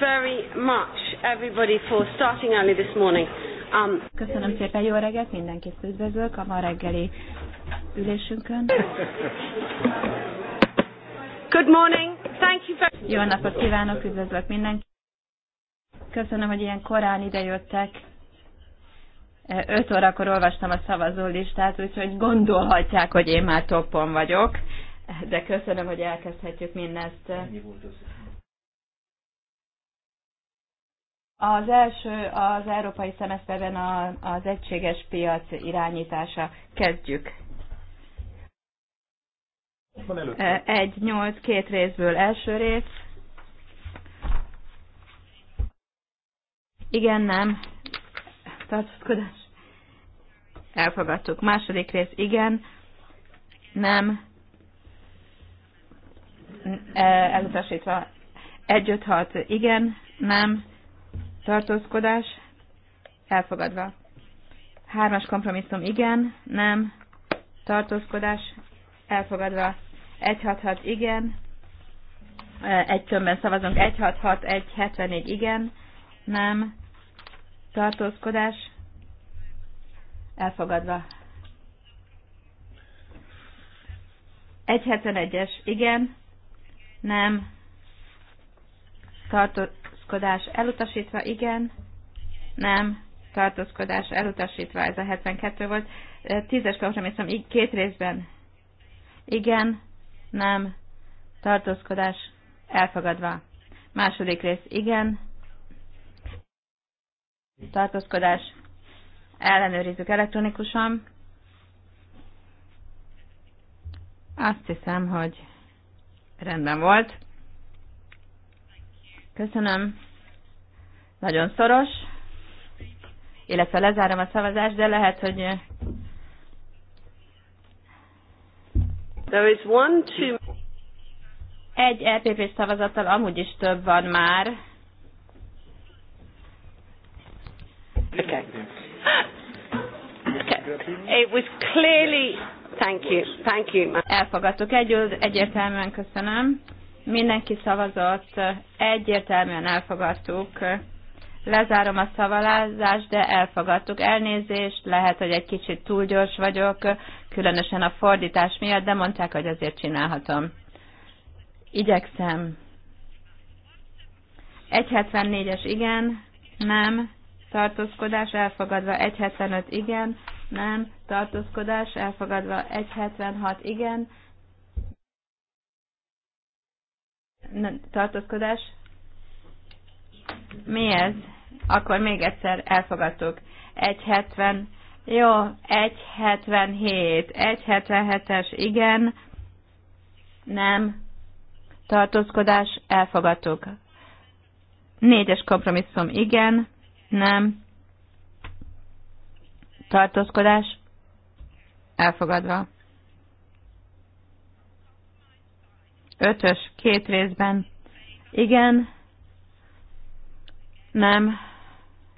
very much everybody for starting early this morning. Um, Köszönöm szépen, jó reggelt, mindenkit üdvözlök a ma reggeli ülésünkön. Good morning, thank you very Jó napot kívánok, üdvözlök mindenkit. Köszönöm, hogy ilyen korán idejöttek. 5 e, órakor olvastam a listát, úgyhogy gondolhatják, hogy én már toppon vagyok. De köszönöm, hogy elkezdhetjük mindezt. Ennyi volt az Az első az európai szemeszterben az egységes piac irányítása. Kezdjük. Egy, nyolc, két részből első rész. Igen, nem. Tartózkodás. Elfogadtuk. Második rész, igen. Nem. Elutasítva. Egy, öt, hat, igen, nem tartózkodás elfogadva. Hármas kompromisszum igen, nem, tartózkodás elfogadva. 166 igen, egy tömbben szavazunk, 166, 174 igen, nem, tartózkodás elfogadva. 171-es, igen, nem, tartó, tartózkodás elutasítva, igen, nem, tartózkodás elutasítva, ez a 72 volt. Tízes kompromisszum, így két részben. Igen, nem, tartózkodás elfogadva. Második rész, igen, tartózkodás ellenőrizzük elektronikusan. Azt hiszem, hogy rendben volt. Köszönöm. Nagyon szoros. Illetve lezárom a szavazást, de lehet, hogy... There is one, two... Egy LPP szavazattal amúgy is több van már. Okay. okay. It was clearly... Thank you. Thank you. Elfogadtuk. Egy, egyértelműen köszönöm. Mindenki szavazott, egyértelműen elfogadtuk. Lezárom a szavazást, de elfogadtuk elnézést, lehet, hogy egy kicsit túl gyors vagyok, különösen a fordítás miatt, de mondták, hogy azért csinálhatom. Igyekszem. 174-es igen, nem, tartózkodás elfogadva 175 igen, nem, tartózkodás elfogadva 176 igen, tartózkodás. Mi ez? Akkor még egyszer elfogadtuk. 170. Jó, 177. 177-es, igen. Nem. Tartózkodás, elfogadtuk. Négyes kompromisszum, igen. Nem. Tartózkodás, elfogadva. Ötös, két részben. Igen, nem,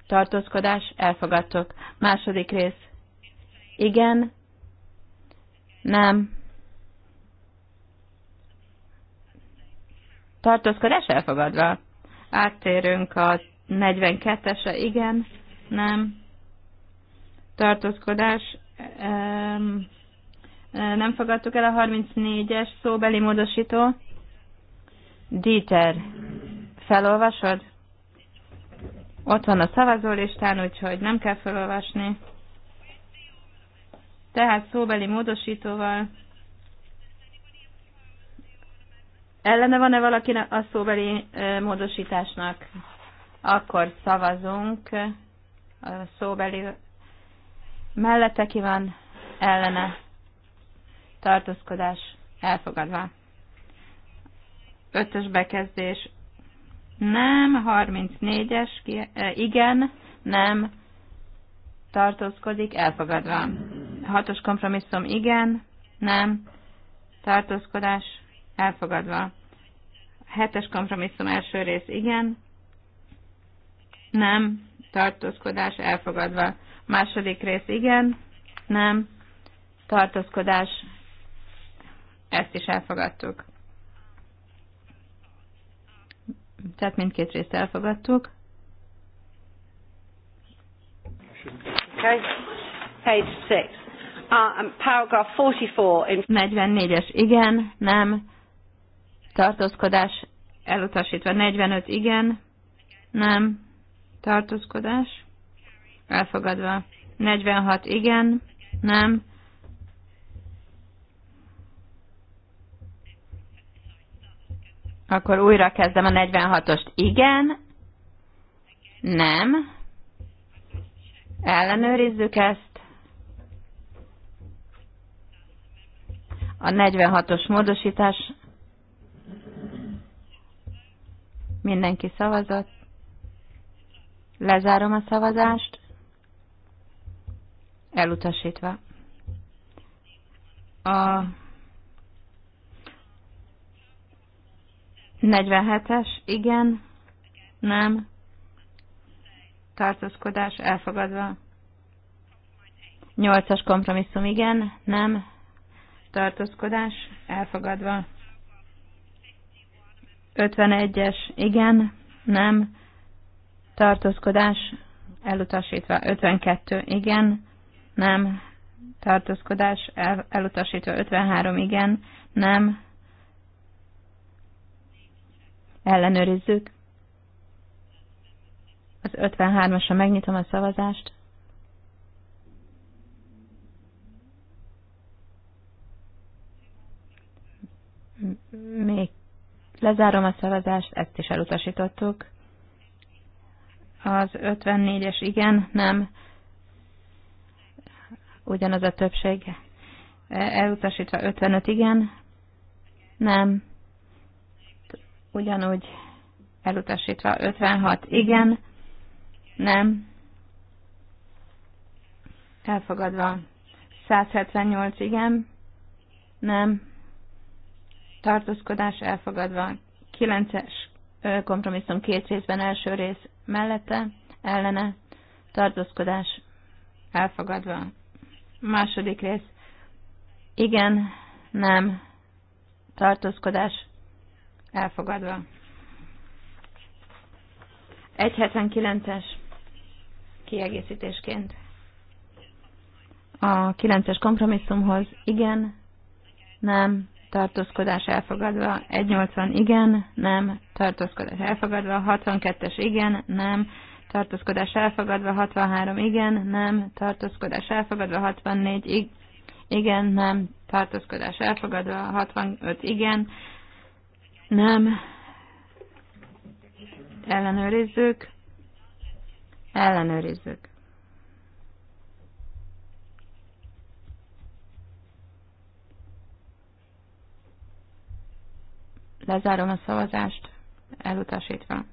tartózkodás, elfogadtok. Második rész. Igen, nem, tartózkodás elfogadva. Áttérünk a 42-esre, igen, nem, tartózkodás, um, nem fogadtuk el a 34-es szóbeli módosító. Dieter, felolvasod? Ott van a szavazólistán, úgyhogy nem kell felolvasni. Tehát szóbeli módosítóval. Ellene van-e valaki a szóbeli módosításnak? Akkor szavazunk a szóbeli mellette ki van ellene tartózkodás elfogadva. Ötös bekezdés nem, 34-es e, igen, nem, tartózkodik elfogadva. Hatos kompromisszum igen, nem, tartózkodás elfogadva. Hetes kompromisszum első rész igen, nem, tartózkodás elfogadva. Második rész igen, nem, tartózkodás ezt is elfogadtuk. Tehát mindkét részt elfogadtuk. Okay. Page Uh, ah, 44-es um, igen, nem. Tartózkodás elutasítva. 45 igen, nem. Tartózkodás elfogadva. 46 igen, nem. Akkor újra kezdem a 46-ost. Igen. Nem. Ellenőrizzük ezt. A 46-os módosítás. Mindenki szavazott. Lezárom a szavazást. Elutasítva. A 47-es, igen, nem, tartózkodás elfogadva. 8-as kompromisszum, igen, nem, tartózkodás elfogadva. 51-es, igen, nem, tartózkodás elutasítva. 52, igen, nem, tartózkodás el, elutasítva. 53, igen, nem, Ellenőrizzük. Az 53-asra megnyitom a szavazást. Még lezárom a szavazást, ezt is elutasítottuk. Az 54-es igen, nem. Ugyanaz a többség. E, elutasítva 55 igen, nem ugyanúgy elutasítva 56 igen, nem, elfogadva 178 igen, nem, tartózkodás elfogadva 9-es kompromisszum két részben első rész mellette, ellene, tartózkodás elfogadva. Második rész, igen, nem, tartózkodás Elfogadva. 179-es kiegészítésként. A 9-es kompromisszumhoz igen, nem, tartózkodás elfogadva, 180 igen, nem, tartózkodás elfogadva, 62-es igen, nem, tartózkodás elfogadva, 63 igen, nem, tartózkodás elfogadva, 64 igen, nem, tartózkodás elfogadva, 65 igen, nem. Ellenőrizzük. Ellenőrizzük. Lezárom a szavazást, elutasítva.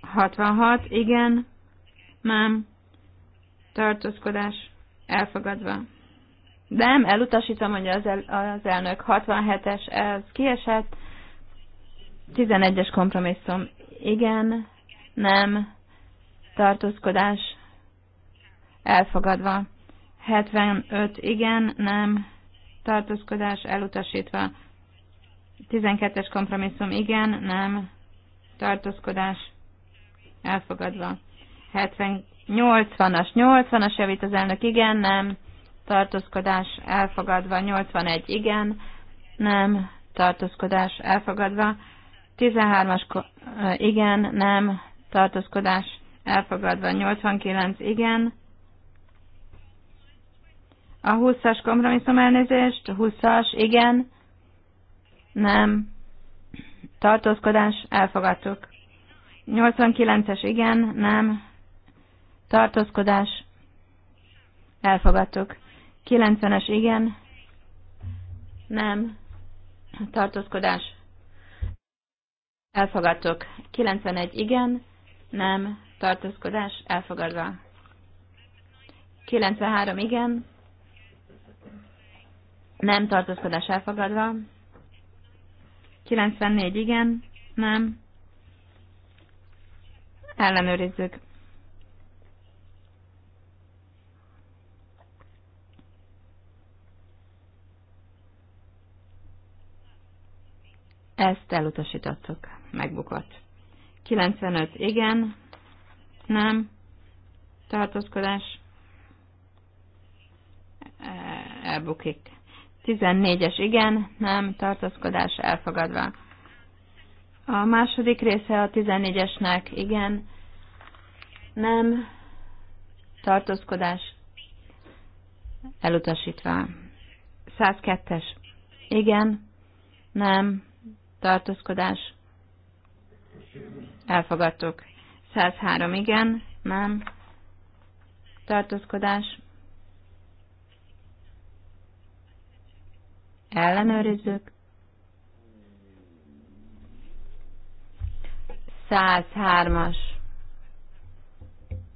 Hatvanhat, igen, nem, tartózkodás, elfogadva. Nem, elutasítom, hogy az, el, az elnök 67-es, ez kiesett. 11-es kompromisszum. Igen, nem, tartózkodás, elfogadva. 75, igen, nem, tartózkodás, elutasítva. 12-es kompromisszum, igen, nem, tartózkodás, elfogadva. 70, 80-as, 80-as javít az elnök, igen, nem, tartózkodás elfogadva, 81 igen, nem, tartózkodás elfogadva, 13-as igen, nem, tartózkodás elfogadva, 89 igen, a 20-as kompromisszum elnézést, 20-as igen, nem, tartózkodás elfogadtuk. 89-es igen, nem, tartózkodás elfogadtuk. 90-es igen, nem, tartózkodás, elfogadtok. 91 igen, nem, tartózkodás, elfogadva. 93 igen, nem, tartózkodás, elfogadva. 94 igen, nem, ellenőrizzük. Ezt elutasítottuk. Megbukott. 95. Igen. Nem. Tartózkodás. E, elbukik. 14-es. Igen. Nem. Tartózkodás. Elfogadva. A második része a 14-esnek. Igen. Nem. Tartózkodás. Elutasítva. 102-es. Igen. Nem tartózkodás, elfogadtuk. 103 igen, nem, tartózkodás, ellenőrizzük. 103-as.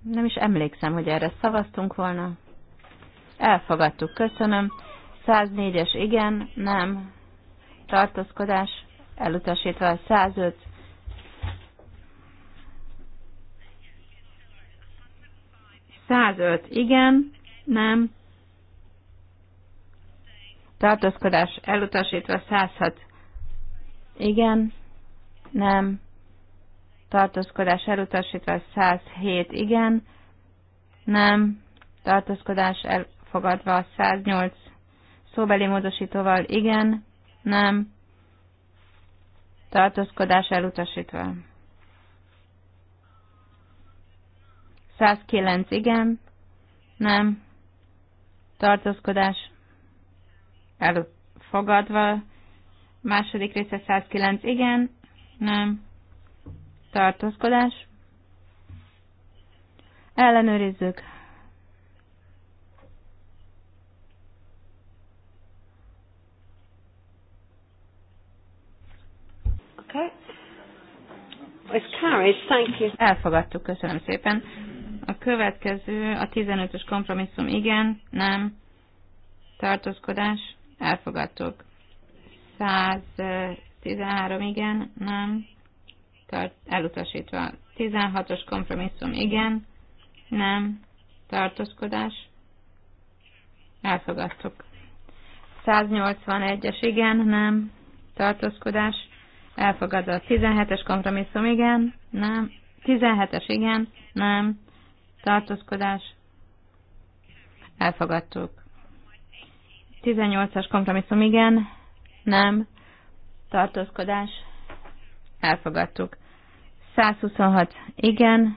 Nem is emlékszem, hogy erre szavaztunk volna. Elfogadtuk, köszönöm. 104-es igen, nem. Tartózkodás elutasítva a 105 105 igen, nem, tartózkodás elutasítva 106 igen, nem, tartózkodás elutasítva 107 igen, nem, tartózkodás elfogadva 108 szóbeli módosítóval igen, nem, tartózkodás elutasítva. 109 igen, nem, tartózkodás elfogadva, második része 109 igen, nem, tartózkodás, ellenőrizzük, Okay. It's carried. Thank you. Elfogadtuk, köszönöm szépen. A következő, a 15-ös kompromisszum igen, nem, tartózkodás, elfogadtuk. 113 igen, nem, tart, elutasítva. 16-os kompromisszum igen, nem, tartózkodás, elfogadtuk. 181-es igen, nem, tartózkodás, elfogadott. 17-es kompromisszum, igen, nem. 17-es, igen, nem. Tartózkodás, elfogadtuk. 18-as kompromisszum, igen, nem. Tartózkodás, elfogadtuk. 126, igen,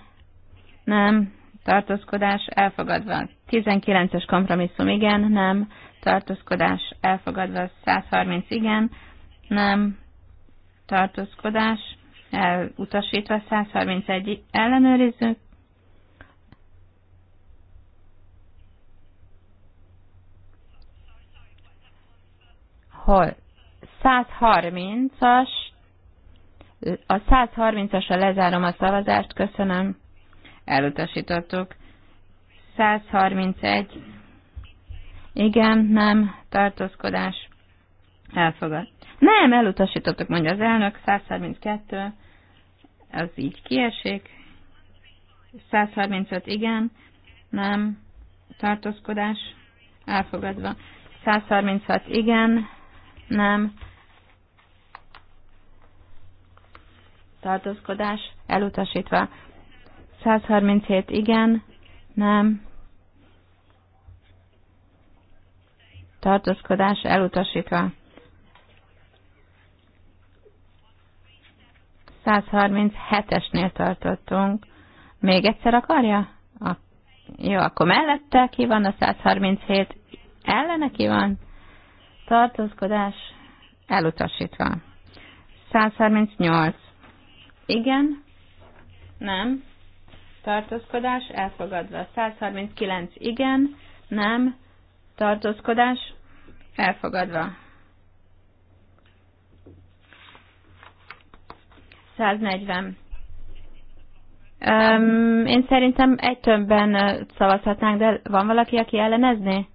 nem. Tartózkodás, elfogadva. 19-es kompromisszum, igen, nem. Tartózkodás, elfogadva. 130, igen, nem tartózkodás, elutasítva 131 ellenőrizzük. Hol? 130-as, a 130-asra lezárom a szavazást, köszönöm. Elutasítottuk. 131. Igen, nem, tartózkodás. Elfogad. Nem, elutasítottak mondja az elnök, 132, az így kiesik. 135, igen, nem, tartózkodás, elfogadva. 136, igen, nem, tartózkodás, elutasítva. 137, igen, nem, tartózkodás, elutasítva. 137-esnél tartottunk. Még egyszer akarja? A, jó, akkor mellette ki van a 137, ellene ki van? Tartózkodás elutasítva. 138. Igen? Nem? Tartózkodás elfogadva. 139. Igen? Nem? Tartózkodás elfogadva. 140. Um, én szerintem egy tömbben szavazhatnánk, de van valaki, aki ellenezné?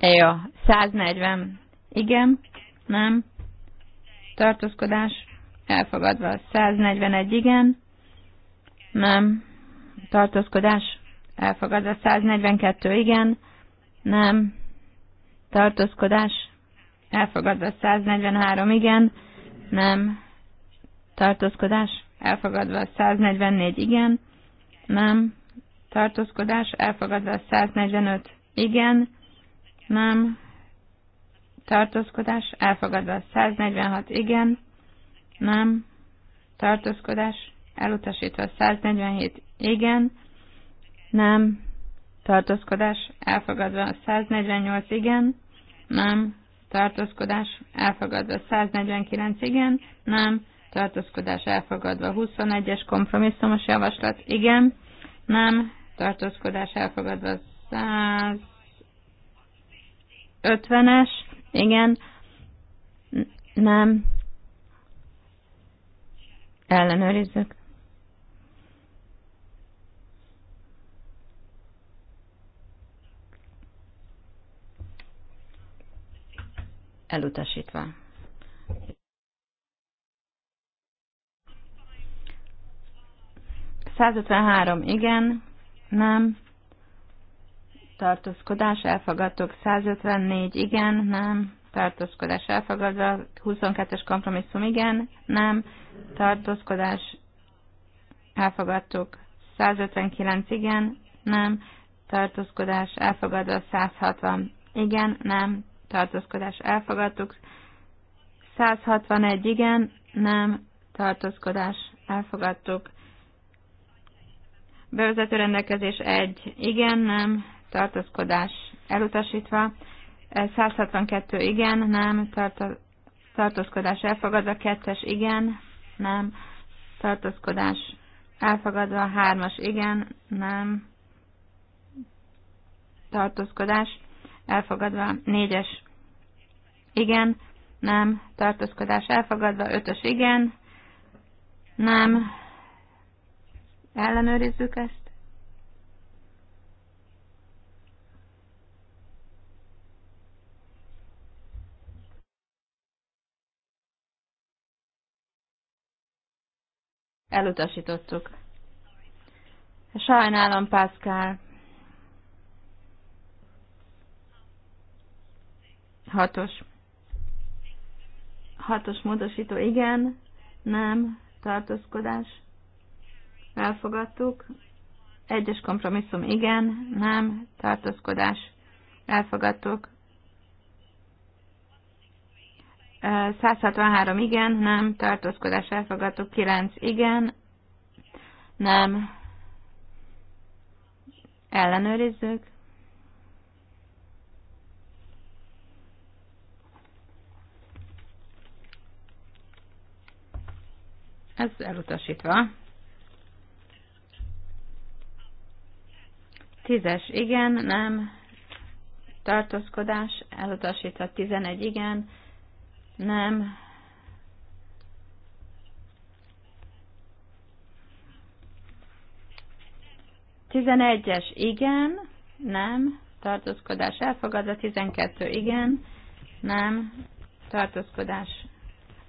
Jó, 140. Igen? Nem? Tartózkodás? Elfogadva. 141 igen? Nem. Tartózkodás? Elfogadva. 142 igen? Nem. Tartózkodás? elfogadva 143, igen, nem, tartózkodás, elfogadva 144, igen, nem, tartózkodás, elfogadva 145, igen, nem, tartózkodás, elfogadva 146, igen, nem, tartózkodás, elutasítva 147, igen, nem, tartózkodás, elfogadva 148, igen, nem, tartózkodás elfogadva 149, igen, nem, tartózkodás elfogadva 21-es kompromisszumos javaslat, igen, nem, tartózkodás elfogadva 150-es, igen, nem, ellenőrizzük. elutasítva. Százötvenhárom igen, nem, tartózkodás elfogadtuk, 154 igen, nem, tartózkodás elfogadva, 22-es kompromisszum igen, nem, tartózkodás elfogadtuk, 159 igen, nem, tartózkodás elfogadva, 160 igen, nem, tartózkodás elfogadtuk. 161 igen, nem, tartózkodás elfogadtuk. Bevezető rendelkezés 1 igen, nem, tartózkodás elutasítva. 162 igen, nem, tartózkodás elfogadva. 2-es igen, nem, tartózkodás elfogadva. 3-as igen, nem, tartózkodás elfogadva, négyes, igen, nem, tartózkodás elfogadva, ötös, igen, nem, ellenőrizzük ezt. Elutasítottuk. Sajnálom, Pászkál. Hatos. Hatos módosító, igen, nem, tartózkodás. Elfogadtuk. Egyes kompromisszum, igen, nem, tartózkodás. Elfogadtuk. 163 igen, nem, tartózkodás elfogadtuk, 9 igen, nem, ellenőrizzük. Ez elutasítva. Tízes igen, nem. Tartózkodás elutasítva. Tizenegy igen, nem. Tizenegyes igen, nem. Tartózkodás elfogadva. Tizenkettő igen, nem. Tartózkodás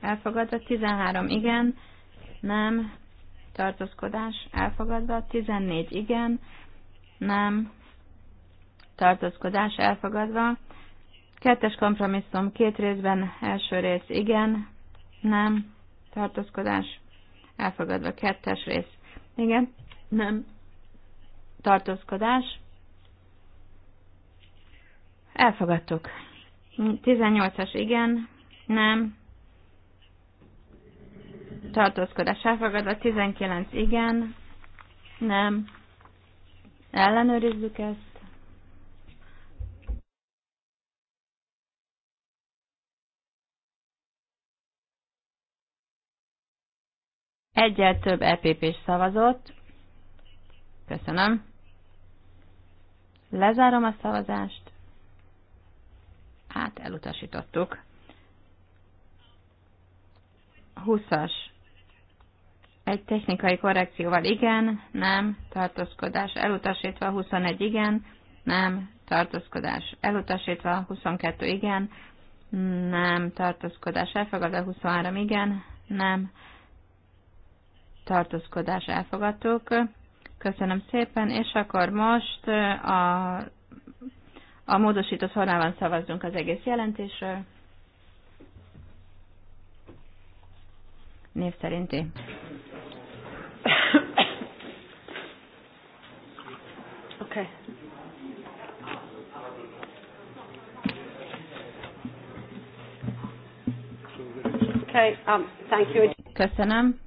elfogadva. Tizenhárom igen, nem, tartózkodás elfogadva, 14 igen, nem, tartózkodás elfogadva, kettes kompromisszum két részben, első rész igen, nem, tartózkodás elfogadva, kettes rész igen, nem, tartózkodás elfogadtuk. 18-as igen, nem, tartózkodás elfogadva, 19 igen, nem, ellenőrizzük ezt. Egyel több epp szavazott. Köszönöm. Lezárom a szavazást. Hát elutasítottuk. 20-as. Egy technikai korrekcióval igen, nem, tartózkodás elutasítva, 21 igen, nem, tartózkodás elutasítva, 22 igen, nem, tartózkodás elfogadva, 23 igen, nem, tartózkodás elfogadtuk. Köszönöm szépen, és akkor most a, a módosított formában szavazzunk az egész jelentésről. név szerinti. Okay. Okay, um, thank you. Köszönöm.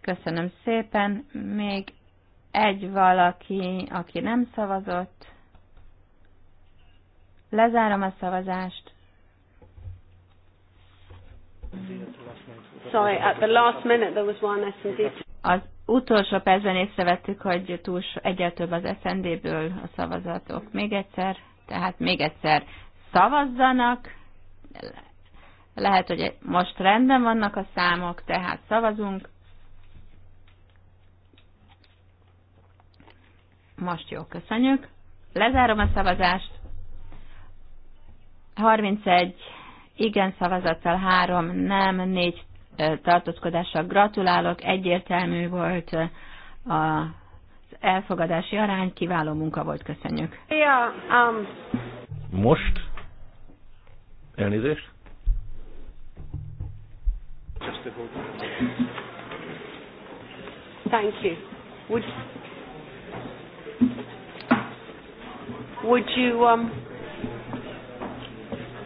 Köszönöm szépen. Még egy valaki, aki nem szavazott. Lezárom a szavazást. Sorry, at the last minute there was one S&D. Az utolsó percben észrevettük, hogy túl egyel több az SND-ből a szavazatok. Még egyszer, tehát még egyszer szavazzanak. Lehet, hogy most rendben vannak a számok, tehát szavazunk. Most jó, köszönjük. Lezárom a szavazást. 31 igen szavazattal, 3 nem, 4 tartózkodással gratulálok, egyértelmű volt az elfogadási arány, kiváló munka volt, köszönjük. Yeah, um... Most? Elnézést? Thank you. Would, would you, um,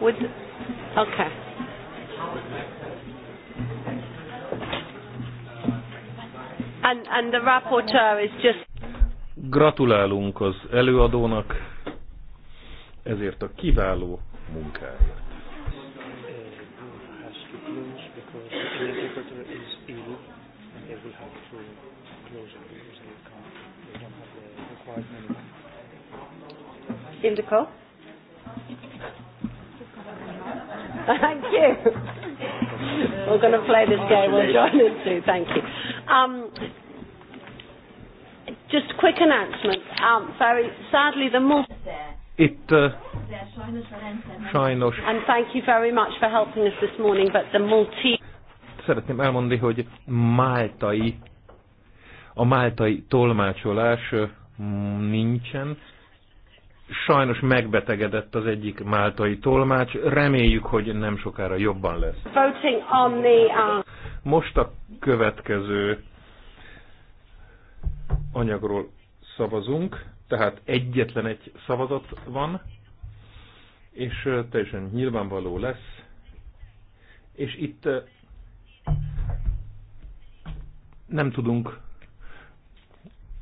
would, okay. And, and the rapporteur is just... Gratulálunk az előadónak ezért a kiváló munkáért. Indico. Thank you. We're going to play this game. We'll join in too. Thank you. Um, just a quick announcement. Um, very sadly, the Malta. It. uh, sajnos. And thank you very much for helping us this morning, but the multi. Szeretném elmondani, hogy máltai, a máltai tolmácsolás uh, nincsen, sajnos megbetegedett az egyik máltai tolmács, reméljük, hogy nem sokára jobban lesz. Uh, Most a következő anyagról szavazunk, tehát egyetlen egy szavazat van, és teljesen nyilvánvaló lesz, és itt nem tudunk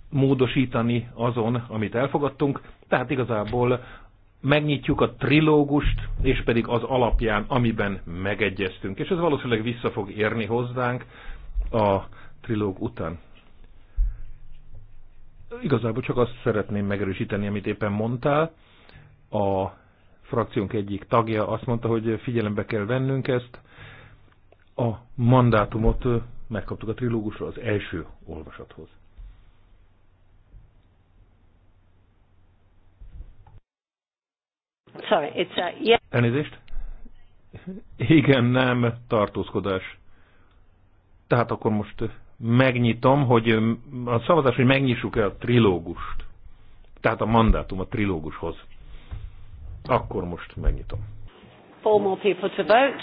módosítani azon, amit elfogadtunk, tehát igazából megnyitjuk a trilógust, és pedig az alapján, amiben megegyeztünk. És ez valószínűleg vissza fog érni hozzánk a trilóg után. Igazából csak azt szeretném megerősíteni, amit éppen mondtál. A frakciónk egyik tagja azt mondta, hogy figyelembe kell vennünk ezt. A mandátumot megkaptuk a trilógusra az első olvasathoz. Sorry, it's a... Yeah. Elnézést? Igen, nem, tartózkodás. Tehát akkor most megnyitom, hogy a szavazás, hogy megnyissuk-e a trilógust. Tehát a mandátum a trilógushoz. Akkor most megnyitom. Four more people to vote.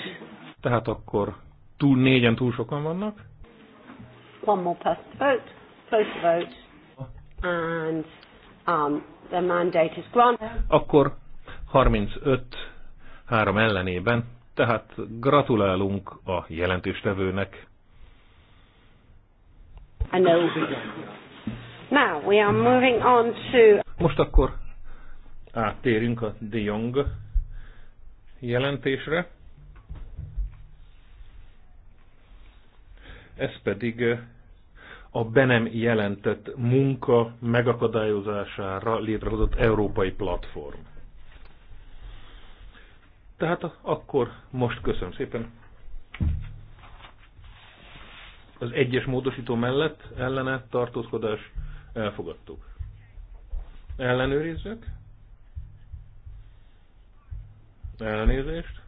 Tehát akkor túl négyen túl sokan vannak. One more person to vote. Close the vote. And um, the mandate is granted. Akkor 35 3 ellenében, tehát gratulálunk a jelentéstevőnek. Now we are moving on to... Most akkor áttérünk a De Jong jelentésre. Ez pedig a be nem jelentett munka megakadályozására létrehozott európai platform. Tehát akkor most köszönöm szépen. Az egyes módosító mellett ellene tartózkodás elfogadtuk. Ellenőrizzük. Elnézést.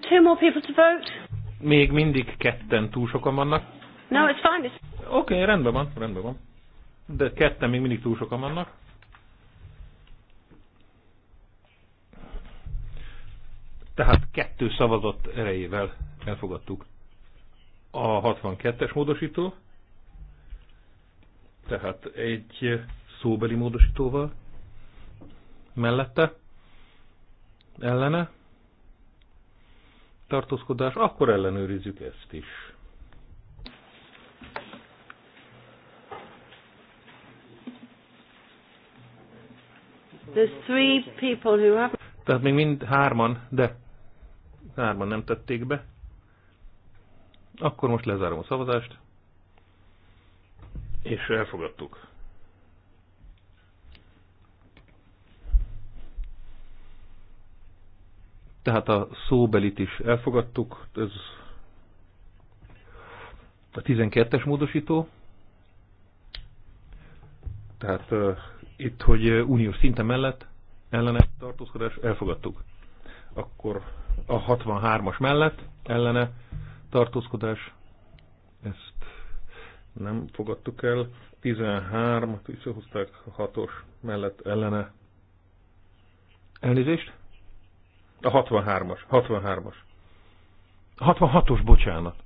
Two more people to vote. Még mindig ketten túl sokan vannak. No, it's fine. Oké, okay, rendben van, rendben van. De ketten még mindig túl sokan vannak. Tehát kettő szavazat erejével elfogadtuk a 62-es módosító, tehát egy szóbeli módosítóval mellette, ellene, tartózkodás, akkor ellenőrizzük ezt is. three people who have... Tehát még mind hárman, de hárman nem tették be. Akkor most lezárom a szavazást. És elfogadtuk. Tehát a szóbelit is elfogadtuk. Ez a 12-es módosító. Tehát itt, hogy uniós szinte mellett ellene tartózkodás elfogadtuk. Akkor a 63-as mellett ellene tartózkodás ezt nem fogadtuk el. 13-at visszahozták 6-os mellett ellene. Elnézést? A 63-as. 63-as. 66-os, bocsánat.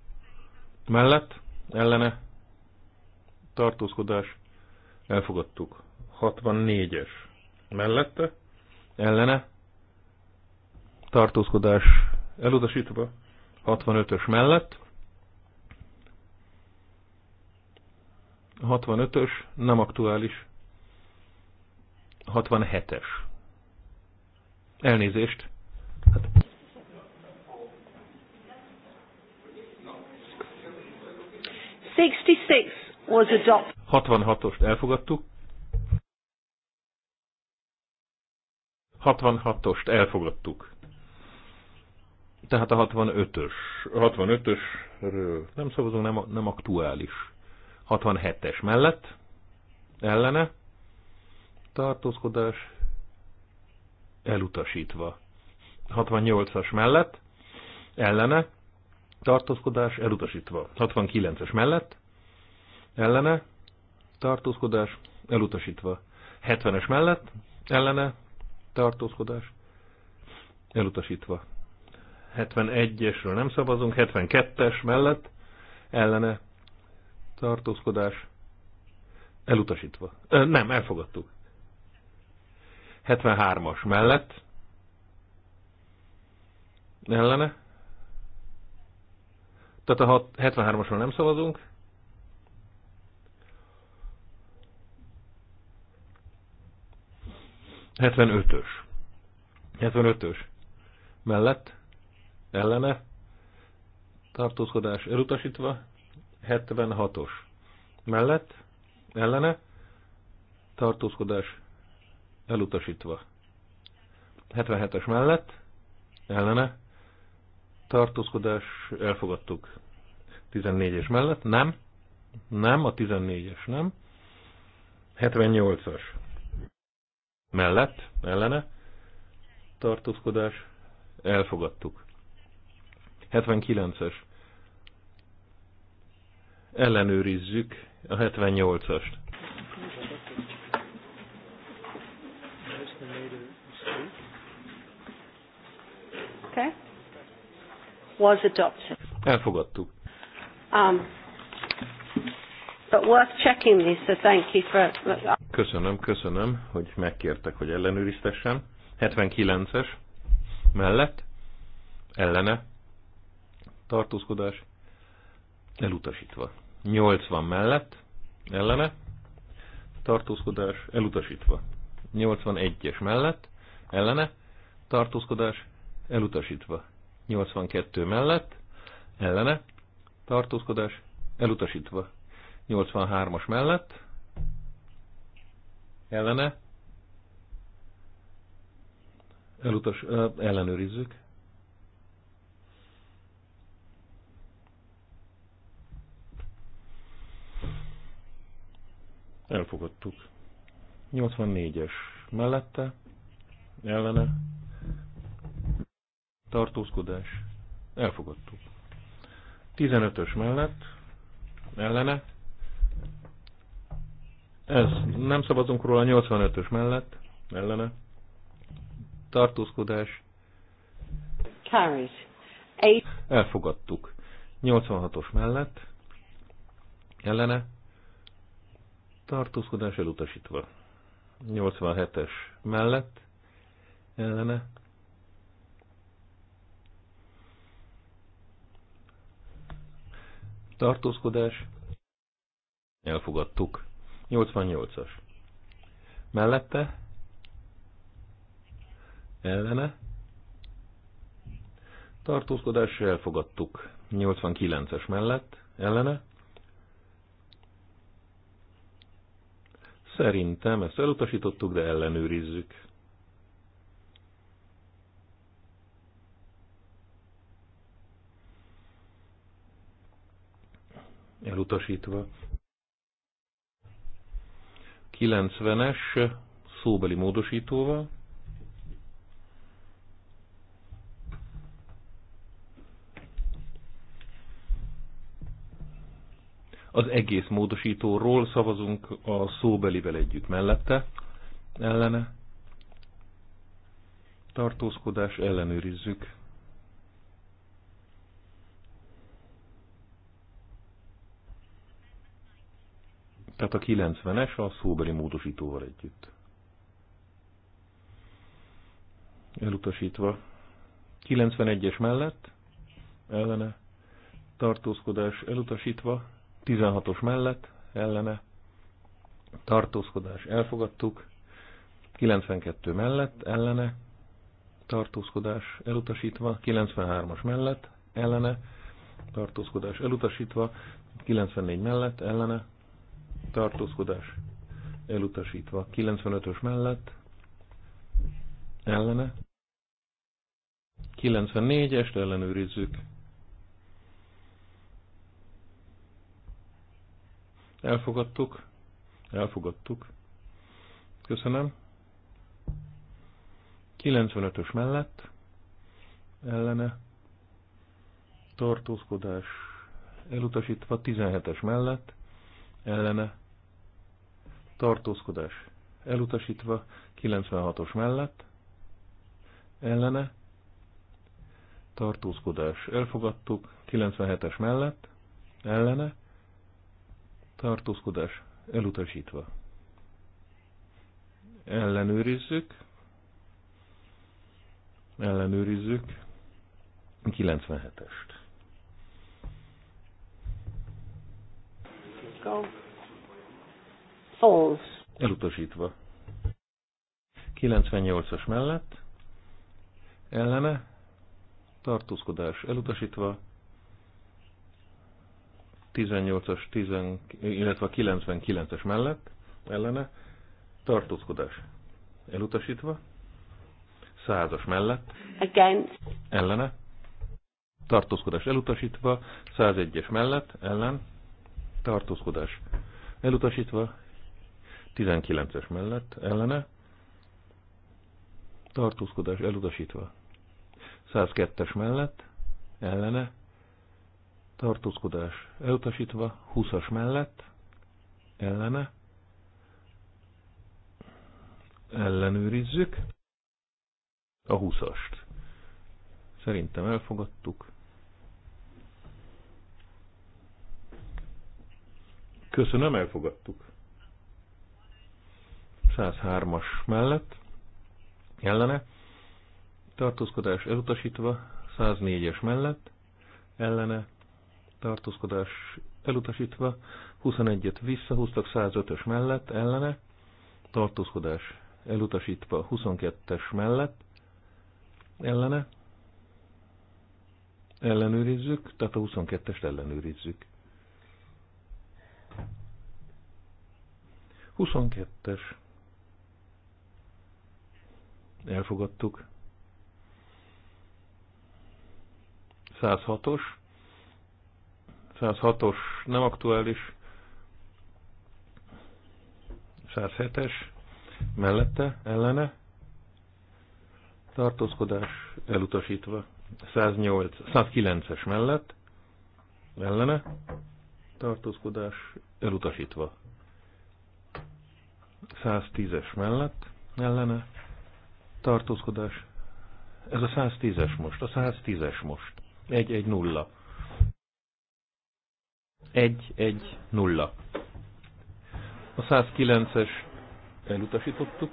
Mellett, ellene, tartózkodás, elfogadtuk. 64-es mellette, ellene, tartózkodás elutasítva, 65-ös mellett, 65-ös nem aktuális, 67-es. Elnézést. Hát. was adopted. 66-ost elfogadtuk. 66-ost elfogadtuk. Tehát a 65-ös. 65-ösről nem szavazunk, nem, nem aktuális. 67-es mellett, ellene, tartózkodás, elutasítva. 68-as mellett, ellene, tartózkodás, elutasítva. 69-es mellett, ellene, tartózkodás, elutasítva. 70-es mellett, ellene, tartózkodás elutasítva. 71-esről nem szavazunk, 72-es mellett ellene tartózkodás elutasítva. Ö, nem, elfogadtuk. 73-as mellett ellene. Tehát a 73-asról nem szavazunk, 75-ös. 75-ös. Mellett, ellene, tartózkodás elutasítva, 76-os. Mellett, ellene, tartózkodás elutasítva. 77-es mellett, ellene, tartózkodás elfogadtuk. 14-es mellett, nem, nem, a 14-es nem. 78-as mellett, ellene, tartózkodás, elfogadtuk. 79-es. Ellenőrizzük a 78-ast. Was adopted. Elfogadtuk. Um, but worth checking this, so thank you for... Köszönöm, köszönöm, hogy megkértek, hogy ellenőriztessem. 79-es mellett ellene tartózkodás elutasítva. 80 mellett ellene tartózkodás elutasítva. 81-es mellett ellene tartózkodás elutasítva. 82 mellett ellene tartózkodás elutasítva. 83-as mellett ellene. Elutas, ellenőrizzük. Elfogadtuk. 84-es mellette, ellene, tartózkodás, elfogadtuk. 15-ös mellett, ellene, ez. Nem szavazunk róla 85-ös mellett. Ellene. Tartózkodás. Carried. Elfogadtuk. 86-os mellett. Ellene. Tartózkodás elutasítva. 87-es mellett. Ellene. Tartózkodás. Elfogadtuk. 88-as. Mellette, ellene, tartózkodásra elfogadtuk. 89-es mellett, ellene. Szerintem ezt elutasítottuk, de ellenőrizzük. Elutasítva. 90-es szóbeli módosítóval. Az egész módosítóról szavazunk a szóbelivel együtt mellette, ellene. Tartózkodás ellenőrizzük. Tehát a 90-es a szóbeli módosítóval együtt. Elutasítva. 91-es mellett, ellene, tartózkodás elutasítva, 16-os mellett, ellene, tartózkodás elfogadtuk, 92 mellett, ellene, tartózkodás elutasítva, 93-as mellett, ellene, tartózkodás elutasítva, 94 mellett, ellene, tartózkodás elutasítva. 95-ös mellett ellene. 94-est ellenőrizzük. Elfogadtuk. Elfogadtuk. Köszönöm. 95-ös mellett ellene tartózkodás elutasítva 17-es mellett ellene tartózkodás elutasítva 96-os mellett ellene tartózkodás elfogadtuk 97-es mellett ellene tartózkodás elutasítva ellenőrizzük ellenőrizzük 97-est go. Falls. Elutasítva. 98-as mellett. Ellene. Tartózkodás elutasítva. 18-as, 10, illetve a 99-es mellett ellene tartózkodás elutasítva, 100-as mellett Again. ellene tartózkodás elutasítva, 101-es mellett ellen tartózkodás elutasítva, 19-es mellett ellene, tartózkodás elutasítva, 102-es mellett ellene, tartózkodás elutasítva, 20-as mellett ellene, ellenőrizzük a 20-ast. Szerintem elfogadtuk. Köszönöm, elfogadtuk. 103-as mellett ellene, tartózkodás elutasítva, 104-es mellett ellene, tartózkodás elutasítva, 21-et visszahúztak 105-ös mellett ellene, tartózkodás elutasítva 22-es mellett ellene, ellenőrizzük, tehát a 22-est ellenőrizzük. 22-es. Elfogadtuk. 106-os. 106-os nem aktuális. 107-es. Mellette, ellene. Tartózkodás elutasítva. 108, 109-es mellett. Ellene. Tartózkodás elutasítva. 110-es mellett ellene tartózkodás. Ez a 110-es most, a 110-es most. 1-1-0. 1-1-0. A 109-es elutasítottuk.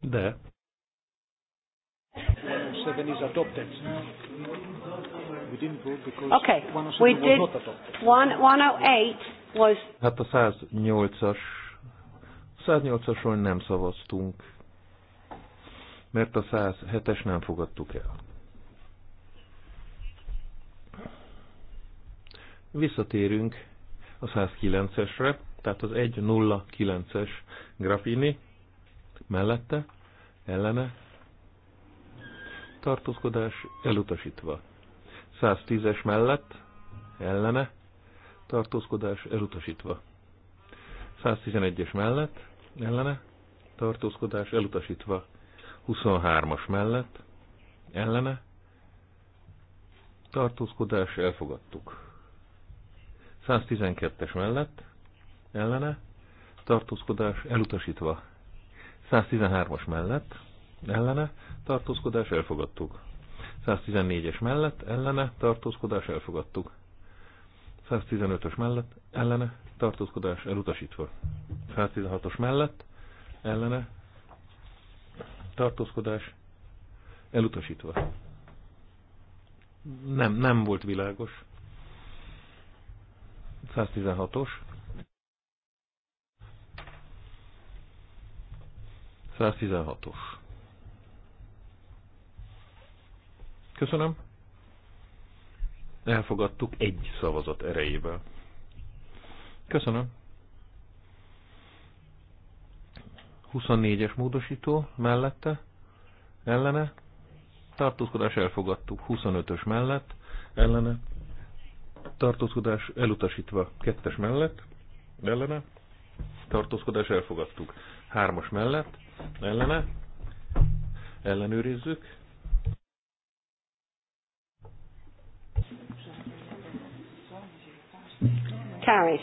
De. Okay, we did 108 was... Hát a 108-as 108-asról nem szavaztunk, mert a 107-es nem fogadtuk el. Visszatérünk a 109-esre, tehát az 109-es grafini mellette, ellene, tartózkodás elutasítva. 110-es mellett, ellene, tartózkodás elutasítva. 111-es mellett, ellene, tartózkodás elutasítva. 23-as mellett, ellene, tartózkodás elfogadtuk. 112-es mellett, ellene, tartózkodás elutasítva. 113-as mellett, ellene, tartózkodás elfogadtuk. 114-es mellett, ellene, tartózkodás elfogadtuk. 115-ös mellett ellene tartózkodás elutasítva. 116-os mellett ellene tartózkodás elutasítva. Nem, nem volt világos. 116-os. 116-os. Köszönöm. Elfogadtuk egy szavazat erejével. Köszönöm. 24-es módosító mellette, ellene, tartózkodás elfogadtuk 25-ös mellett, ellene, tartózkodás elutasítva 2-es mellett, ellene, tartózkodás elfogadtuk 3-as mellett, ellene, ellenőrizzük, Carried.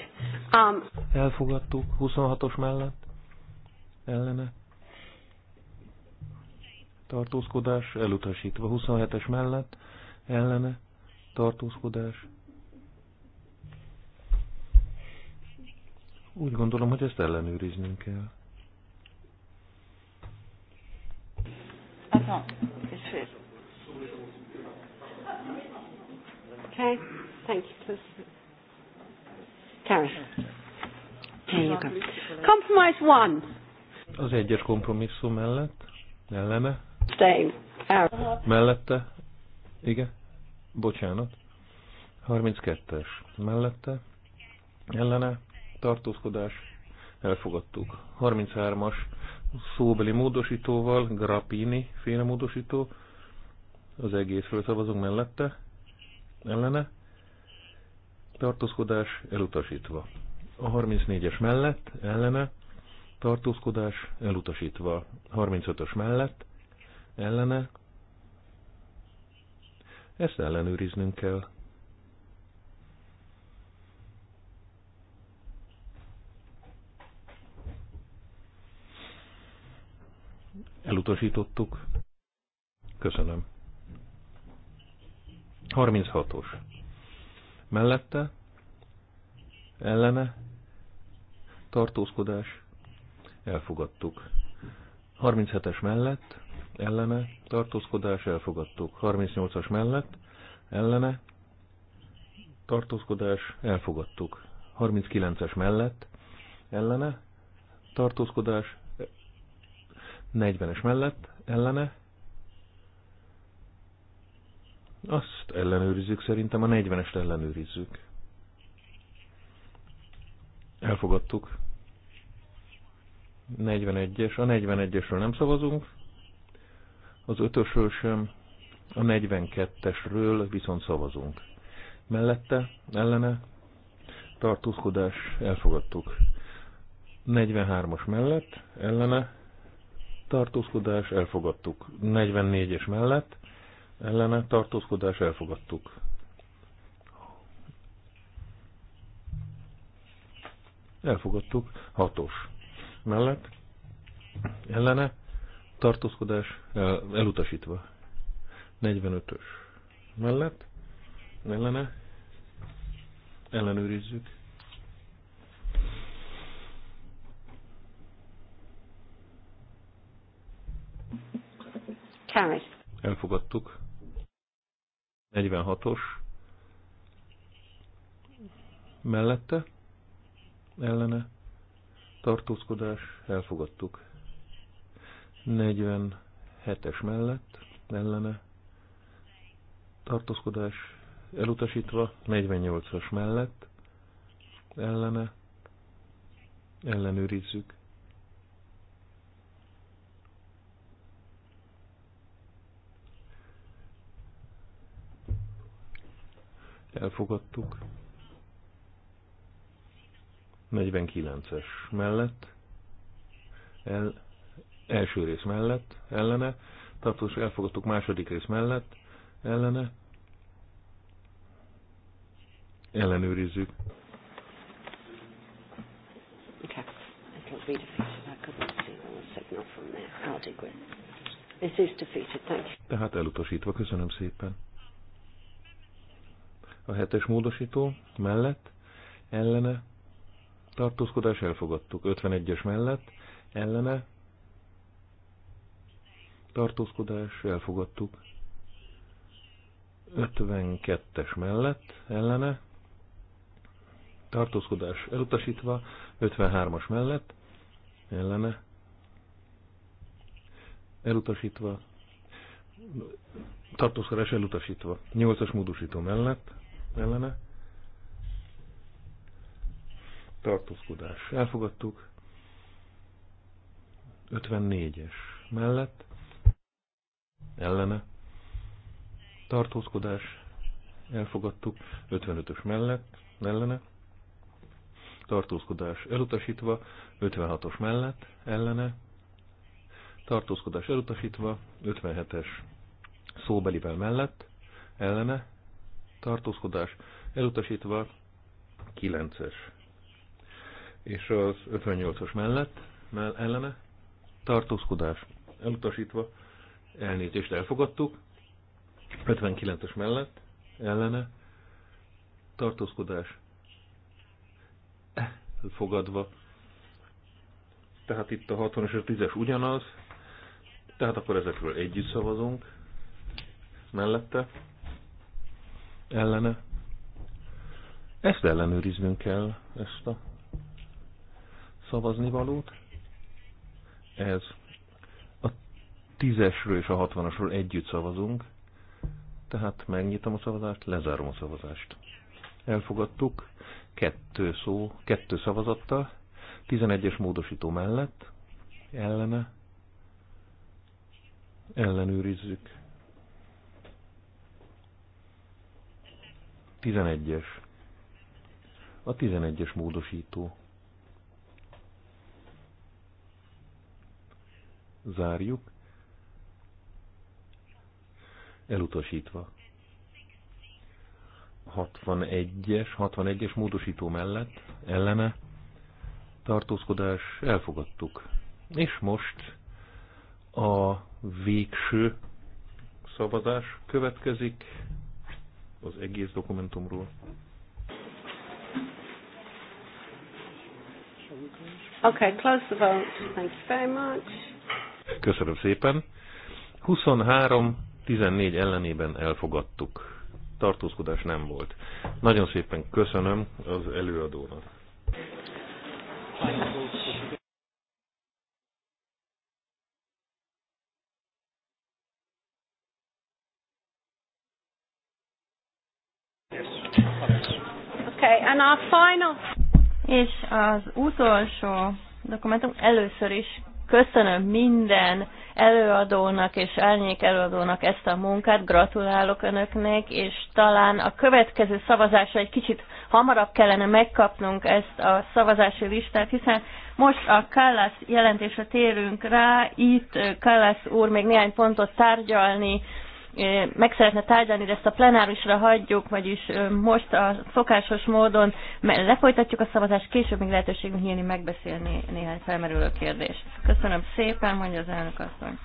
Um, Elfogadtuk 26-os mellett. Ellene. Tartózkodás elutasítva. 27-es mellett. Ellene. Tartózkodás. Úgy gondolom, hogy ezt ellenőriznünk kell. Okay, thank you. Karen. There you go. Compromise one. Az egyes kompromisszum mellett, Stain, Stay. Mellette, igen, bocsánat. 32-es mellette, ellene, tartózkodás, elfogadtuk. 33-as szóbeli módosítóval, Grappini féle módosító, az egészről szavazunk mellette, ellene, tartózkodás elutasítva. A 34-es mellett ellene tartózkodás elutasítva. 35-ös mellett ellene ezt ellenőriznünk kell. Elutasítottuk. Köszönöm. 36-os mellette, ellene, tartózkodás, elfogadtuk. 37-es mellett, ellene, tartózkodás, elfogadtuk. 38-as mellett, ellene, tartózkodás, elfogadtuk. 39-es mellett, ellene, tartózkodás, 40-es mellett, ellene, Azt ellenőrizzük, szerintem a 40-est ellenőrizzük. Elfogadtuk. 41-es. A 41-esről nem szavazunk. Az 5-ösről sem. A 42-esről viszont szavazunk. Mellette, ellene, tartózkodás, elfogadtuk. 43-as mellett, ellene, tartózkodás, elfogadtuk. 44-es mellett, ellene tartózkodás elfogadtuk. Elfogadtuk, hatos. Mellett ellene tartózkodás el, elutasítva. 45-ös. Mellett ellene ellenőrizzük. Elfogadtuk. 46-os mellette ellene tartózkodás elfogadtuk. 47-es mellett ellene tartózkodás elutasítva, 48-as mellett ellene ellenőrizzük. elfogadtuk. 49-es mellett, el, első rész mellett, ellene, tartós elfogadtuk második rész mellett, ellene, ellenőrizzük. Tehát elutasítva. Köszönöm szépen a hetes módosító mellett, ellene, tartózkodás elfogadtuk. 51-es mellett, ellene, tartózkodás elfogadtuk. 52-es mellett, ellene, tartózkodás elutasítva, 53-as mellett, ellene, elutasítva, tartózkodás elutasítva, 8-as módosító mellett, ellene tartózkodás elfogadtuk 54-es mellett ellene tartózkodás elfogadtuk 55-ös mellett ellene tartózkodás elutasítva 56-os mellett ellene tartózkodás elutasítva 57-es szóbelivel mellett ellene tartózkodás elutasítva 9-es. És az 58-as mellett, mell ellene, tartózkodás elutasítva, elnézést elfogadtuk, 59-es mellett, ellene, tartózkodás elfogadva. Tehát itt a 60 és a 10-es ugyanaz, tehát akkor ezekről együtt szavazunk mellette ellene. Ezt ellenőriznünk kell, ezt a szavazni valót. Ez a tízesről és a hatvanasról együtt szavazunk, tehát megnyitom a szavazást, lezárom a szavazást. Elfogadtuk kettő szó, kettő szavazattal, 11-es módosító mellett, ellene, ellenőrizzük. 11-es. A 11-es módosító. Zárjuk. Elutasítva. 61-es, 61-es módosító mellett, ellene, tartózkodás, elfogadtuk. És most a végső szavazás következik az egész dokumentumról. Okay, close the vote. Thank you very much. Köszönöm szépen. 23-14 ellenében elfogadtuk. Tartózkodás nem volt. Nagyon szépen köszönöm az előadónak. Thank you. És az utolsó dokumentum először is köszönöm minden előadónak és árnyék előadónak ezt a munkát, gratulálok Önöknek, és talán a következő szavazásra egy kicsit hamarabb kellene megkapnunk ezt a szavazási listát, hiszen most a Kallász jelentésre térünk rá, itt Kallász úr még néhány pontot tárgyalni meg szeretne tárgyalni, de ezt a plenárisra hagyjuk, vagyis most a szokásos módon lefolytatjuk a szavazást, később még lehetőségünk nyílni megbeszélni néhány felmerülő kérdést. Köszönöm szépen, mondja az elnök asszony.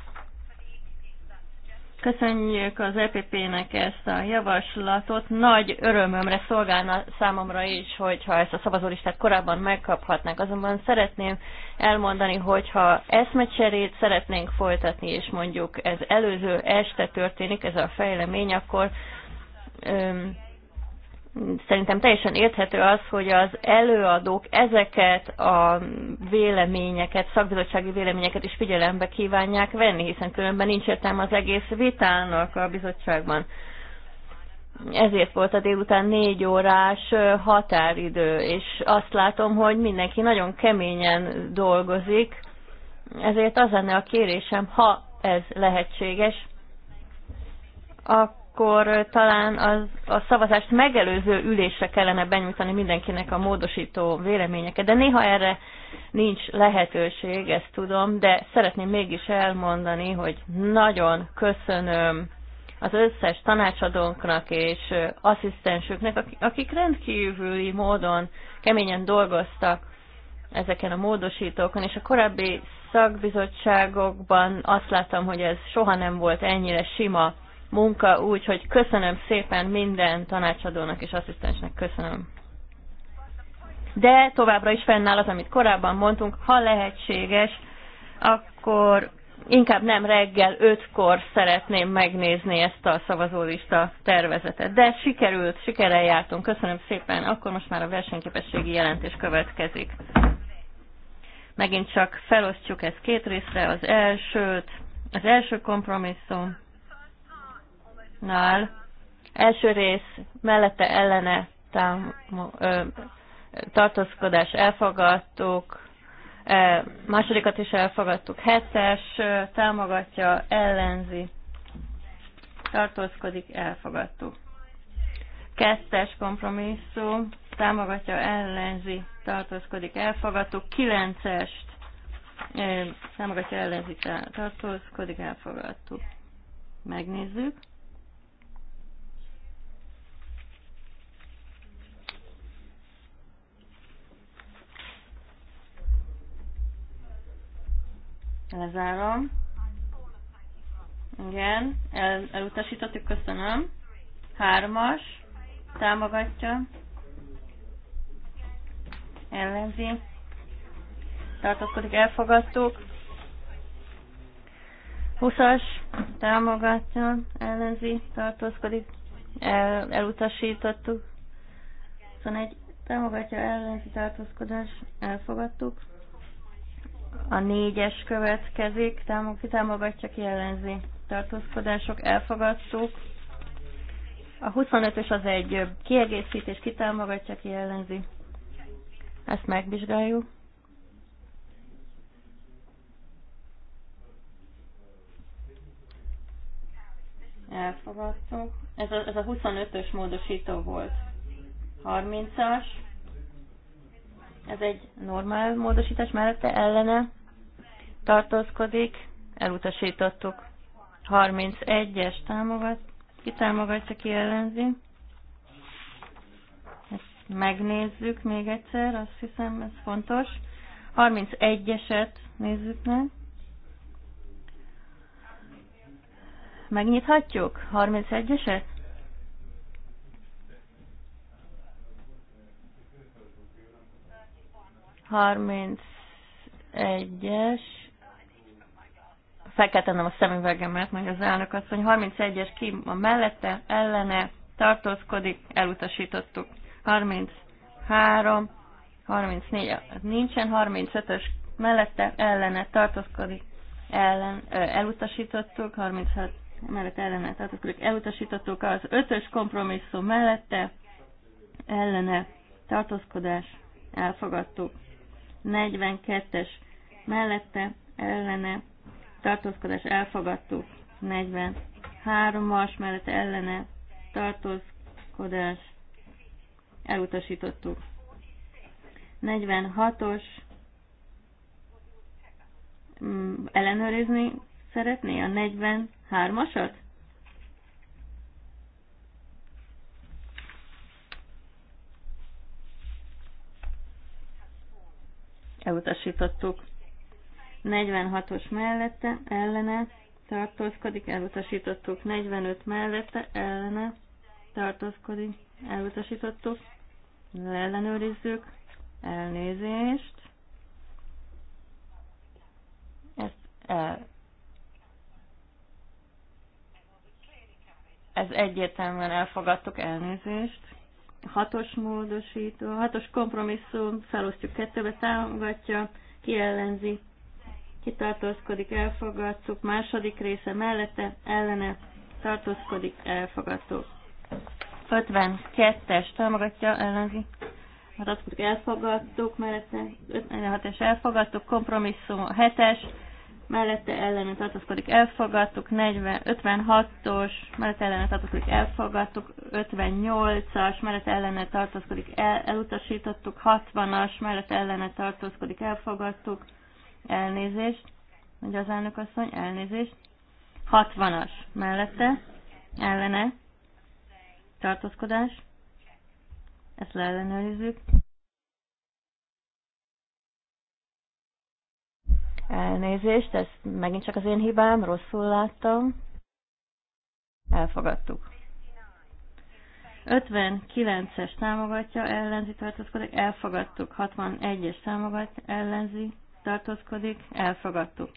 Köszönjük az EPP-nek ezt a javaslatot. Nagy örömömre szolgálna számomra is, hogyha ezt a szavazólistát korábban megkaphatnánk. Azonban szeretném elmondani, hogyha eszmecserét szeretnénk folytatni, és mondjuk ez előző este történik, ez a fejlemény, akkor öm, szerintem teljesen érthető az, hogy az előadók ezeket a véleményeket, szakbizottsági véleményeket is figyelembe kívánják venni, hiszen különben nincs értelme az egész vitának a bizottságban. Ezért volt a délután négy órás határidő, és azt látom, hogy mindenki nagyon keményen dolgozik, ezért az lenne a kérésem, ha ez lehetséges, akkor akkor talán az, a szavazást megelőző ülésre kellene benyújtani mindenkinek a módosító véleményeket. De néha erre nincs lehetőség, ezt tudom, de szeretném mégis elmondani, hogy nagyon köszönöm az összes tanácsadónknak és asszisztensüknek, akik rendkívüli módon keményen dolgoztak ezeken a módosítókon, és a korábbi szakbizottságokban azt láttam, hogy ez soha nem volt ennyire sima munka, úgyhogy köszönöm szépen minden tanácsadónak és asszisztensnek, köszönöm. De továbbra is fennáll az, amit korábban mondtunk, ha lehetséges, akkor inkább nem reggel ötkor szeretném megnézni ezt a szavazólista tervezetet. De sikerült, sikerrel jártunk. Köszönöm szépen. Akkor most már a versenyképességi jelentés következik. Megint csak felosztjuk ezt két részre. Az elsőt, az első kompromisszum nál első rész mellette ellene tám, ö, tartózkodás elfogadtuk, ö, másodikat is elfogadtuk, hetes támogatja, ellenzi, tartózkodik, elfogadtuk. Kettes kompromisszum, támogatja, ellenzi, tartózkodik, elfogadtuk. Kilencest, támogatja, ellenzi, tartózkodik, elfogadtuk. Megnézzük. Lezárom. Igen, el, elutasítottuk, köszönöm. Hármas, támogatja. Ellenzi. Tartózkodik, elfogadtuk. Huszas, támogatja, ellenzi, tartózkodik, el, elutasítottuk. 21, támogatja, ellenzi, tartózkodás, elfogadtuk. A négyes következik, támogatja ki ellenzi tartózkodások, elfogadtuk. A 25-ös az egy kiegészítés, ki támogatja, ki ellenzi. Ezt megvizsgáljuk. Elfogadtuk. Ez a, ez a 25-ös módosító volt. 30-as. Ez egy normál módosítás mellette ellene tartózkodik, elutasítottuk. 31-es támogat, ki támogatja, ki ellenzi. Ezt megnézzük még egyszer, azt hiszem ez fontos. 31-eset nézzük meg. Megnyithatjuk? 31-eset? 31-es, fel kell a szemüvegemet, meg az elnök azt mondja, 31-es ki a mellette, ellene, tartózkodik, elutasítottuk. 33, 34, nincsen, 35-ös mellette, ellene, tartózkodik, ellen, elutasítottuk, 36 mellett ellene tartózkodik, elutasítottuk az ötös kompromisszum mellette, ellene tartózkodás, elfogadtuk. 42-es mellette ellene tartózkodás elfogadtuk, 43-as mellette, ellene tartózkodás elutasítottuk. 46-os mm, ellenőrizni szeretné a 43-asat? elutasítottuk. 46-os mellette ellene tartózkodik, elutasítottuk. 45 mellette ellene tartózkodik, elutasítottuk. Leellenőrizzük. Elnézést. Ezt el. Ez egyértelműen elfogadtuk elnézést. Hatos módosító, hatos kompromisszum, felosztjuk kettőbe, támogatja, kiellenzi, kitartózkodik, elfogadtuk, második része mellette, ellene, tartózkodik, elfogadó. 52-es támogatja, ellenzi, tartózkodik, elfogadtuk, mellette, 56-es elfogadtuk, kompromisszum, 7-es, mellette ellene tartózkodik, elfogadtuk, 56-os, mellette ellene tartózkodik, elfogadtuk, 58-as, mellette ellene tartózkodik, el, elutasítottuk, 60-as, mellette ellene tartózkodik, elfogadtuk, elnézést, hogy az elnök asszony, elnézést, 60-as, mellette, ellene, tartózkodás, ezt leellenőrizzük. Elnézést, ez megint csak az én hibám, rosszul láttam. Elfogadtuk. 59-es támogatja, ellenzi, tartózkodik, elfogadtuk. 61-es támogat, ellenzi, tartózkodik, elfogadtuk.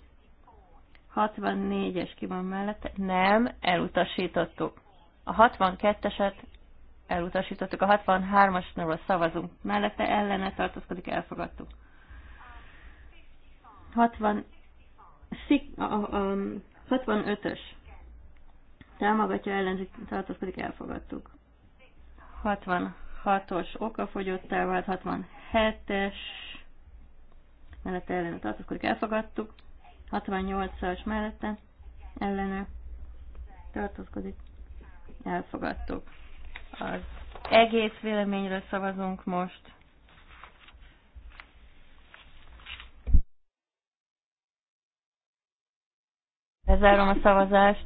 64-es ki van mellette, nem, elutasítottuk. A 62-eset elutasítottuk, a 63 asnál szavazunk, mellette ellene tartózkodik, elfogadtuk. 60, 65-ös um, támogatja ellenzik tartózkodik, elfogadtuk. 66-os okafogyottá vált, 67-es mellette ellene tartózkodik, elfogadtuk. 68-as mellette ellene tartózkodik, elfogadtuk. Az egész véleményről szavazunk most. Lezárom a szavazást.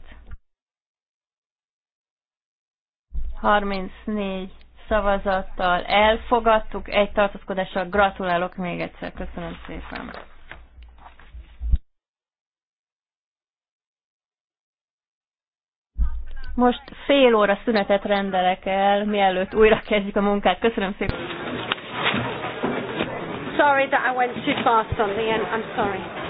34 szavazattal elfogadtuk, egy tartózkodással gratulálok még egyszer. Köszönöm szépen. Most fél óra szünetet rendelek el, mielőtt újra kezdjük a munkát. Köszönöm szépen. Sorry that I went too fast on the end. I'm sorry.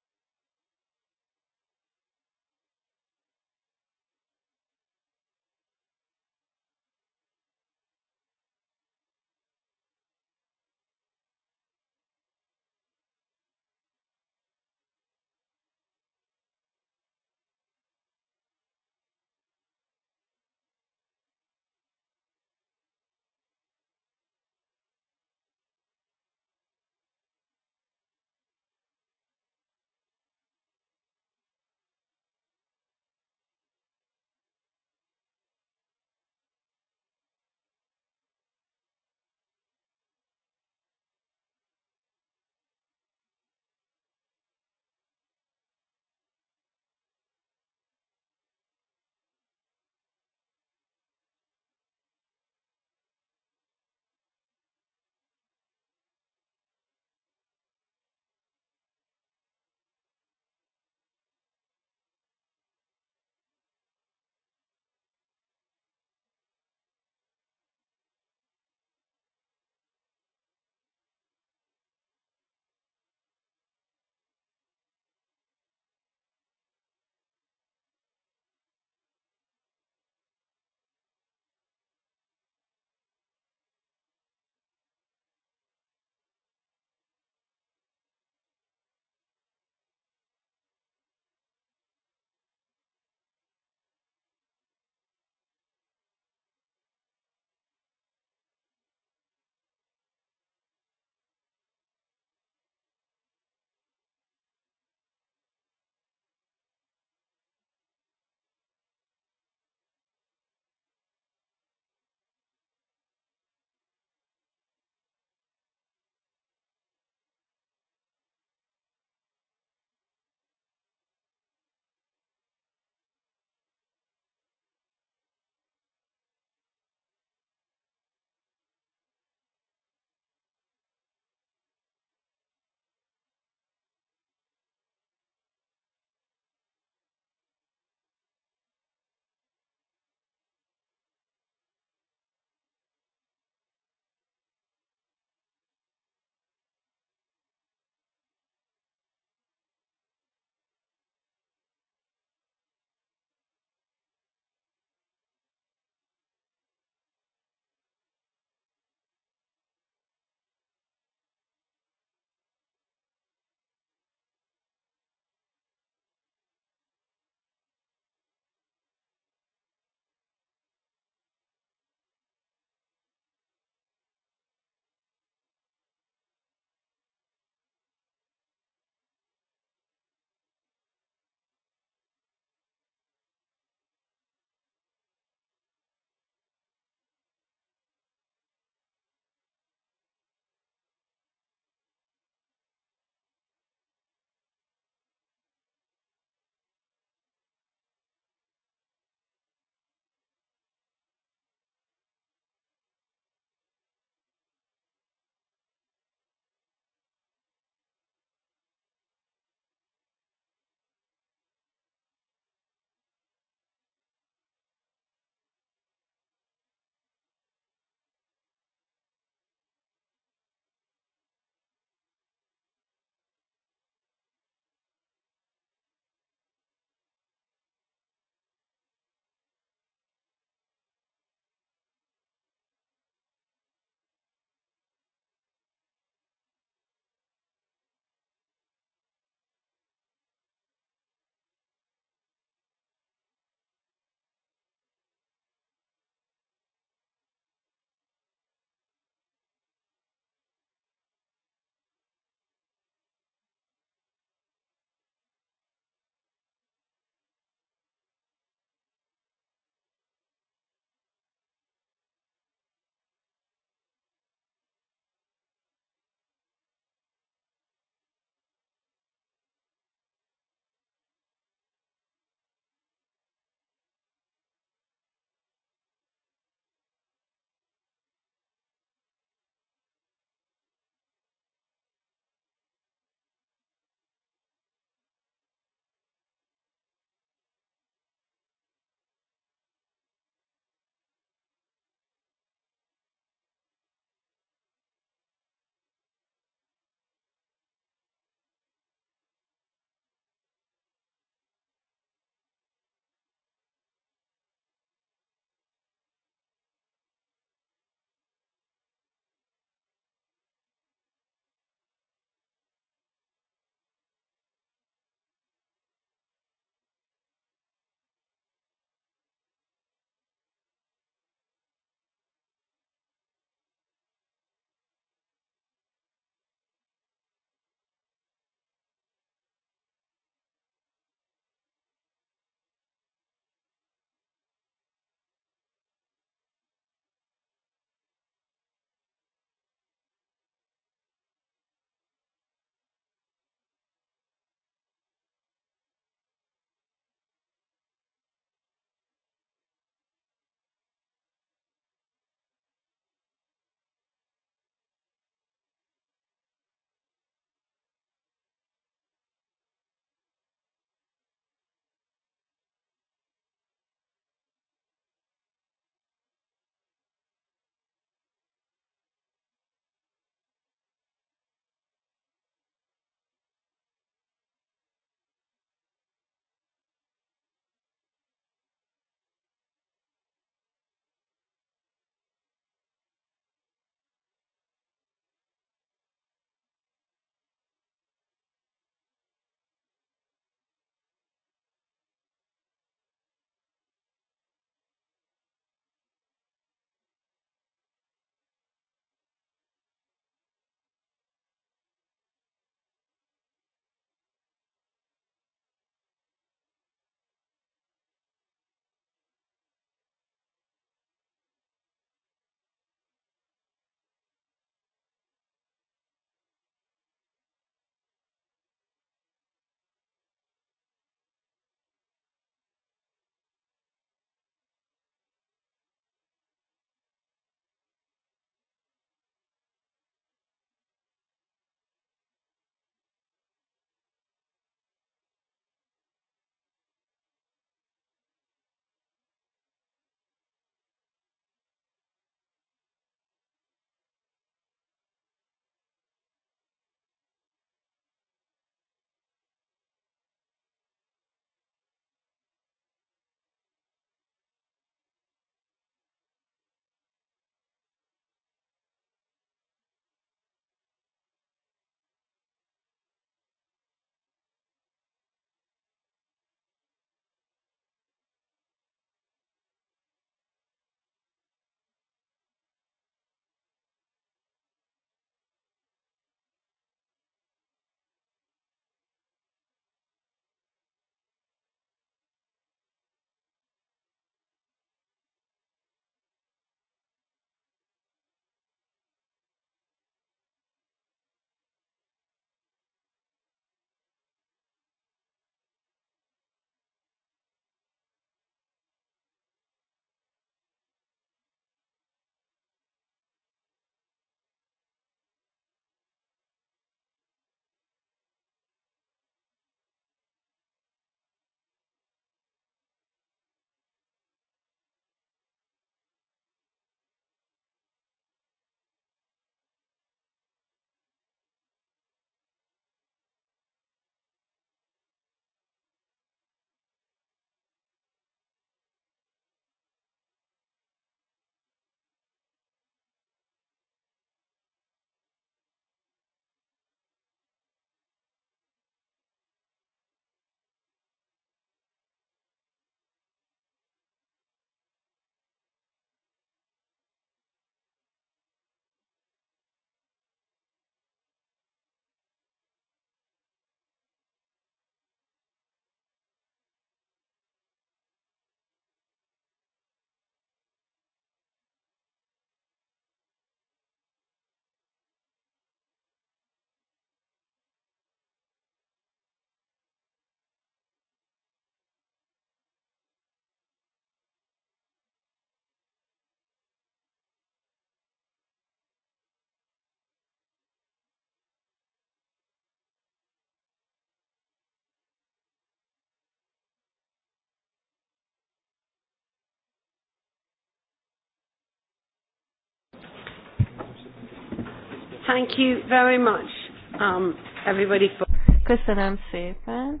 Thank you very much, um, everybody. For... Köszönöm szépen.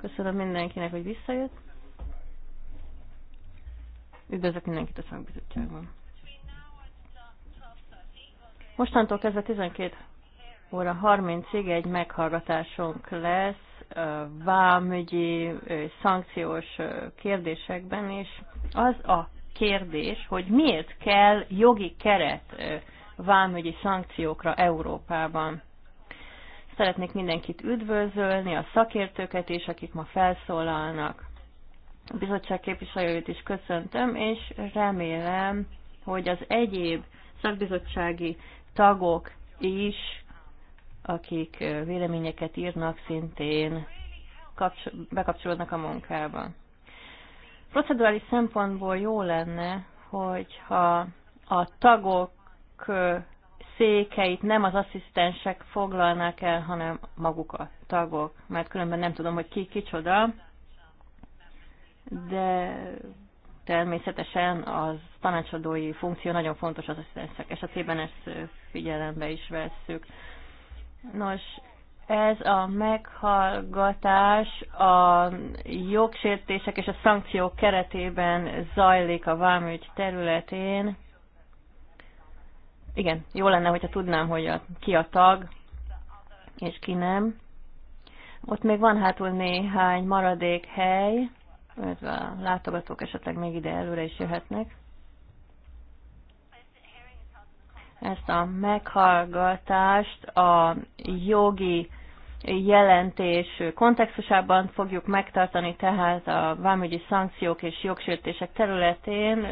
Köszönöm mindenkinek, hogy visszajött. Üdvözlök mindenkit a szakbizottságban. Mostantól kezdve 12 óra 30-ig egy meghallgatásunk lesz vámügyi szankciós kérdésekben, és az a kérdés, hogy miért kell jogi keret vámügyi szankciókra Európában. Szeretnék mindenkit üdvözölni, a szakértőket is, akik ma felszólalnak. A bizottság képviselőjét is köszöntöm, és remélem, hogy az egyéb szakbizottsági tagok is, akik véleményeket írnak, szintén bekapcsolódnak a munkába. Procedurális szempontból jó lenne, hogyha a tagok székeit nem az asszisztensek foglalnák el, hanem maguk a tagok, mert különben nem tudom, hogy ki kicsoda, de természetesen a tanácsadói funkció nagyon fontos az asszisztensek esetében, ezt figyelembe is vesszük. Nos, ez a meghallgatás a jogsértések és a szankciók keretében zajlik a vámügy területén igen, jó lenne, hogyha tudnám, hogy a, ki a tag, és ki nem. Ott még van hátul néhány maradék hely, mert a látogatók esetleg még ide előre is jöhetnek. Ezt a meghallgatást a jogi jelentés kontextusában fogjuk megtartani, tehát a vámügyi szankciók és jogsértések területén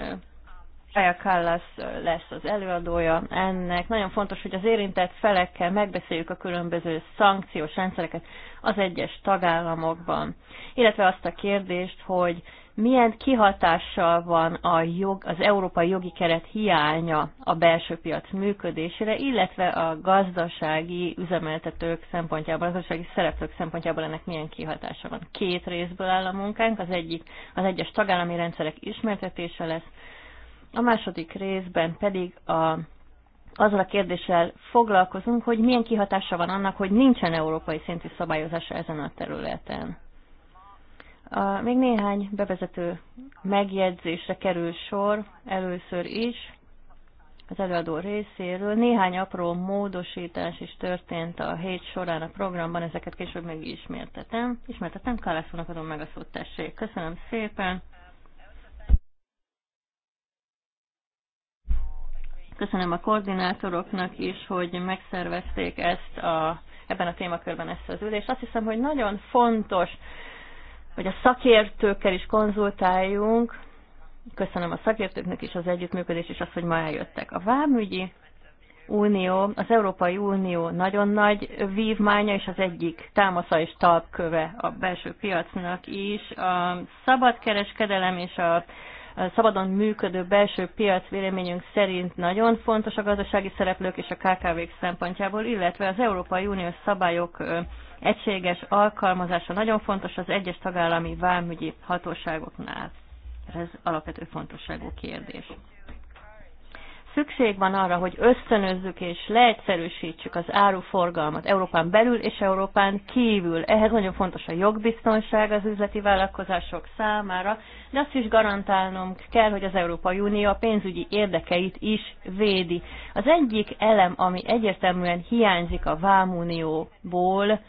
Aja Kallas lesz az előadója ennek. Nagyon fontos, hogy az érintett felekkel megbeszéljük a különböző szankciós rendszereket az egyes tagállamokban, illetve azt a kérdést, hogy milyen kihatással van a jog, az európai jogi keret hiánya a belső piac működésére, illetve a gazdasági üzemeltetők szempontjából, a gazdasági szereplők szempontjából ennek milyen kihatása van. Két részből áll a munkánk, az egyik az egyes tagállami rendszerek ismertetése lesz, a második részben pedig a, azzal a kérdéssel foglalkozunk, hogy milyen kihatása van annak, hogy nincsen európai szintű szabályozása ezen a területen. A, még néhány bevezető megjegyzésre kerül sor először is az előadó részéről. Néhány apró módosítás is történt a hét során a programban, ezeket később megismertetem. ismertetem. Ismertetem, adom meg a szót, tessék. Köszönöm szépen. Köszönöm a koordinátoroknak is, hogy megszervezték ezt a, ebben a témakörben ezt az ülést. Azt hiszem, hogy nagyon fontos, hogy a szakértőkkel is konzultáljunk. Köszönöm a szakértőknek is az együttműködés és azt, hogy ma eljöttek. A vámügyi Unió, az Európai Unió nagyon nagy vívmánya, és az egyik támasza és talpköve a belső piacnak is. A szabadkereskedelem és a szabadon működő belső piac véleményünk szerint nagyon fontos a gazdasági szereplők és a KKV-k szempontjából, illetve az Európai Uniós szabályok egységes alkalmazása nagyon fontos az egyes tagállami vámügyi hatóságoknál. Ez alapvető fontosságú kérdés. Szükség van arra, hogy ösztönözzük és leegyszerűsítsük az áruforgalmat Európán belül és Európán kívül. Ehhez nagyon fontos a jogbiztonság az üzleti vállalkozások számára, de azt is garantálnunk kell, hogy az Európai Unió a pénzügyi érdekeit is védi. Az egyik elem, ami egyértelműen hiányzik a vámunióból,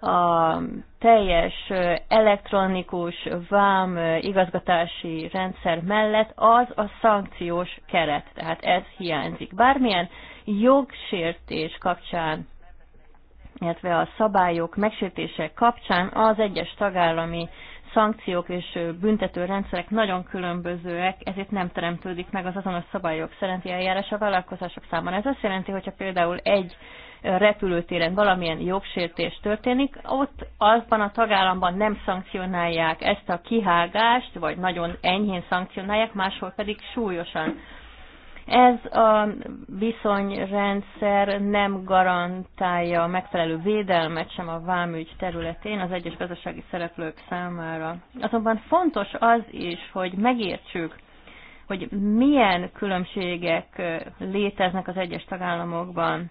a teljes elektronikus vám igazgatási rendszer mellett az a szankciós keret, tehát ez hiányzik. Bármilyen jogsértés kapcsán, illetve a szabályok megsértése kapcsán az egyes tagállami szankciók és büntető rendszerek nagyon különbözőek, ezért nem teremtődik meg az azonos szabályok szerinti eljárás a vállalkozások számára. Ez azt jelenti, hogyha például egy repülőtéren valamilyen jogsértés történik, ott azban a tagállamban nem szankcionálják ezt a kihágást, vagy nagyon enyhén szankcionálják, máshol pedig súlyosan. Ez a viszonyrendszer nem garantálja a megfelelő védelmet sem a vámügy területén az egyes gazdasági szereplők számára. Azonban fontos az is, hogy megértsük, hogy milyen különbségek léteznek az egyes tagállamokban.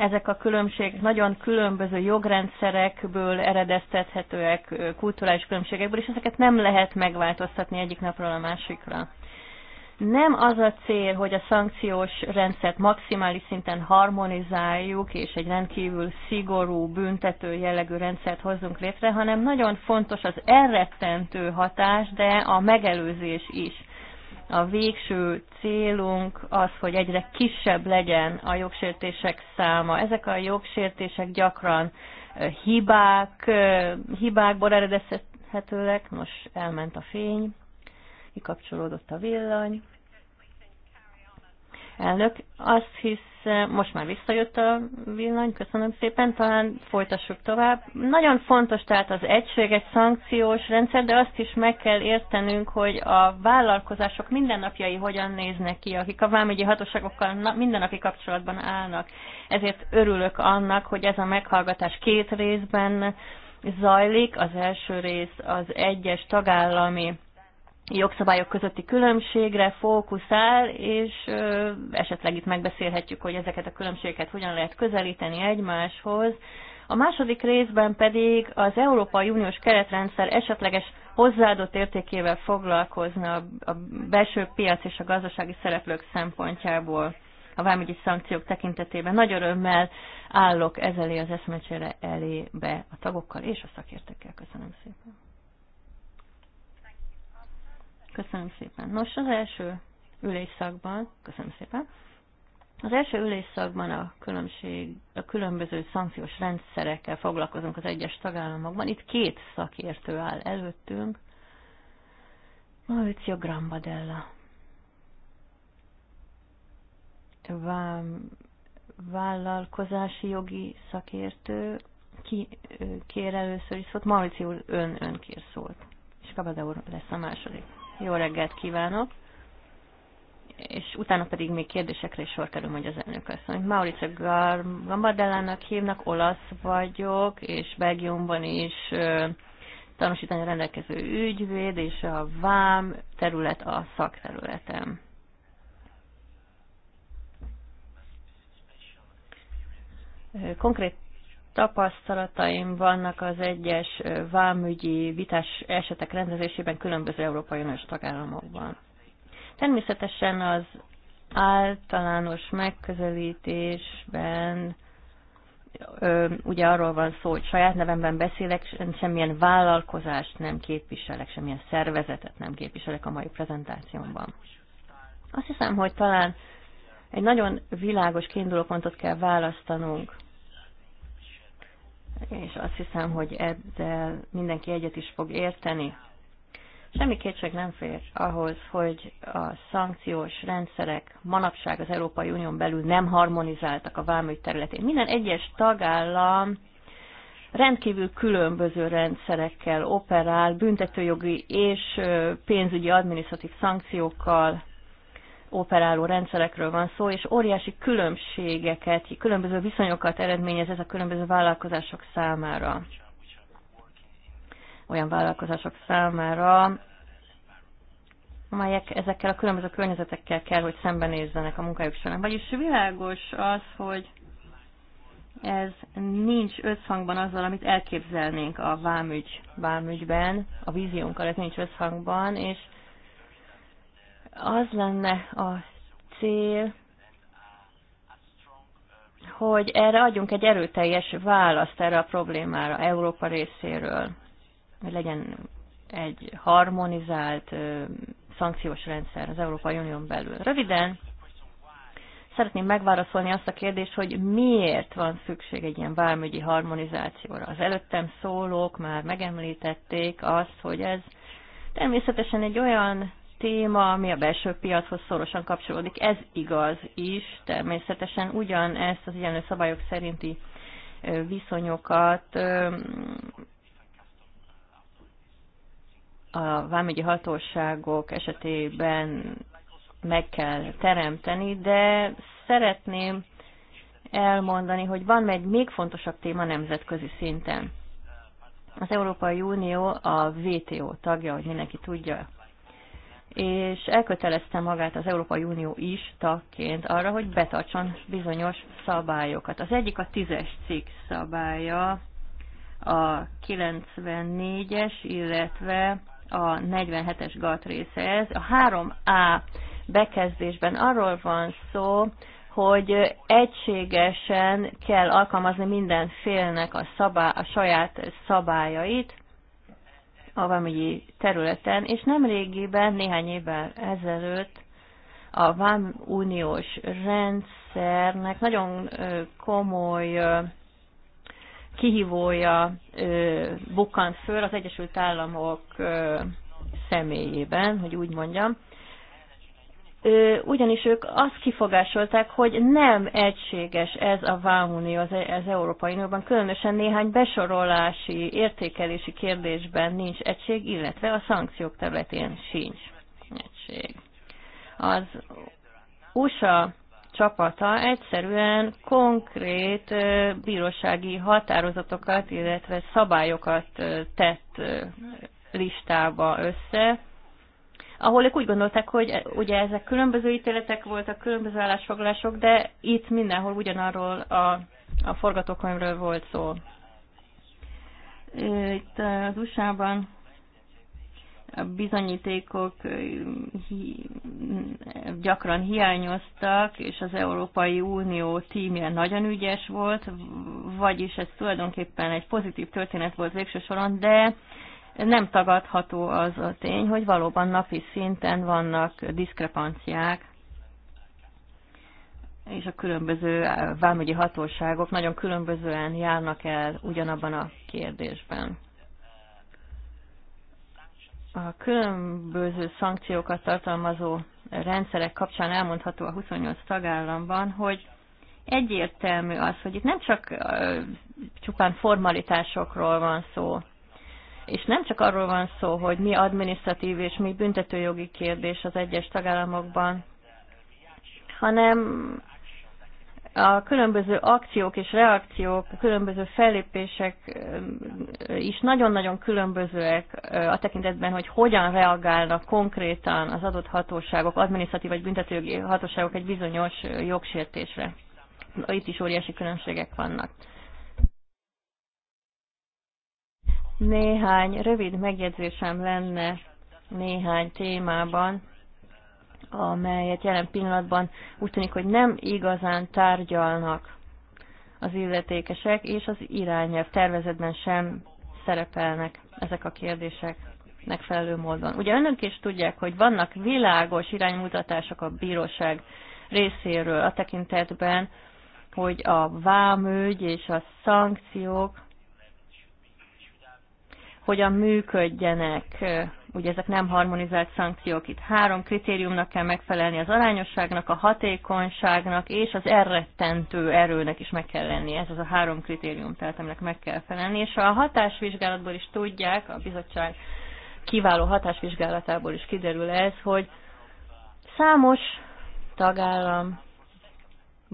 Ezek a különbségek nagyon különböző jogrendszerekből eredeztethetőek, kulturális különbségekből, és ezeket nem lehet megváltoztatni egyik napról a másikra. Nem az a cél, hogy a szankciós rendszert maximális szinten harmonizáljuk, és egy rendkívül szigorú, büntető jellegű rendszert hozzunk létre, hanem nagyon fontos az elrettentő hatás, de a megelőzés is a végső célunk az, hogy egyre kisebb legyen a jogsértések száma. Ezek a jogsértések gyakran hibák, hibákból eredezhetőek. Most elment a fény, kikapcsolódott a villany. Elnök, azt hisz, most már visszajött a villany, köszönöm szépen, talán folytassuk tovább. Nagyon fontos tehát az egység, egy szankciós rendszer, de azt is meg kell értenünk, hogy a vállalkozások mindennapjai hogyan néznek ki, akik a vámügyi hatóságokkal mindennapi kapcsolatban állnak. Ezért örülök annak, hogy ez a meghallgatás két részben zajlik. Az első rész az egyes tagállami jogszabályok közötti különbségre fókuszál, és esetleg itt megbeszélhetjük, hogy ezeket a különbségeket hogyan lehet közelíteni egymáshoz. A második részben pedig az Európai Uniós keretrendszer esetleges hozzáadott értékével foglalkozna a belső piac és a gazdasági szereplők szempontjából a vámügyi szankciók tekintetében. Nagy örömmel állok ez elé az eszmecsére elébe a tagokkal és a szakértőkkel. Köszönöm szépen. Köszönöm szépen. Nos, az első ülésszakban, köszönöm szépen, az első ülésszakban a, különbség, a különböző szankciós rendszerekkel foglalkozunk az egyes tagállamokban. Itt két szakértő áll előttünk. Maurizio Grambadella. Vállalkozási jogi szakértő. Ki kér először is szót? Maurizio ön, ön kér szólt. És Kabada lesz a második. Jó reggelt kívánok! és utána pedig még kérdésekre is sor kerül, hogy az elnök asszony. Maurice Gambardellának hívnak, olasz vagyok, és Belgiumban is tanúsítani rendelkező ügyvéd, és a vám terület a szakterületem. Konkrét tapasztalataim vannak az egyes vámügyi vitás esetek rendezésében különböző Európai Uniós tagállamokban. Természetesen az általános megközelítésben ugye arról van szó, hogy saját nevemben beszélek, semmilyen vállalkozást nem képviselek, semmilyen szervezetet nem képviselek a mai prezentációmban. Azt hiszem, hogy talán egy nagyon világos kiindulópontot kell választanunk és azt hiszem, hogy ezzel mindenki egyet is fog érteni. Semmi kétség nem fér ahhoz, hogy a szankciós rendszerek manapság az Európai Unión belül nem harmonizáltak a vámügy területén. Minden egyes tagállam rendkívül különböző rendszerekkel operál, büntetőjogi és pénzügyi adminisztratív szankciókkal operáló rendszerekről van szó, és óriási különbségeket, különböző viszonyokat eredményez ez a különböző vállalkozások számára. Olyan vállalkozások számára, amelyek ezekkel a különböző környezetekkel kell, hogy szembenézzenek a munkájuk során. Vagyis világos az, hogy ez nincs összhangban azzal, amit elképzelnénk a vámügy, vámügyben, a víziónkkal ez nincs összhangban, és az lenne a cél, hogy erre adjunk egy erőteljes választ erre a problémára Európa részéről, hogy legyen egy harmonizált szankciós rendszer az Európai Unión belül. Röviden szeretném megválaszolni azt a kérdést, hogy miért van szükség egy ilyen vámügyi harmonizációra. Az előttem szólók már megemlítették azt, hogy ez természetesen egy olyan téma, ami a belső piachoz szorosan kapcsolódik. Ez igaz is, természetesen ugyanezt az ilyen szabályok szerinti viszonyokat a vámügyi hatóságok esetében meg kell teremteni, de szeretném elmondani, hogy van egy még fontosabb téma nemzetközi szinten. Az Európai Unió a WTO tagja, hogy mindenki tudja és elkötelezte magát az Európai Unió is tagként arra, hogy betartson bizonyos szabályokat. Az egyik a tízes cikk szabálya, a 94-es, illetve a 47-es GATT része ez. A 3A bekezdésben arról van szó, hogy egységesen kell alkalmazni minden félnek a, szabá, a saját szabályait, a vámügyi területen, és nem régiben, néhány évvel ezelőtt a vám uniós rendszernek nagyon komoly kihívója bukkant föl az Egyesült Államok személyében, hogy úgy mondjam, ugyanis ők azt kifogásolták, hogy nem egységes ez a vámunió az, az Európai Unióban, különösen néhány besorolási, értékelési kérdésben nincs egység, illetve a szankciók területén sincs egység. Az USA csapata egyszerűen konkrét bírósági határozatokat, illetve szabályokat tett listába össze, ahol ők úgy gondolták, hogy e, ugye ezek különböző ítéletek voltak, különböző állásfoglalások, de itt mindenhol ugyanarról a, a forgatókönyvről volt szó. Itt az USA-ban a bizonyítékok gyakran hiányoztak, és az Európai Unió tímje nagyon ügyes volt, vagyis ez tulajdonképpen egy pozitív történet volt végső soron, de nem tagadható az a tény, hogy valóban napi szinten vannak diszkrepanciák, és a különböző vámügyi hatóságok nagyon különbözően járnak el ugyanabban a kérdésben. A különböző szankciókat tartalmazó rendszerek kapcsán elmondható a 28 tagállamban, hogy egyértelmű az, hogy itt nem csak csupán formalitásokról van szó, és nem csak arról van szó, hogy mi adminisztratív és mi büntetőjogi kérdés az egyes tagállamokban, hanem a különböző akciók és reakciók, a különböző fellépések is nagyon-nagyon különbözőek a tekintetben, hogy hogyan reagálnak konkrétan az adott hatóságok, adminisztratív vagy büntetőjogi hatóságok egy bizonyos jogsértésre. Itt is óriási különbségek vannak. Néhány rövid megjegyzésem lenne néhány témában, amelyet jelen pillanatban úgy tűnik, hogy nem igazán tárgyalnak az illetékesek, és az irányelv tervezetben sem szerepelnek ezek a kérdések megfelelő módon. Ugye önök is tudják, hogy vannak világos iránymutatások a bíróság részéről a tekintetben, hogy a vámügy és a szankciók hogyan működjenek, ugye ezek nem harmonizált szankciók, itt három kritériumnak kell megfelelni, az arányosságnak, a hatékonyságnak és az elrettentő erőnek is meg kell lenni. Ez az a három kritérium, tehát aminek meg kell felelni. És a hatásvizsgálatból is tudják, a bizottság kiváló hatásvizsgálatából is kiderül ez, hogy számos tagállam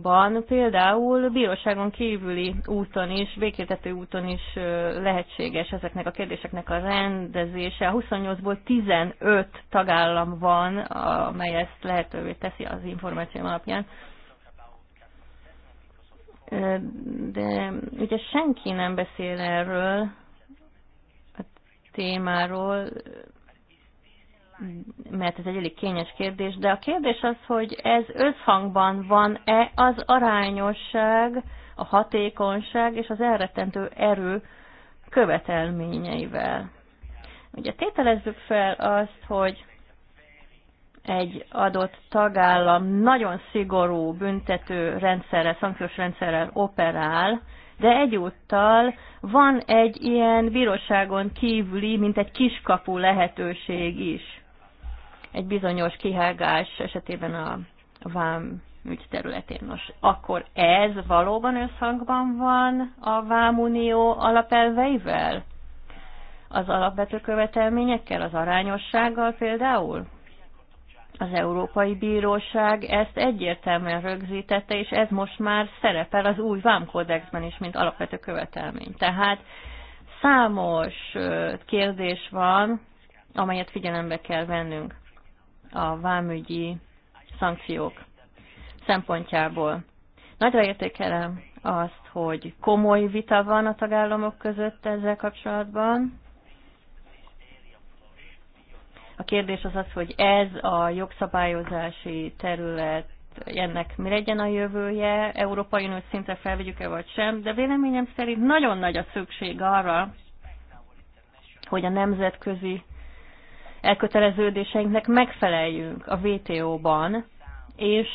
Ban például bíróságon kívüli úton is, békéltető úton is lehetséges ezeknek a kérdéseknek a rendezése. A 28-ból 15 tagállam van, amely ezt lehetővé teszi az információ alapján. De ugye senki nem beszél erről a témáról, mert ez egy elég kényes kérdés, de a kérdés az, hogy ez összhangban van-e az arányosság, a hatékonyság és az elrettentő erő követelményeivel. Ugye tételezzük fel azt, hogy egy adott tagállam nagyon szigorú büntető rendszerrel, szankciós rendszerrel operál, de egyúttal van egy ilyen bíróságon kívüli, mint egy kiskapu lehetőség is egy bizonyos kihágás esetében a vám ügy területén. Nos, akkor ez valóban összhangban van a vámunió alapelveivel? Az alapvető követelményekkel, az arányossággal például? Az Európai Bíróság ezt egyértelműen rögzítette, és ez most már szerepel az új vámkódexben is, mint alapvető követelmény. Tehát számos kérdés van, amelyet figyelembe kell vennünk a vámügyi szankciók szempontjából. Nagyra értékelem azt, hogy komoly vita van a tagállamok között ezzel kapcsolatban. A kérdés az az, hogy ez a jogszabályozási terület, ennek mi legyen a jövője, Európai Unió szinte felvegyük-e vagy sem, de véleményem szerint nagyon nagy a szükség arra, hogy a nemzetközi elköteleződéseinknek megfeleljünk a WTO-ban, és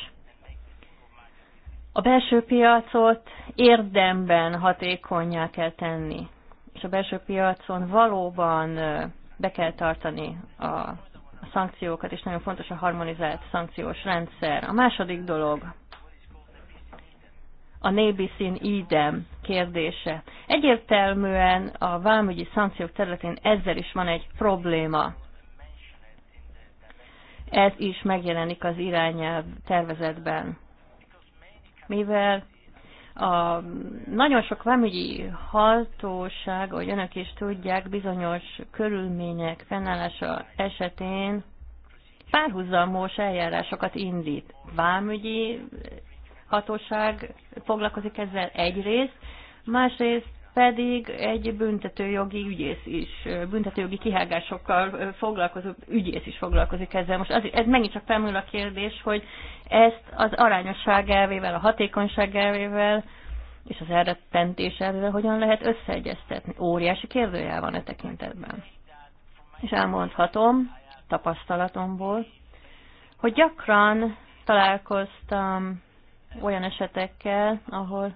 a belső piacot érdemben hatékonyá kell tenni, és a belső piacon valóban be kell tartani a szankciókat, és nagyon fontos a harmonizált szankciós rendszer. A második dolog a nébiszín idem kérdése. Egyértelműen a vámügyi szankciók területén ezzel is van egy probléma ez is megjelenik az irányelv tervezetben. Mivel a nagyon sok vámügyi hatóság, ahogy önök is tudják, bizonyos körülmények fennállása esetén párhuzamos eljárásokat indít. Vámügyi hatóság foglalkozik ezzel egyrészt, másrészt pedig egy büntetőjogi ügyész is, büntetőjogi kihágásokkal foglalkozó ügyész is foglalkozik ezzel. Most az, ez megint csak felmúl a kérdés, hogy ezt az arányosság elvével, a hatékonyság elvével és az elrettentés elvével hogyan lehet összeegyeztetni. Óriási kérdőjel van e tekintetben. És elmondhatom tapasztalatomból, hogy gyakran találkoztam olyan esetekkel, ahol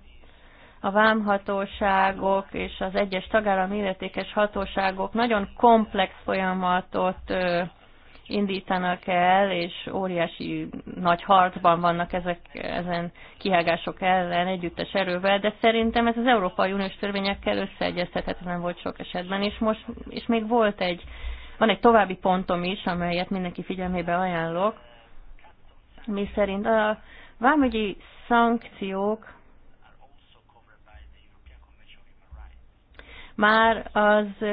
a vámhatóságok és az egyes tagállami illetékes hatóságok nagyon komplex folyamatot indítanak el, és óriási nagy harcban vannak ezek, ezen kihágások ellen együttes erővel, de szerintem ez az Európai Uniós törvényekkel összeegyeztethetetlen volt sok esetben, és most, és még volt egy, van egy további pontom is, amelyet mindenki figyelmébe ajánlok, mi szerint a vámügyi szankciók már az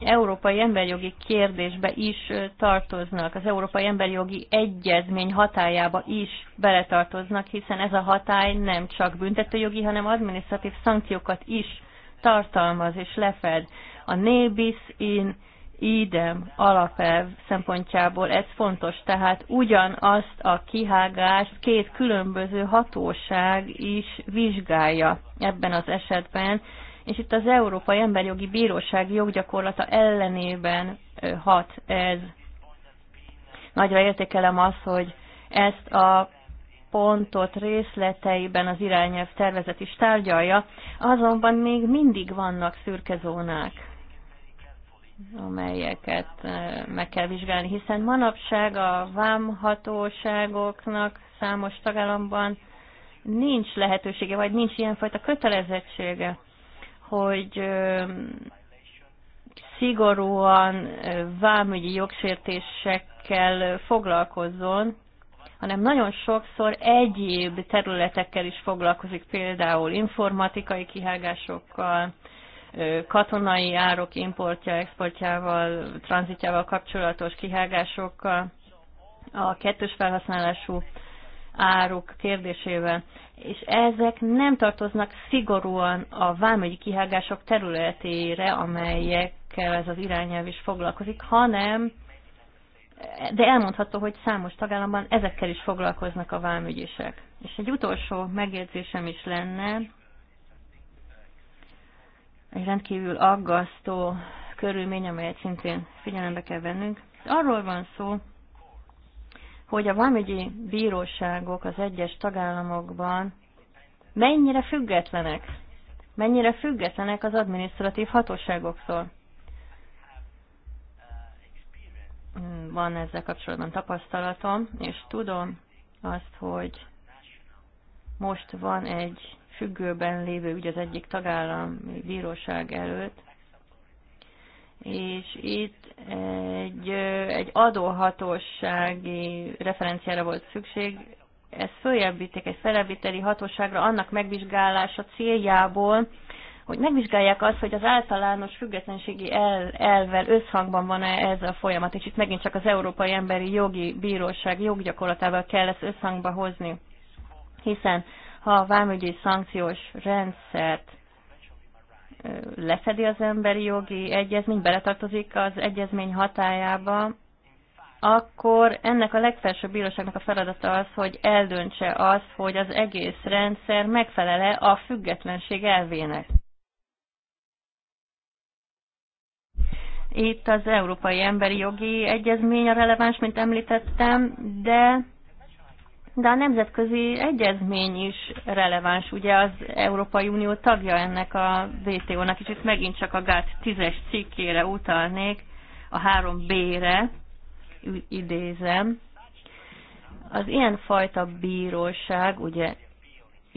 európai emberjogi kérdésbe is tartoznak, az európai emberjogi egyezmény hatájába is beletartoznak, hiszen ez a hatály nem csak büntetőjogi, hanem adminisztratív szankciókat is tartalmaz és lefed. A nébis in idem alapelv szempontjából ez fontos, tehát ugyanazt a kihágást két különböző hatóság is vizsgálja ebben az esetben, és itt az Európai Emberjogi Bíróság joggyakorlata ellenében hat ez. Nagyra értékelem azt, hogy ezt a pontot részleteiben az irányelv tervezet is tárgyalja, azonban még mindig vannak szürke zónák, amelyeket meg kell vizsgálni, hiszen manapság a vámhatóságoknak számos tagállamban nincs lehetősége, vagy nincs ilyenfajta kötelezettsége hogy szigorúan vámügyi jogsértésekkel foglalkozzon, hanem nagyon sokszor egyéb területekkel is foglalkozik, például informatikai kihágásokkal, katonai árok importja, exportjával, tranzitjával kapcsolatos kihágásokkal, a kettős felhasználású áruk kérdésével és ezek nem tartoznak szigorúan a vámegyi kihágások területére, amelyekkel ez az irányelv is foglalkozik, hanem de elmondható, hogy számos tagállamban ezekkel is foglalkoznak a vámügyések. És egy utolsó megjegyzésem is lenne, egy rendkívül aggasztó körülmény, amelyet szintén figyelembe kell vennünk. Arról van szó, hogy a vámügyi bíróságok az egyes tagállamokban mennyire függetlenek, mennyire függetlenek az adminisztratív hatóságoktól. Van ezzel kapcsolatban tapasztalatom, és tudom azt, hogy most van egy függőben lévő ügy az egyik tagállami bíróság előtt, és itt egy, egy adóhatósági referenciára volt szükség, ezt följebbítik egy felebbíteli hatóságra annak megvizsgálása céljából, hogy megvizsgálják azt, hogy az általános függetlenségi el, elvel összhangban van-e ez a folyamat, és itt megint csak az Európai Emberi Jogi Bíróság joggyakorlatával kell ezt összhangba hozni. Hiszen ha a vámügyi szankciós rendszert lefedi az emberi jogi egyezmény, beletartozik az egyezmény hatájába, akkor ennek a legfelsőbb bíróságnak a feladata az, hogy eldöntse az, hogy az egész rendszer megfelele a függetlenség elvének. Itt az Európai Emberi Jogi Egyezmény a releváns, mint említettem, de de a nemzetközi egyezmény is releváns, ugye az Európai Unió tagja ennek a WTO-nak, és itt megint csak a GATT 10-es cikkére utalnék, a 3B-re idézem. Az ilyenfajta bíróság, ugye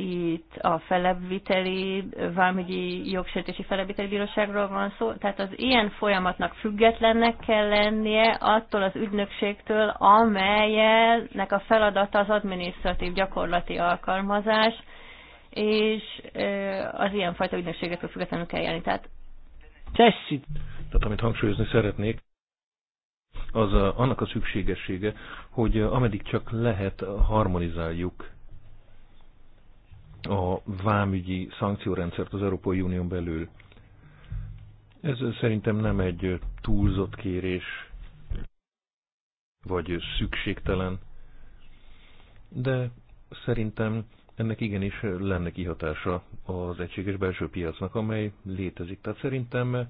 itt a felebviteli, vámügyi jogsértési felebviteli bíróságról van szó, tehát az ilyen folyamatnak függetlennek kell lennie attól az ügynökségtől, amelyelnek a feladata az adminisztratív gyakorlati alkalmazás, és az ilyenfajta ügynökségekről függetlenül kell jelni. Tehát Tessi. Tehát amit hangsúlyozni szeretnék, az annak a szükségessége, hogy ameddig csak lehet, harmonizáljuk a vámügyi szankciórendszert az Európai Unión belül. Ez szerintem nem egy túlzott kérés, vagy szükségtelen, de szerintem ennek igenis lenne kihatása az egységes belső piacnak, amely létezik. Tehát szerintem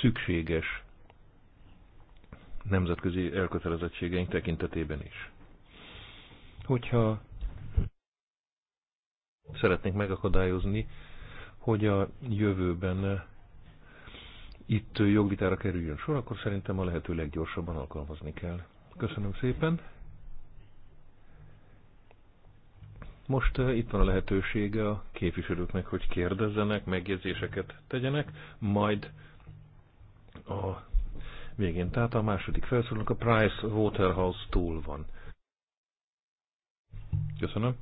szükséges nemzetközi elkötelezettségeink tekintetében is. Hogyha szeretnénk megakadályozni, hogy a jövőben itt jogvitára kerüljön sor, akkor szerintem a lehető leggyorsabban alkalmazni kell. Köszönöm szépen. Most eh, itt van a lehetősége a képviselőknek, hogy kérdezzenek, megjegyzéseket tegyenek, majd a végén. Tehát a második felszólónak a Price Waterhouse túl van. Köszönöm.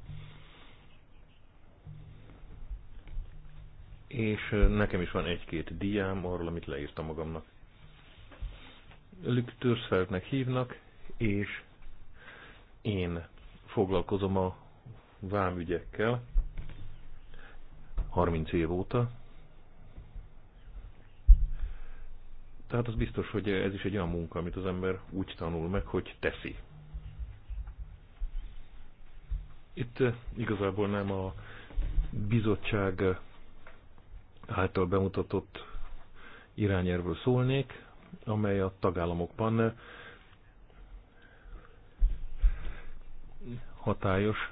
és nekem is van egy-két diám arról, amit leírtam magamnak. Lüktörsfeltnek hívnak, és én foglalkozom a vámügyekkel 30 év óta. Tehát az biztos, hogy ez is egy olyan munka, amit az ember úgy tanul meg, hogy teszi. Itt igazából nem a bizottság által bemutatott irányerről szólnék, amely a tagállamokban hatályos.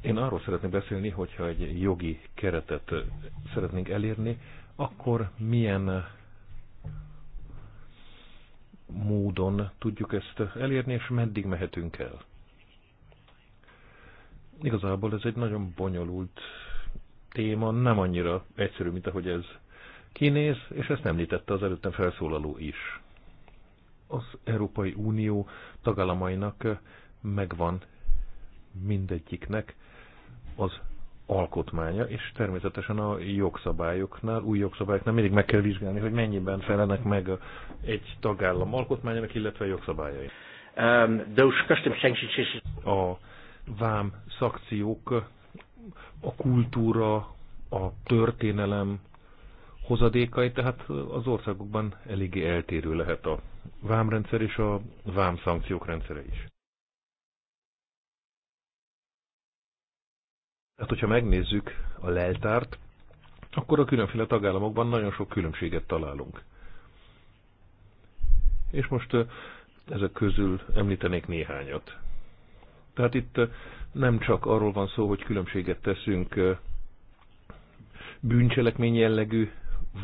Én arról szeretnék beszélni, hogyha egy jogi keretet szeretnénk elérni, akkor milyen módon tudjuk ezt elérni, és meddig mehetünk el. Igazából ez egy nagyon bonyolult téma nem annyira egyszerű, mint ahogy ez kinéz, és ezt említette az előttem felszólaló is. Az Európai Unió tagállamainak megvan mindegyiknek az alkotmánya, és természetesen a jogszabályoknál, új jogszabályoknál mindig meg kell vizsgálni, hogy mennyiben felelnek meg egy tagállam alkotmányának, illetve a jogszabályai. custom um, sanctions... A vám szakciók a kultúra, a történelem hozadékai, tehát az országokban eléggé eltérő lehet a vámrendszer és a vámszankciók rendszere is. Tehát, hogyha megnézzük a leltárt, akkor a különféle tagállamokban nagyon sok különbséget találunk. És most ezek közül említenék néhányat. Tehát itt nem csak arról van szó, hogy különbséget teszünk bűncselekmény jellegű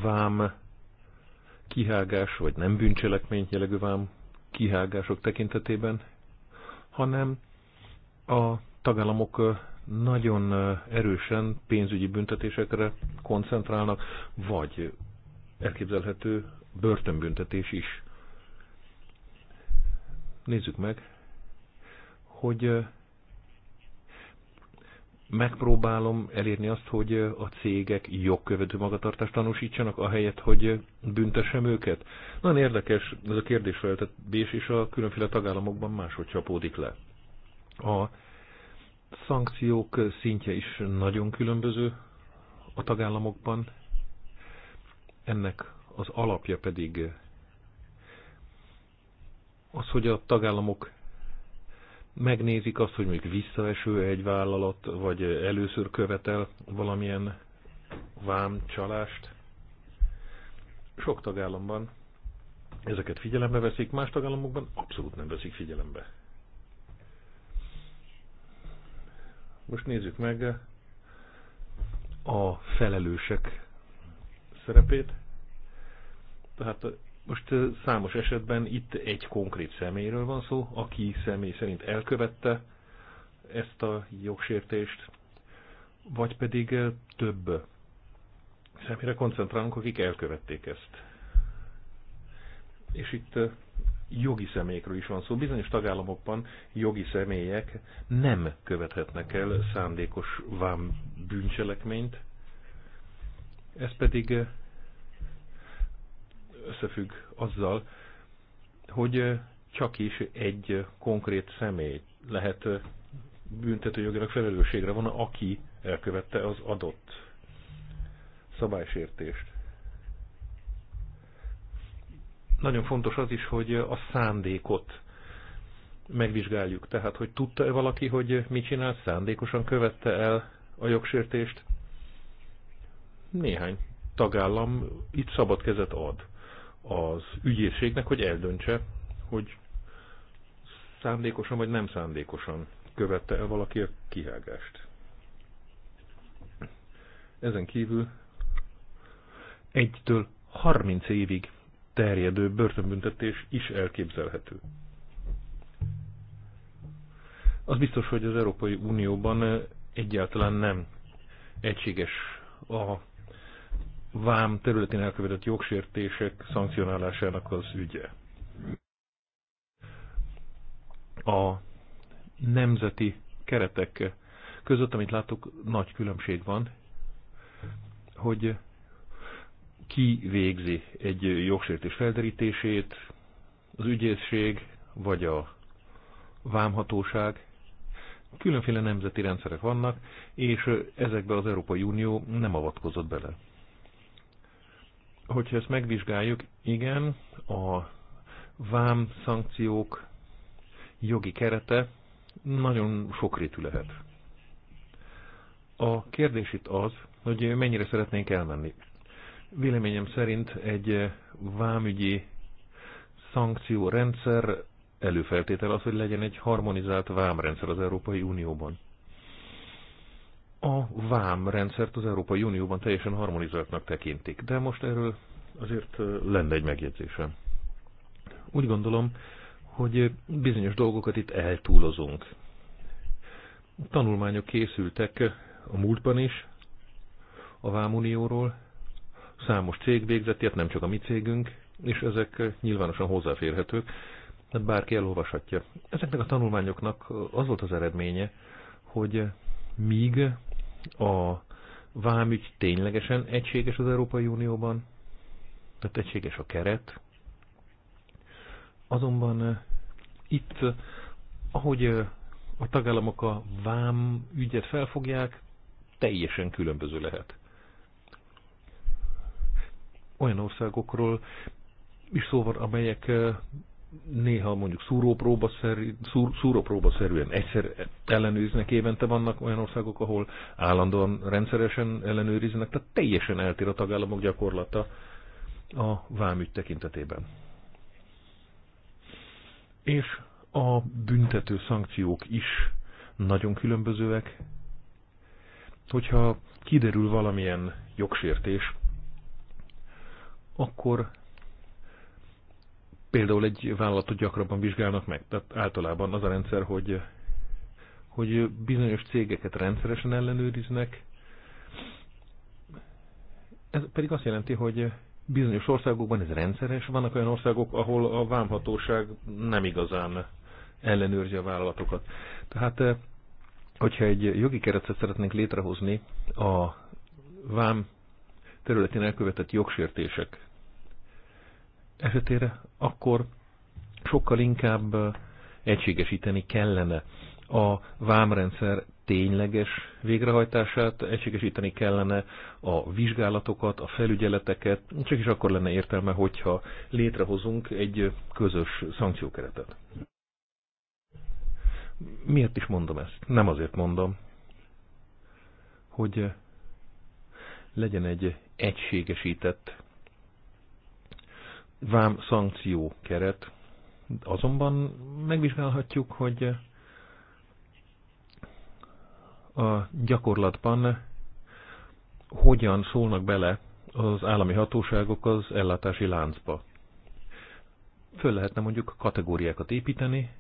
vám kihágás, vagy nem bűncselekmény jellegű vám kihágások tekintetében, hanem a tagállamok nagyon erősen pénzügyi büntetésekre koncentrálnak, vagy elképzelhető börtönbüntetés is. Nézzük meg, hogy megpróbálom elérni azt, hogy a cégek jogkövető magatartást tanúsítsanak, ahelyett, hogy büntessem őket? Nagyon érdekes ez a kérdésfeltetés, és a különféle tagállamokban máshogy csapódik le. A szankciók szintje is nagyon különböző a tagállamokban, ennek az alapja pedig az, hogy a tagállamok megnézik azt, hogy mondjuk visszaeső -e egy vállalat, vagy először követel valamilyen vámcsalást. Sok tagállamban ezeket figyelembe veszik, más tagállamokban abszolút nem veszik figyelembe. Most nézzük meg a felelősek szerepét. Tehát most számos esetben itt egy konkrét személyről van szó, aki személy szerint elkövette ezt a jogsértést, vagy pedig több személyre koncentrálunk, akik elkövették ezt. És itt jogi személyekről is van szó. Bizonyos tagállamokban jogi személyek nem követhetnek el szándékos vám bűncselekményt, ez pedig összefügg azzal, hogy csak is egy konkrét személy lehet büntetőjogilag felelősségre van, aki elkövette az adott szabálysértést. Nagyon fontos az is, hogy a szándékot megvizsgáljuk. Tehát, hogy tudta-e valaki, hogy mit csinált, szándékosan követte el a jogsértést? Néhány tagállam itt szabad kezet ad az ügyészségnek, hogy eldöntse, hogy szándékosan vagy nem szándékosan követte el valaki a kihágást. Ezen kívül egytől 30 évig terjedő börtönbüntetés is elképzelhető. Az biztos, hogy az Európai Unióban egyáltalán nem egységes a vám területén elkövetett jogsértések szankcionálásának az ügye. A nemzeti keretek között, amit látok, nagy különbség van, hogy ki végzi egy jogsértés felderítését, az ügyészség vagy a vámhatóság. Különféle nemzeti rendszerek vannak, és ezekbe az Európai Unió nem avatkozott bele. Hogyha ezt megvizsgáljuk, igen, a vám szankciók jogi kerete nagyon sokrétű lehet. A kérdés itt az, hogy mennyire szeretnénk elmenni. Véleményem szerint egy vámügyi szankciórendszer előfeltétel az, hogy legyen egy harmonizált vámrendszer az Európai Unióban a vám rendszert az Európai Unióban teljesen harmonizáltnak tekintik, de most erről azért lenne egy megjegyzésem. Úgy gondolom, hogy bizonyos dolgokat itt eltúlozunk. Tanulmányok készültek a múltban is a Vámunióról, számos cég végzett ilyet, nem csak a mi cégünk, és ezek nyilvánosan hozzáférhetők, mert hát bárki elolvashatja. Ezeknek a tanulmányoknak az volt az eredménye, hogy míg a vámügy ténylegesen egységes az Európai Unióban, tehát egységes a keret. Azonban eh, itt, eh, ahogy eh, a tagállamok a vám ügyet felfogják, teljesen különböző lehet. Olyan országokról is szó van, amelyek néha mondjuk szúrópróba, szerű, szerűen egyszer ellenőriznek, évente vannak olyan országok, ahol állandóan rendszeresen ellenőriznek, tehát teljesen eltér a tagállamok gyakorlata a vámügy tekintetében. És a büntető szankciók is nagyon különbözőek. Hogyha kiderül valamilyen jogsértés, akkor például egy vállalatot gyakrabban vizsgálnak meg. Tehát általában az a rendszer, hogy, hogy bizonyos cégeket rendszeresen ellenőriznek. Ez pedig azt jelenti, hogy bizonyos országokban ez rendszeres, vannak olyan országok, ahol a vámhatóság nem igazán ellenőrzi a vállalatokat. Tehát, eh, hogyha egy jogi keretet szeretnénk létrehozni a vám területén elkövetett jogsértések esetére, akkor sokkal inkább egységesíteni kellene a vámrendszer tényleges végrehajtását, egységesíteni kellene a vizsgálatokat, a felügyeleteket, csak is akkor lenne értelme, hogyha létrehozunk egy közös szankciókeretet. Miért is mondom ezt? Nem azért mondom, hogy legyen egy egységesített vám szankció keret, azonban megvizsgálhatjuk, hogy a gyakorlatban hogyan szólnak bele az állami hatóságok az ellátási láncba. Föl lehetne mondjuk kategóriákat építeni,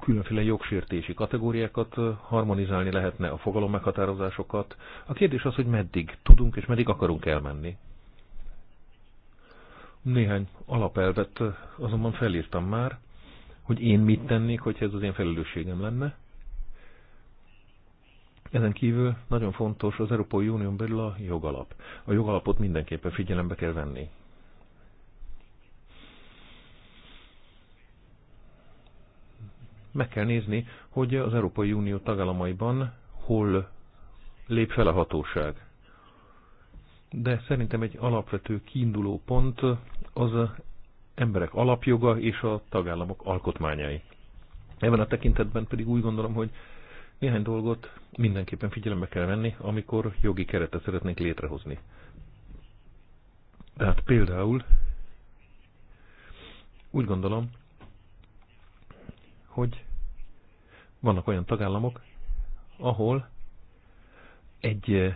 különféle jogsértési kategóriákat, harmonizálni lehetne a fogalommeghatározásokat. A kérdés az, hogy meddig tudunk és meddig akarunk elmenni. Néhány alapelvet azonban felírtam már, hogy én mit tennék, hogyha ez az én felelősségem lenne. Ezen kívül nagyon fontos az Európai Unión belül a jogalap. A jogalapot mindenképpen figyelembe kell venni. Meg kell nézni, hogy az Európai Unió tagállamaiban hol lép fel a hatóság de szerintem egy alapvető kiinduló pont az emberek alapjoga és a tagállamok alkotmányai. Ebben a tekintetben pedig úgy gondolom, hogy néhány dolgot mindenképpen figyelembe kell venni, amikor jogi keretet szeretnénk létrehozni. Tehát például úgy gondolom, hogy vannak olyan tagállamok, ahol egy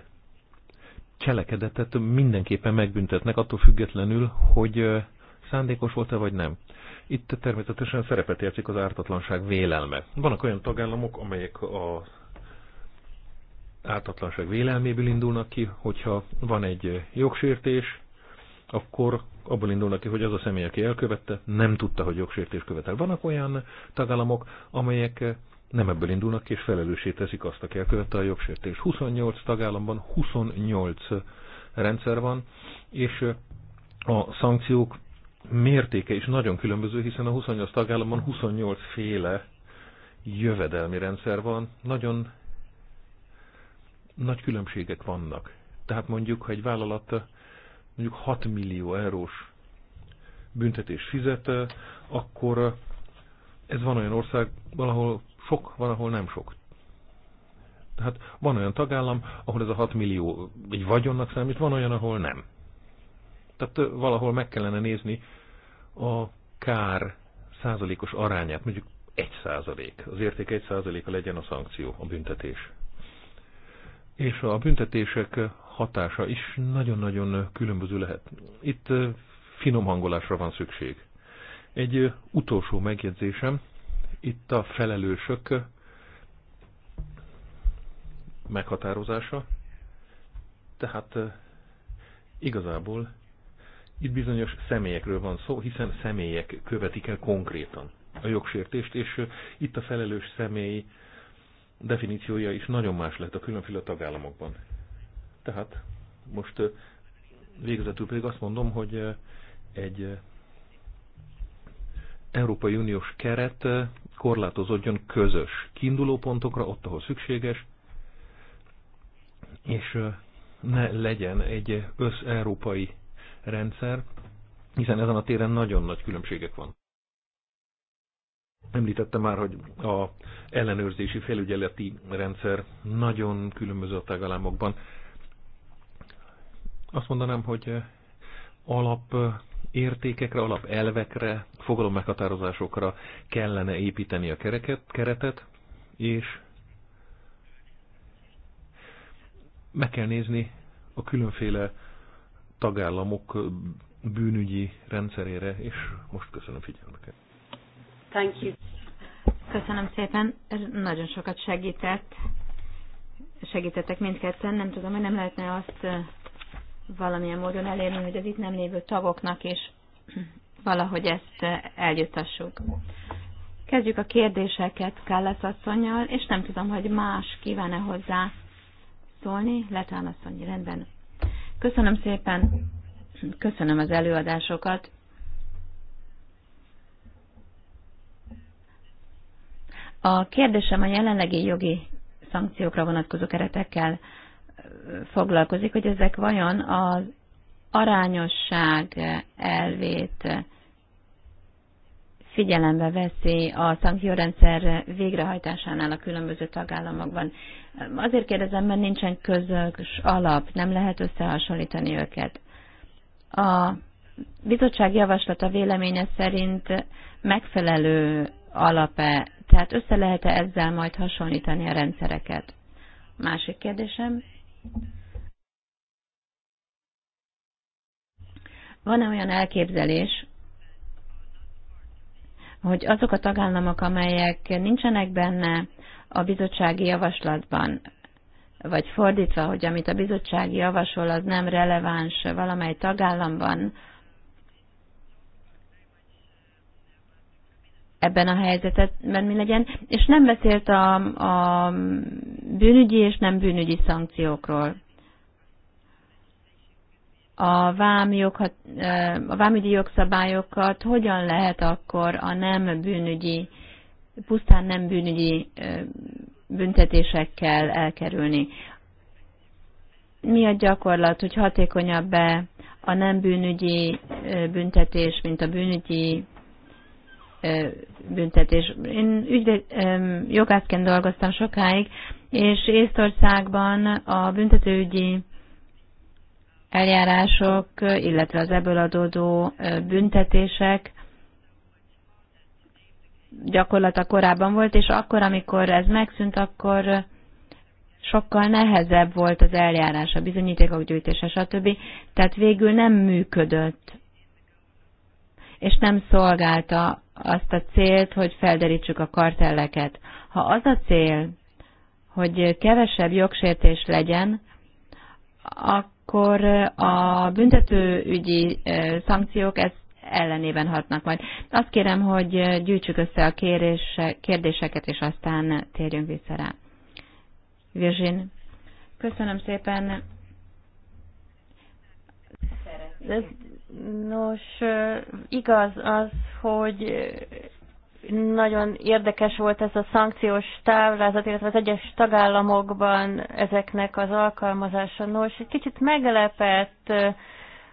cselekedetet mindenképpen megbüntetnek, attól függetlenül, hogy szándékos volt-e vagy nem. Itt természetesen szerepet játszik az ártatlanság vélelme. Vannak olyan tagállamok, amelyek a ártatlanság vélelméből indulnak ki, hogyha van egy jogsértés, akkor abból indulnak ki, hogy az a személy, aki elkövette, nem tudta, hogy jogsértés követel. Vannak olyan tagállamok, amelyek nem ebből indulnak és felelőssé teszik azt, aki elkövette a jogsértést. 28 tagállamban 28 rendszer van, és a szankciók mértéke is nagyon különböző, hiszen a 28 tagállamban 28 féle jövedelmi rendszer van, nagyon nagy különbségek vannak. Tehát mondjuk, ha egy vállalat mondjuk 6 millió eurós büntetés fizet, akkor ez van olyan ország, valahol sok, van, ahol nem sok. Tehát van olyan tagállam, ahol ez a 6 millió egy vagyonnak számít, van olyan, ahol nem. Tehát valahol meg kellene nézni a kár százalékos arányát, mondjuk egy százalék. Az érték egy százaléka legyen a szankció, a büntetés. És a büntetések hatása is nagyon-nagyon különböző lehet. Itt finom hangolásra van szükség. Egy utolsó megjegyzésem, itt a felelősök meghatározása, tehát igazából itt bizonyos személyekről van szó, hiszen személyek követik el konkrétan a jogsértést, és itt a felelős személy definíciója is nagyon más lett a különféle tagállamokban. Tehát most végezetül pedig azt mondom, hogy egy Európai Uniós keret korlátozódjon közös kiindulópontokra, ott, ahol szükséges, és ne legyen egy ös-európai rendszer, hiszen ezen a téren nagyon nagy különbségek van. Említettem már, hogy a ellenőrzési felügyeleti rendszer nagyon különböző a tagállamokban. Azt mondanám, hogy alap értékekre, alapelvekre, fogalommeghatározásokra kellene építeni a kereket, keretet, és meg kell nézni a különféle tagállamok bűnügyi rendszerére, és most köszönöm figyelmüket. Thank you. Köszönöm szépen, Ez nagyon sokat segített. Segítettek mindketten, nem tudom, hogy nem lehetne azt valamilyen módon elérni, hogy az itt nem lévő tagoknak is valahogy ezt eh, eljuttassuk. Kezdjük a kérdéseket Kállász asszonynal, és nem tudom, hogy más kíván-e hozzá szólni. Letán asszony, rendben. Köszönöm szépen, köszönöm az előadásokat. A kérdésem a jelenlegi jogi szankciókra vonatkozó keretekkel foglalkozik, hogy ezek vajon az arányosság elvét figyelembe veszi a szankciórendszer végrehajtásánál a különböző tagállamokban. Azért kérdezem, mert nincsen közös alap, nem lehet összehasonlítani őket. A bizottság javaslata véleménye szerint megfelelő alape, tehát össze lehet-e ezzel majd hasonlítani a rendszereket? Másik kérdésem, van-e olyan elképzelés, hogy azok a tagállamok, amelyek nincsenek benne a bizottsági javaslatban, vagy fordítva, hogy amit a bizottsági javasol, az nem releváns valamely tagállamban, ebben a helyzetben mi legyen, és nem beszélt a, a bűnügyi és nem bűnügyi szankciókról. A, vámjog, a vámügyi jogszabályokat hogyan lehet akkor a nem bűnügyi, pusztán nem bűnügyi büntetésekkel elkerülni. Mi a gyakorlat, hogy hatékonyabb-e a nem bűnügyi büntetés, mint a bűnügyi büntetés. Én ügyvéd, jogászként dolgoztam sokáig, és Észtországban a büntetőügyi eljárások, illetve az ebből adódó büntetések gyakorlata korábban volt, és akkor, amikor ez megszűnt, akkor sokkal nehezebb volt az eljárás, a bizonyítékok gyűjtése, stb. Tehát végül nem működött, és nem szolgálta azt a célt, hogy felderítsük a kartelleket. Ha az a cél, hogy kevesebb jogsértés legyen, akkor a büntetőügyi szankciók ezt ellenében hatnak majd. Azt kérem, hogy gyűjtsük össze a kérdéseket, és aztán térjünk vissza rá. Virgin, köszönöm szépen. Nos, igaz az, hogy nagyon érdekes volt ez a szankciós táblázat, illetve az egyes tagállamokban ezeknek az alkalmazása. Nos, egy kicsit meglepett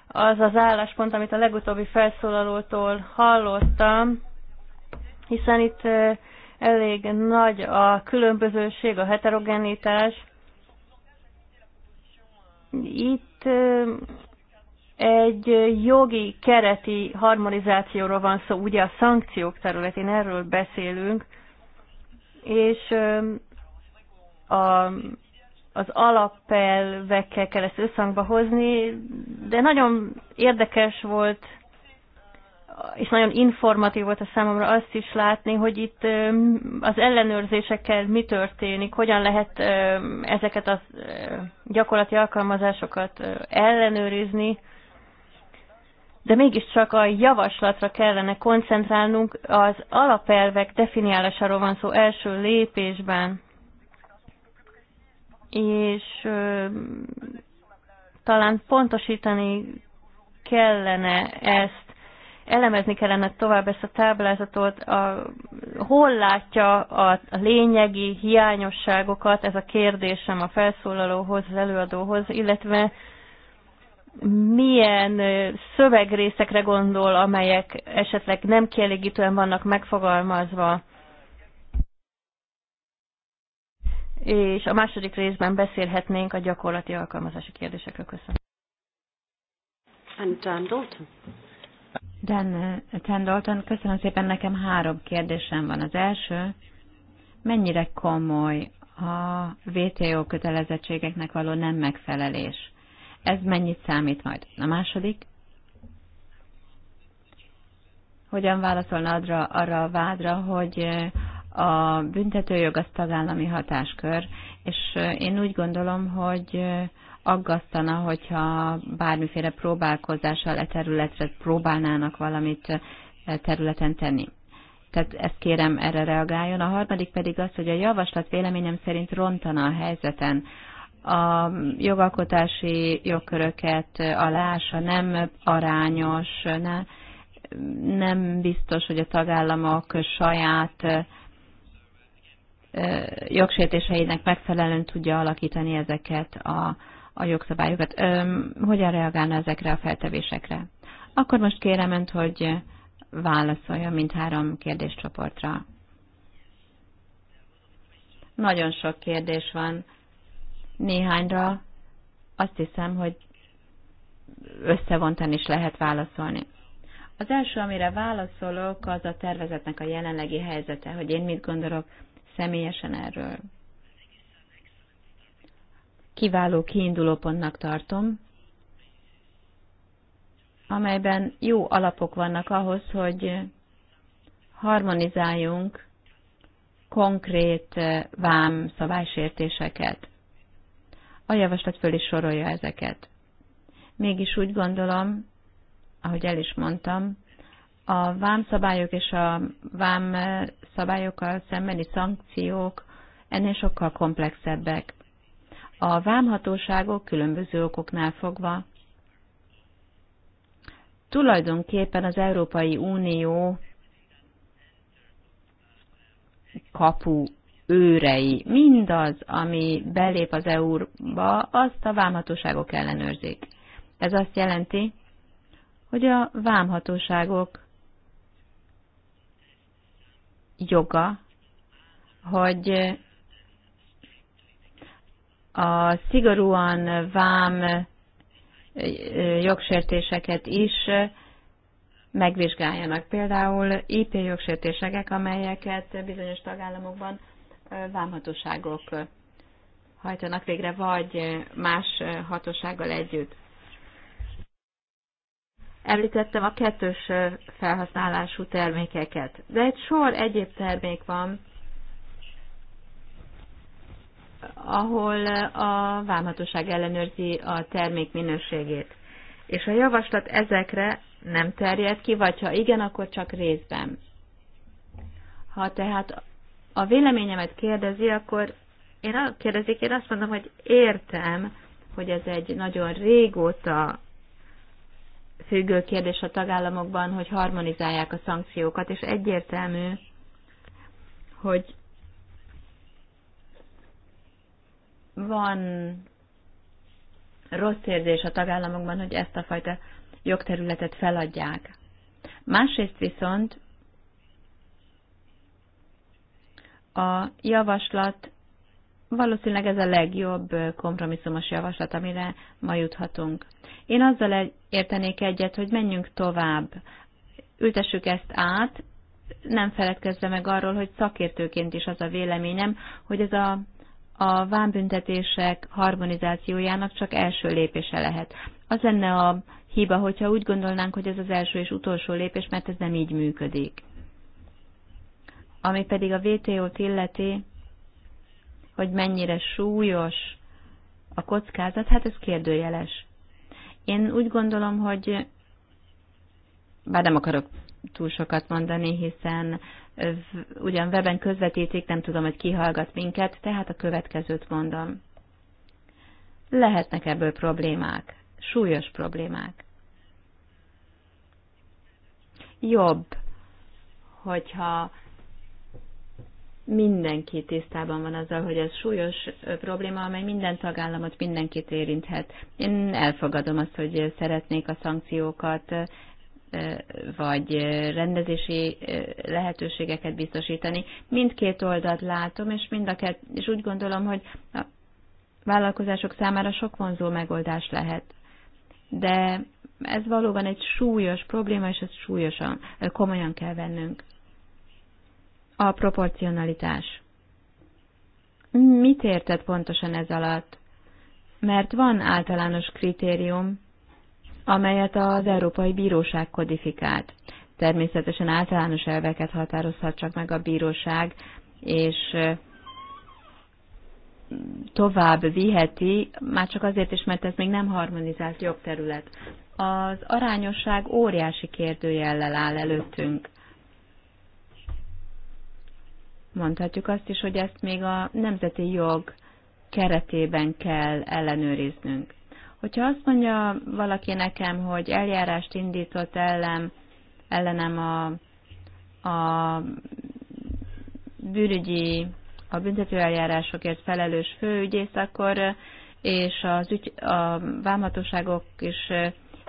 az az álláspont, amit a legutóbbi felszólalótól hallottam, hiszen itt elég nagy a különbözőség, a heterogenitás. Itt egy jogi kereti harmonizációról van szó, ugye a szankciók területén erről beszélünk, és a, az alapelvekkel kell ezt összhangba hozni, de nagyon érdekes volt, és nagyon informatív volt a számomra azt is látni, hogy itt az ellenőrzésekkel mi történik, hogyan lehet ezeket a gyakorlati alkalmazásokat ellenőrizni, de mégiscsak a javaslatra kellene koncentrálnunk, az alapelvek definiálásáról van szó első lépésben, és ö, talán pontosítani kellene ezt, elemezni kellene tovább ezt a táblázatot, a, hol látja a, a lényegi hiányosságokat, ez a kérdésem a felszólalóhoz, az előadóhoz, illetve milyen szövegrészekre gondol, amelyek esetleg nem kielégítően vannak megfogalmazva. És a második részben beszélhetnénk a gyakorlati alkalmazási kérdésekről. Köszönöm. And Dan Dalton. Dan, Dan Dalton, köszönöm szépen. Nekem három kérdésem van. Az első, mennyire komoly a VTO kötelezettségeknek való nem megfelelés? Ez mennyit számít majd? A második? Hogyan válaszolna arra, arra a vádra, hogy eh, a büntetőjog az tagállami hatáskör, és eh, én úgy gondolom, hogy eh, aggasztana, hogyha bármiféle próbálkozással e területre próbálnának valamit területen tenni. Tehát ezt kérem, erre reagáljon. A harmadik pedig az, hogy a javaslat véleményem szerint rontana a helyzeten a jogalkotási jogköröket alása nem arányos, ne, nem biztos, hogy a tagállamok saját jogsértéseinek megfelelően tudja alakítani ezeket a, a jogszabályokat. hogyan reagálna ezekre a feltevésekre? Akkor most kérem önt, hogy válaszoljon mindhárom kérdéscsoportra. Nagyon sok kérdés van néhányra azt hiszem, hogy összevontan is lehet válaszolni. Az első, amire válaszolok, az a tervezetnek a jelenlegi helyzete, hogy én mit gondolok személyesen erről. Kiváló kiindulópontnak tartom, amelyben jó alapok vannak ahhoz, hogy harmonizáljunk konkrét eh, vám szabálysértéseket. A javaslat föl is sorolja ezeket. Mégis úgy gondolom, ahogy el is mondtam, a vámszabályok és a vám szabályokkal szembeni szankciók ennél sokkal komplexebbek. A vámhatóságok különböző okoknál fogva tulajdonképpen az Európai Unió kapu őrei. Mindaz, ami belép az EU-ba, azt a vámhatóságok ellenőrzik. Ez azt jelenti, hogy a vámhatóságok joga, hogy a szigorúan vám jogsértéseket is megvizsgáljanak. Például IP jogsértéseket, amelyeket bizonyos tagállamokban vámhatóságok hajtanak végre, vagy más hatósággal együtt. Említettem a kettős felhasználású termékeket, de egy sor egyéb termék van, ahol a vámhatóság ellenőrzi a termék minőségét. És a javaslat ezekre nem terjed ki, vagy ha igen, akkor csak részben. Ha tehát a véleményemet kérdezi, akkor én kérdezik, én azt mondom, hogy értem, hogy ez egy nagyon régóta függő kérdés a tagállamokban, hogy harmonizálják a szankciókat, és egyértelmű, hogy van rossz érzés a tagállamokban, hogy ezt a fajta jogterületet feladják. Másrészt viszont a javaslat valószínűleg ez a legjobb kompromisszumos javaslat, amire ma juthatunk. Én azzal értenék egyet, hogy menjünk tovább, ültessük ezt át, nem feledkezve meg arról, hogy szakértőként is az a véleményem, hogy ez a, a vámbüntetések harmonizációjának csak első lépése lehet. Az lenne a hiba, hogyha úgy gondolnánk, hogy ez az első és utolsó lépés, mert ez nem így működik. Ami pedig a VTO-t illeti, hogy mennyire súlyos a kockázat, hát ez kérdőjeles. Én úgy gondolom, hogy bár nem akarok túl sokat mondani, hiszen ugyan weben közvetítik, nem tudom, hogy ki hallgat minket, tehát a következőt mondom. Lehetnek ebből problémák, súlyos problémák. Jobb, hogyha mindenki tisztában van azzal, hogy ez súlyos probléma, amely minden tagállamot, mindenkit érinthet. Én elfogadom azt, hogy szeretnék a szankciókat vagy rendezési lehetőségeket biztosítani. Mindkét oldalt látom, és mind a kett, és úgy gondolom, hogy a vállalkozások számára sok vonzó megoldás lehet. De ez valóban egy súlyos probléma, és ezt súlyosan, komolyan kell vennünk a proporcionalitás. Mit érted pontosan ez alatt? Mert van általános kritérium, amelyet az Európai Bíróság kodifikált. Természetesen általános elveket határozhat csak meg a bíróság, és tovább viheti, már csak azért is, mert ez még nem harmonizált jogterület. Az arányosság óriási kérdőjellel áll előttünk. Mondhatjuk azt is, hogy ezt még a nemzeti jog keretében kell ellenőriznünk. Hogyha azt mondja valaki nekem, hogy eljárást indított ellen, ellenem a, a bűnügyi, a büntetőeljárásokért felelős főügyész, akkor és az ügy, a vámhatóságok is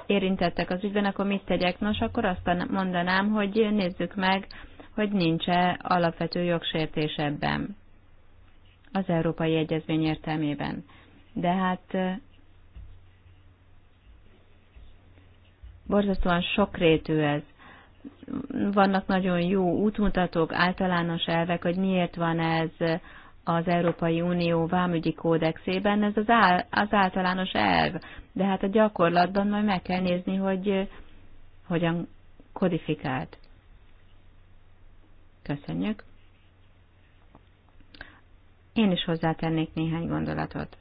érintettek az ügyben, akkor mit tegyek? Nos, akkor azt mondanám, hogy nézzük meg hogy nincs-e alapvető jogsértés ebben az Európai Egyezmény értelmében. De hát borzasztóan sokrétű ez. Vannak nagyon jó útmutatók, általános elvek, hogy miért van ez az Európai Unió vámügyi kódexében, ez az, ál, az általános elv. De hát a gyakorlatban majd meg kell nézni, hogy hogyan kodifikált. Köszönjük. Én is hozzátennék néhány gondolatot.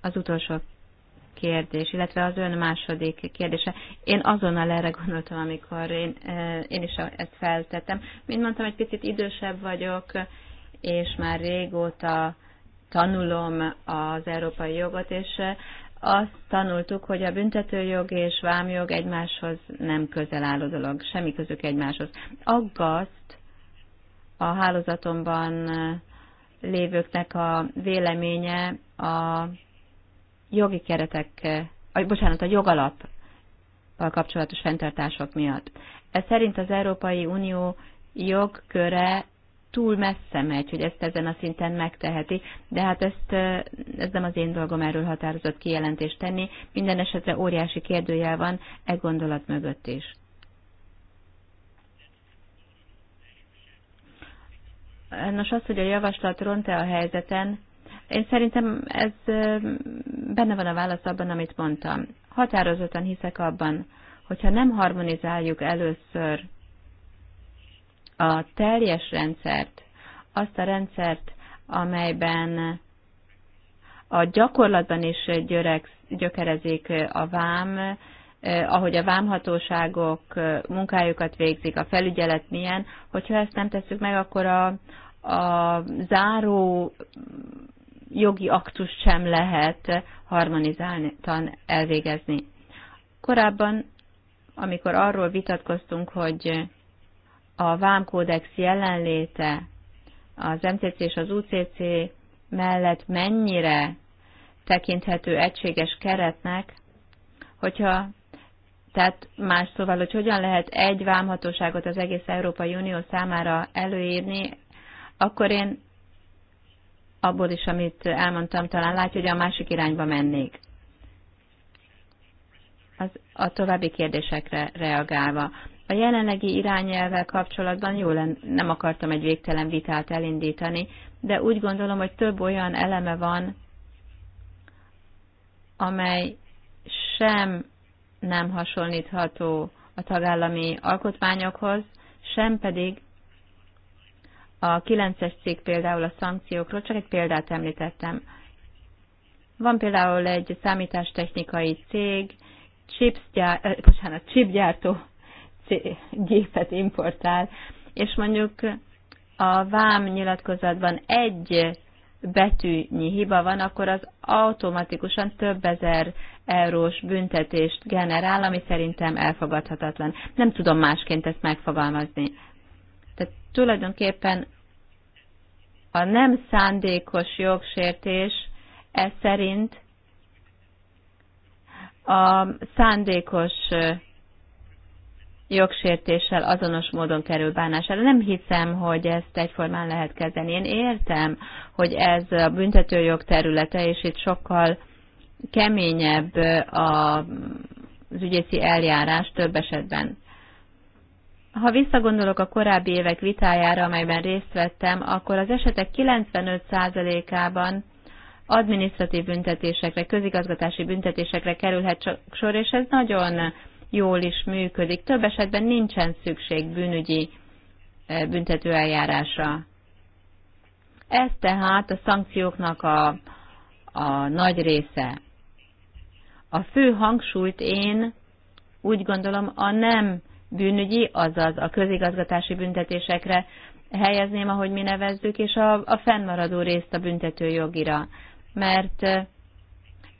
Az utolsó kérdés, illetve az ön második kérdése. Én azonnal erre gondoltam, amikor én, e, én is ezt feltettem. Mint mondtam, egy picit idősebb vagyok, és már régóta tanulom az európai jogot, és azt tanultuk, hogy a büntetőjog és vámjog egymáshoz nem közel álló dolog, semmi közük egymáshoz. Aggaszt a hálózatomban eh, lévőknek a véleménye a jogi keretek, eh, a, bocsánat, a jogalap kapcsolatos fenntartások miatt. Ez szerint az Európai Unió jogköre túl messze megy, hogy ezt ezen a szinten megteheti, de hát ezt, ez nem az én dolgom erről határozott kijelentést tenni. Minden esetre óriási kérdőjel van e gondolat mögött is. Nos, az, hogy a javaslat -e a helyzeten, én szerintem ez benne van a válasz abban, amit mondtam. Határozottan hiszek abban, hogyha nem harmonizáljuk először a teljes rendszert, azt a rendszert, amelyben a gyakorlatban is györeksz, gyökerezik a vám, eh, ahogy a vámhatóságok eh, munkájukat végzik, a felügyelet milyen, hogyha ezt nem tesszük meg, akkor a, a záró jogi aktust sem lehet harmonizáltan elvégezni. Korábban, amikor arról vitatkoztunk, hogy a vámkódex jelenléte az MCC és az UCC mellett mennyire tekinthető egységes keretnek, hogyha tehát más szóval, hogy hogyan lehet egy vámhatóságot az egész Európai Unió számára előírni, akkor én abból is, amit elmondtam, talán látja, hogy a másik irányba mennék. Az, a további kérdésekre reagálva. A jelenlegi irányelvvel kapcsolatban jól nem akartam egy végtelen vitát elindítani, de úgy gondolom, hogy több olyan eleme van, amely sem nem hasonlítható a tagállami alkotmányokhoz, sem pedig a 9-es cikk például a szankciókról, csak egy példát említettem. Van például egy számítástechnikai cég, chips gyár, eh, bocsánat, chipgyártó gépet importál, és mondjuk a vám nyilatkozatban egy betűnyi hiba van, akkor az automatikusan több ezer eurós büntetést generál, ami szerintem elfogadhatatlan. Nem tudom másként ezt megfogalmazni. Tehát tulajdonképpen a nem szándékos jogsértés ez szerint a szándékos jogsértéssel azonos módon kerül bánására. Nem hiszem, hogy ezt egyformán lehet kezdeni. Én értem, hogy ez a büntetőjog területe, és itt sokkal keményebb a, az ügyészi eljárás több esetben. Ha visszagondolok a korábbi évek vitájára, amelyben részt vettem, akkor az esetek 95%-ában adminisztratív büntetésekre, közigazgatási büntetésekre kerülhet sor, és ez nagyon jól is működik. Több esetben nincsen szükség bűnügyi eh, büntetőeljárásra. Ez tehát a szankcióknak a, a nagy része. A fő hangsúlyt én úgy gondolom a nem bűnügyi, azaz a közigazgatási büntetésekre helyezném, ahogy mi nevezzük, és a, a fennmaradó részt a büntetőjogira. Mert eh,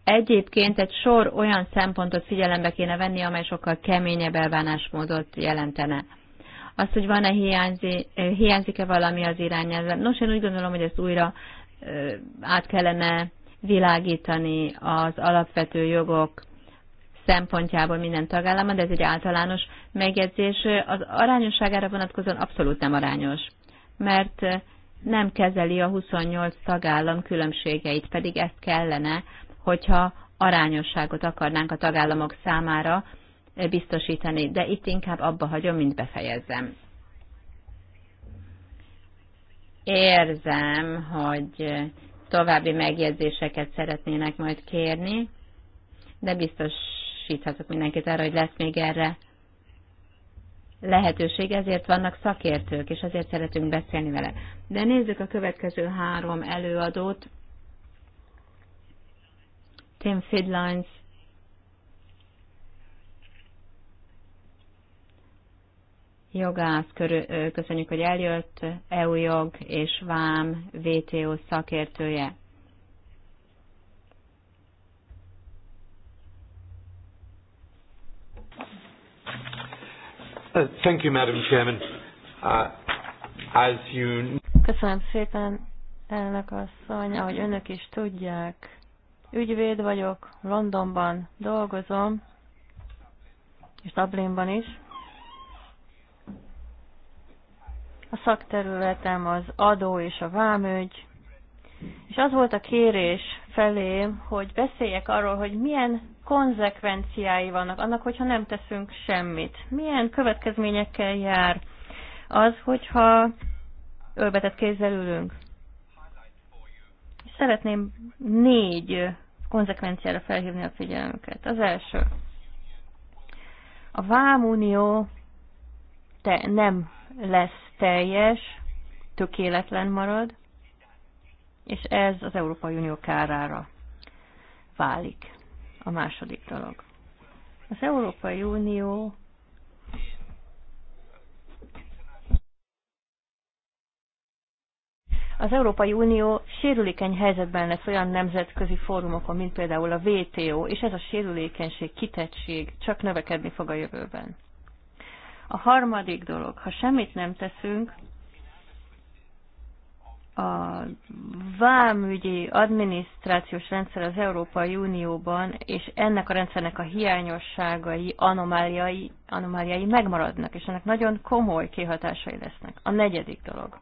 Egyébként egy sor olyan szempontot figyelembe kéne venni, amely sokkal keményebb elvánásmódot jelentene. Azt, hogy van-e hiányzi, eh, hiányzik-e valami az irányelven. Nos, én úgy gondolom, hogy ezt újra eh, át kellene világítani az alapvető jogok szempontjából minden tagállamban, de ez egy általános megjegyzés. Az arányosságára vonatkozóan abszolút nem arányos, mert nem kezeli a 28 tagállam különbségeit, pedig ezt kellene hogyha arányosságot akarnánk a tagállamok számára eh, biztosítani, de itt inkább abba hagyom, mint befejezzem. Érzem, hogy eh, további megjegyzéseket szeretnének majd kérni, de biztosíthatok mindenkit arra, hogy lesz még erre lehetőség, ezért vannak szakértők, és ezért szeretünk beszélni vele. De nézzük a következő három előadót thin feed lines. Jogász, körül, köszönjük, hogy eljött, EU jog és vám VTO szakértője. Uh, thank you, Madam Chairman. Uh, as you... Köszönöm szépen, elnök asszony. Ahogy önök is tudják, Ügyvéd vagyok, Londonban dolgozom, és Dublinban is. A szakterületem az adó és a vámügy, és az volt a kérés felém, hogy beszéljek arról, hogy milyen konzekvenciái vannak annak, hogyha nem teszünk semmit. Milyen következményekkel jár az, hogyha ölbetett kézzel ülünk. Szeretném négy konzekvenciára felhívni a figyelmüket. Az első. A vámunió te nem lesz teljes, tökéletlen marad, és ez az Európai Unió kárára válik. A második dolog. Az Európai Unió az Európai Unió sérülékeny helyzetben lesz olyan nemzetközi fórumokon, mint például a WTO, és ez a sérülékenység, kitettség csak növekedni fog a jövőben. A harmadik dolog, ha semmit nem teszünk, a vámügyi adminisztrációs rendszer az Európai Unióban, és ennek a rendszernek a hiányosságai, anomáliai, anomáliai megmaradnak, és ennek nagyon komoly kihatásai lesznek. A negyedik dolog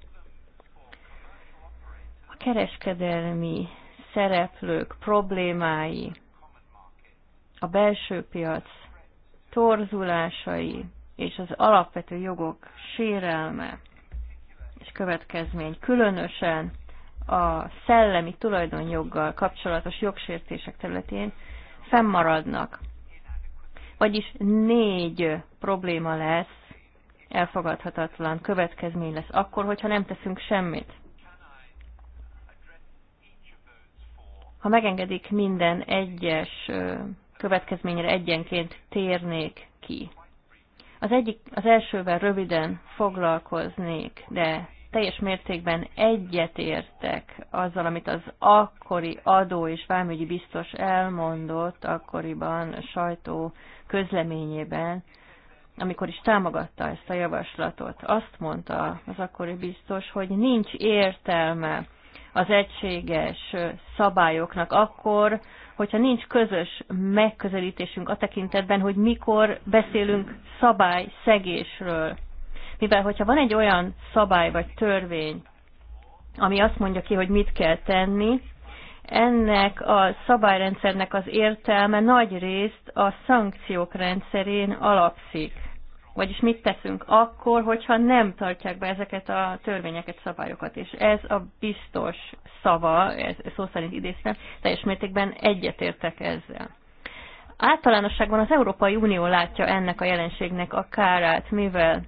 kereskedelmi szereplők problémái, a belső piac torzulásai és az alapvető jogok sérelme és következmény, különösen a szellemi tulajdonjoggal kapcsolatos jogsértések területén fennmaradnak. Vagyis négy probléma lesz, elfogadhatatlan következmény lesz akkor, hogyha nem teszünk semmit. Ha megengedik, minden egyes következményre egyenként térnék ki. Az, egyik, az elsővel röviden foglalkoznék, de teljes mértékben egyetértek azzal, amit az akkori adó és vámügyi biztos elmondott akkoriban a sajtó közleményében, amikor is támogatta ezt a javaslatot. Azt mondta az akkori biztos, hogy nincs értelme az egységes szabályoknak akkor, hogyha nincs közös megközelítésünk a tekintetben, hogy mikor beszélünk szabályszegésről. Mivel hogyha van egy olyan szabály vagy törvény, ami azt mondja ki, hogy mit kell tenni, ennek a szabályrendszernek az értelme nagy részt a szankciók rendszerén alapszik vagyis mit teszünk akkor, hogyha nem tartják be ezeket a törvényeket, szabályokat. És ez a biztos szava, ez szó szerint idéztem, teljes mértékben egyetértek ezzel. Általánosságban az Európai Unió látja ennek a jelenségnek a kárát, mivel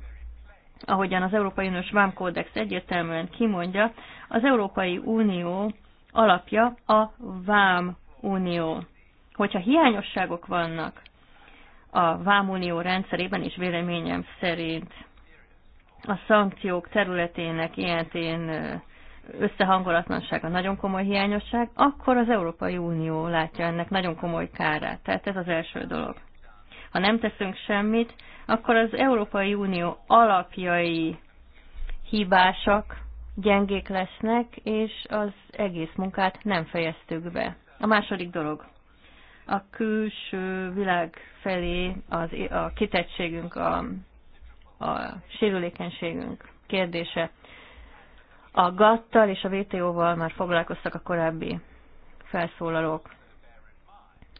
ahogyan az Európai Uniós Vámkódex egyértelműen kimondja, az Európai Unió alapja a Vám Unió. Hogyha hiányosságok vannak a vámunió rendszerében, és véleményem szerint a szankciók területének ilyetén összehangolatlansága nagyon komoly hiányosság, akkor az Európai Unió látja ennek nagyon komoly kárát. Tehát ez az első dolog. Ha nem teszünk semmit, akkor az Európai Unió alapjai hibásak, gyengék lesznek, és az egész munkát nem fejeztük be. A második dolog a külső világ felé az, a kitettségünk, a, a sérülékenységünk kérdése. A gattal és a vto val már foglalkoztak a korábbi felszólalók.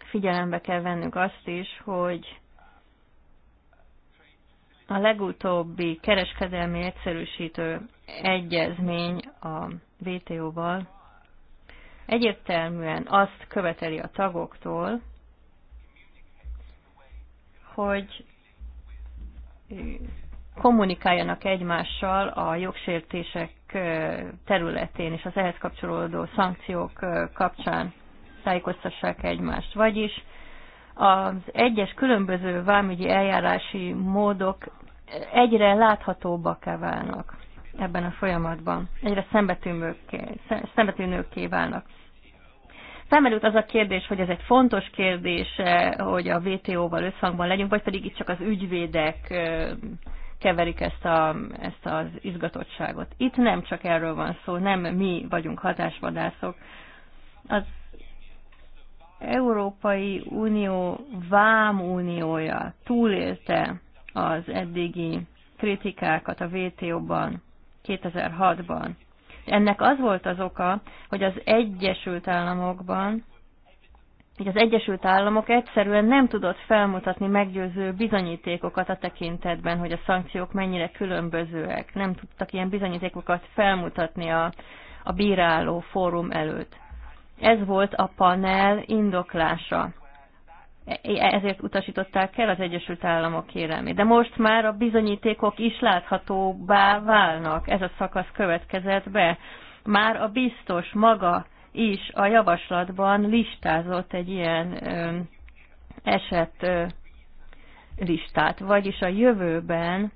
Figyelembe kell vennünk azt is, hogy a legutóbbi kereskedelmi egyszerűsítő egyezmény a vto val egyértelműen azt követeli a tagoktól, hogy kommunikáljanak egymással a jogsértések területén és az ehhez kapcsolódó szankciók kapcsán tájékoztassák egymást. Vagyis az egyes különböző vámügyi eljárási módok egyre láthatóbbakká válnak ebben a folyamatban, egyre szembetűnőkké válnak. Felmerült az a kérdés, hogy ez egy fontos kérdés, eh, hogy a WTO-val összhangban legyünk, vagy pedig itt csak az ügyvédek eh, keverik ezt, a, ezt az izgatottságot. Itt nem csak erről van szó, nem mi vagyunk hatásvadászok. Az Európai Unió vámuniója túlélte az eddigi kritikákat a WTO-ban 2006-ban. Ennek az volt az oka, hogy az Egyesült Államokban hogy az Egyesült Államok egyszerűen nem tudott felmutatni meggyőző bizonyítékokat a tekintetben, hogy a szankciók mennyire különbözőek. Nem tudtak ilyen bizonyítékokat felmutatni a, a bíráló fórum előtt. Ez volt a panel indoklása ezért utasították el az Egyesült Államok kérelmét. De most már a bizonyítékok is láthatóbbá válnak, ez a szakasz következett be. Már a biztos maga is a javaslatban listázott egy ilyen ö, eset ö, listát, vagyis a jövőben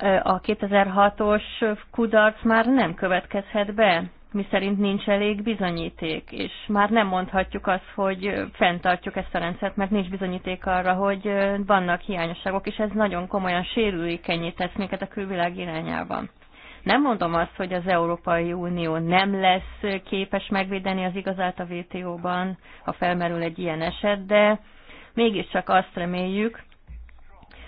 ö, a 2006-os kudarc már nem következhet be mi szerint nincs elég bizonyíték, és már nem mondhatjuk azt, hogy fenntartjuk ezt a rendszert, mert nincs bizonyíték arra, hogy vannak hiányosságok, és ez nagyon komolyan sérülékenyé tesz minket a külvilág irányában. Nem mondom azt, hogy az Európai Unió nem lesz képes megvédeni az igazát a WTO-ban, ha felmerül egy ilyen eset, de mégiscsak azt reméljük,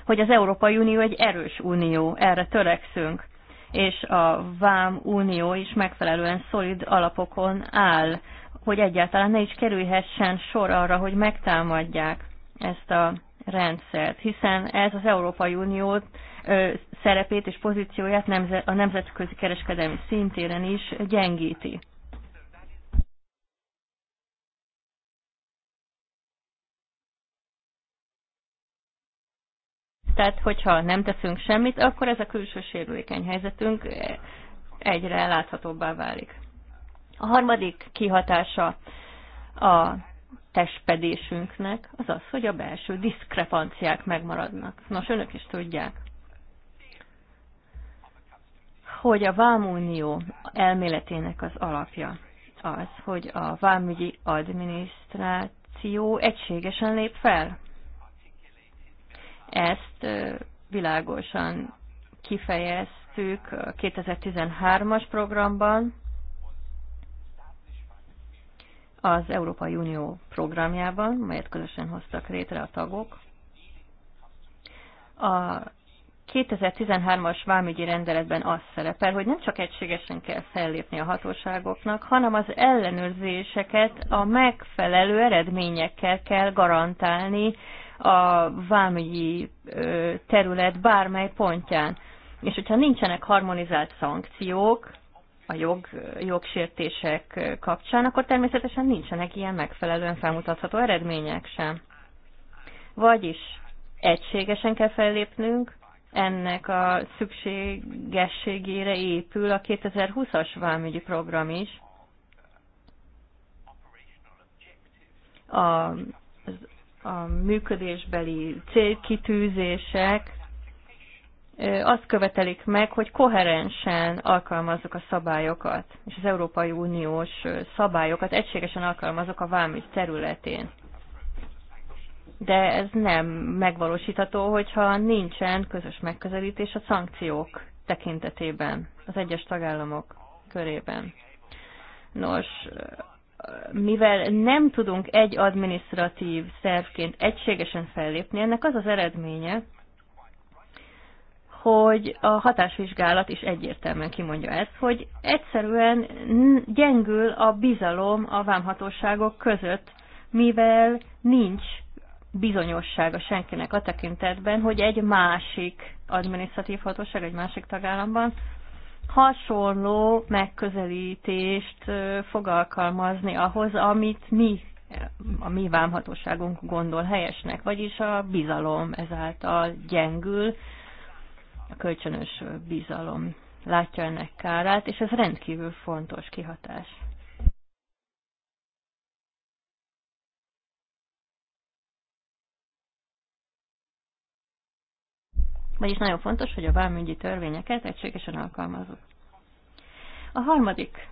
hogy az Európai Unió egy erős unió, erre törekszünk és a Vám Unió is megfelelően szolid alapokon áll, hogy egyáltalán ne is kerülhessen sor arra, hogy megtámadják ezt a rendszert, hiszen ez az Európai Unió szerepét és pozícióját nemze, a nemzetközi kereskedelmi szintéren is gyengíti. Tehát, hogyha nem teszünk semmit, akkor ez a külső sérülékeny helyzetünk eh, egyre láthatóbbá válik. A harmadik kihatása a testpedésünknek az az, hogy a belső diszkrepanciák megmaradnak. Nos, önök is tudják, hogy a vámunió elméletének az alapja az, hogy a vámügyi adminisztráció egységesen lép fel. Ezt világosan kifejeztük a 2013-as programban, az Európai Unió programjában, melyet közösen hoztak létre a tagok. A 2013-as vámügyi rendeletben az szerepel, hogy nem csak egységesen kell fellépni a hatóságoknak, hanem az ellenőrzéseket a megfelelő eredményekkel kell garantálni a vámügyi terület bármely pontján. És hogyha nincsenek harmonizált szankciók a jog, jogsértések kapcsán, akkor természetesen nincsenek ilyen megfelelően felmutatható eredmények sem. Vagyis egységesen kell fellépnünk, ennek a szükségességére épül a 2020-as vámügyi program is. A a működésbeli célkitűzések azt követelik meg, hogy koherensen alkalmazzuk a szabályokat, és az Európai Uniós szabályokat egységesen alkalmazok a vámügy területén. De ez nem megvalósítható, hogyha nincsen közös megközelítés a szankciók tekintetében, az egyes tagállamok körében. Nos, mivel nem tudunk egy adminisztratív szervként egységesen fellépni, ennek az az eredménye, hogy a hatásvizsgálat is egyértelműen kimondja ezt, hogy egyszerűen gyengül a bizalom a vámhatóságok között, mivel nincs bizonyossága senkinek a tekintetben, hogy egy másik adminisztratív hatóság egy másik tagállamban hasonló megközelítést fog alkalmazni ahhoz, amit mi, a mi vámhatóságunk gondol helyesnek, vagyis a bizalom ezáltal gyengül, a kölcsönös bizalom látja ennek kárát, és ez rendkívül fontos kihatás. Vagyis nagyon fontos, hogy a vámügyi törvényeket egységesen alkalmazzuk. A harmadik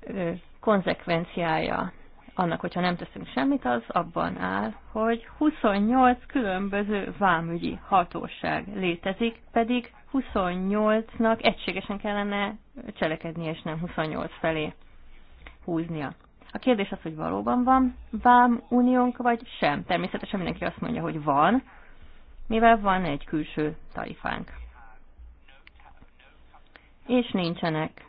ö, konzekvenciája annak, hogyha nem teszünk semmit, az abban áll, hogy 28 különböző vámügyi hatóság létezik, pedig 28-nak egységesen kellene cselekedni, és nem 28 felé húznia. A kérdés az, hogy valóban van vám uniónk, vagy sem. Természetesen mindenki azt mondja, hogy van, mivel van egy külső tarifánk. És nincsenek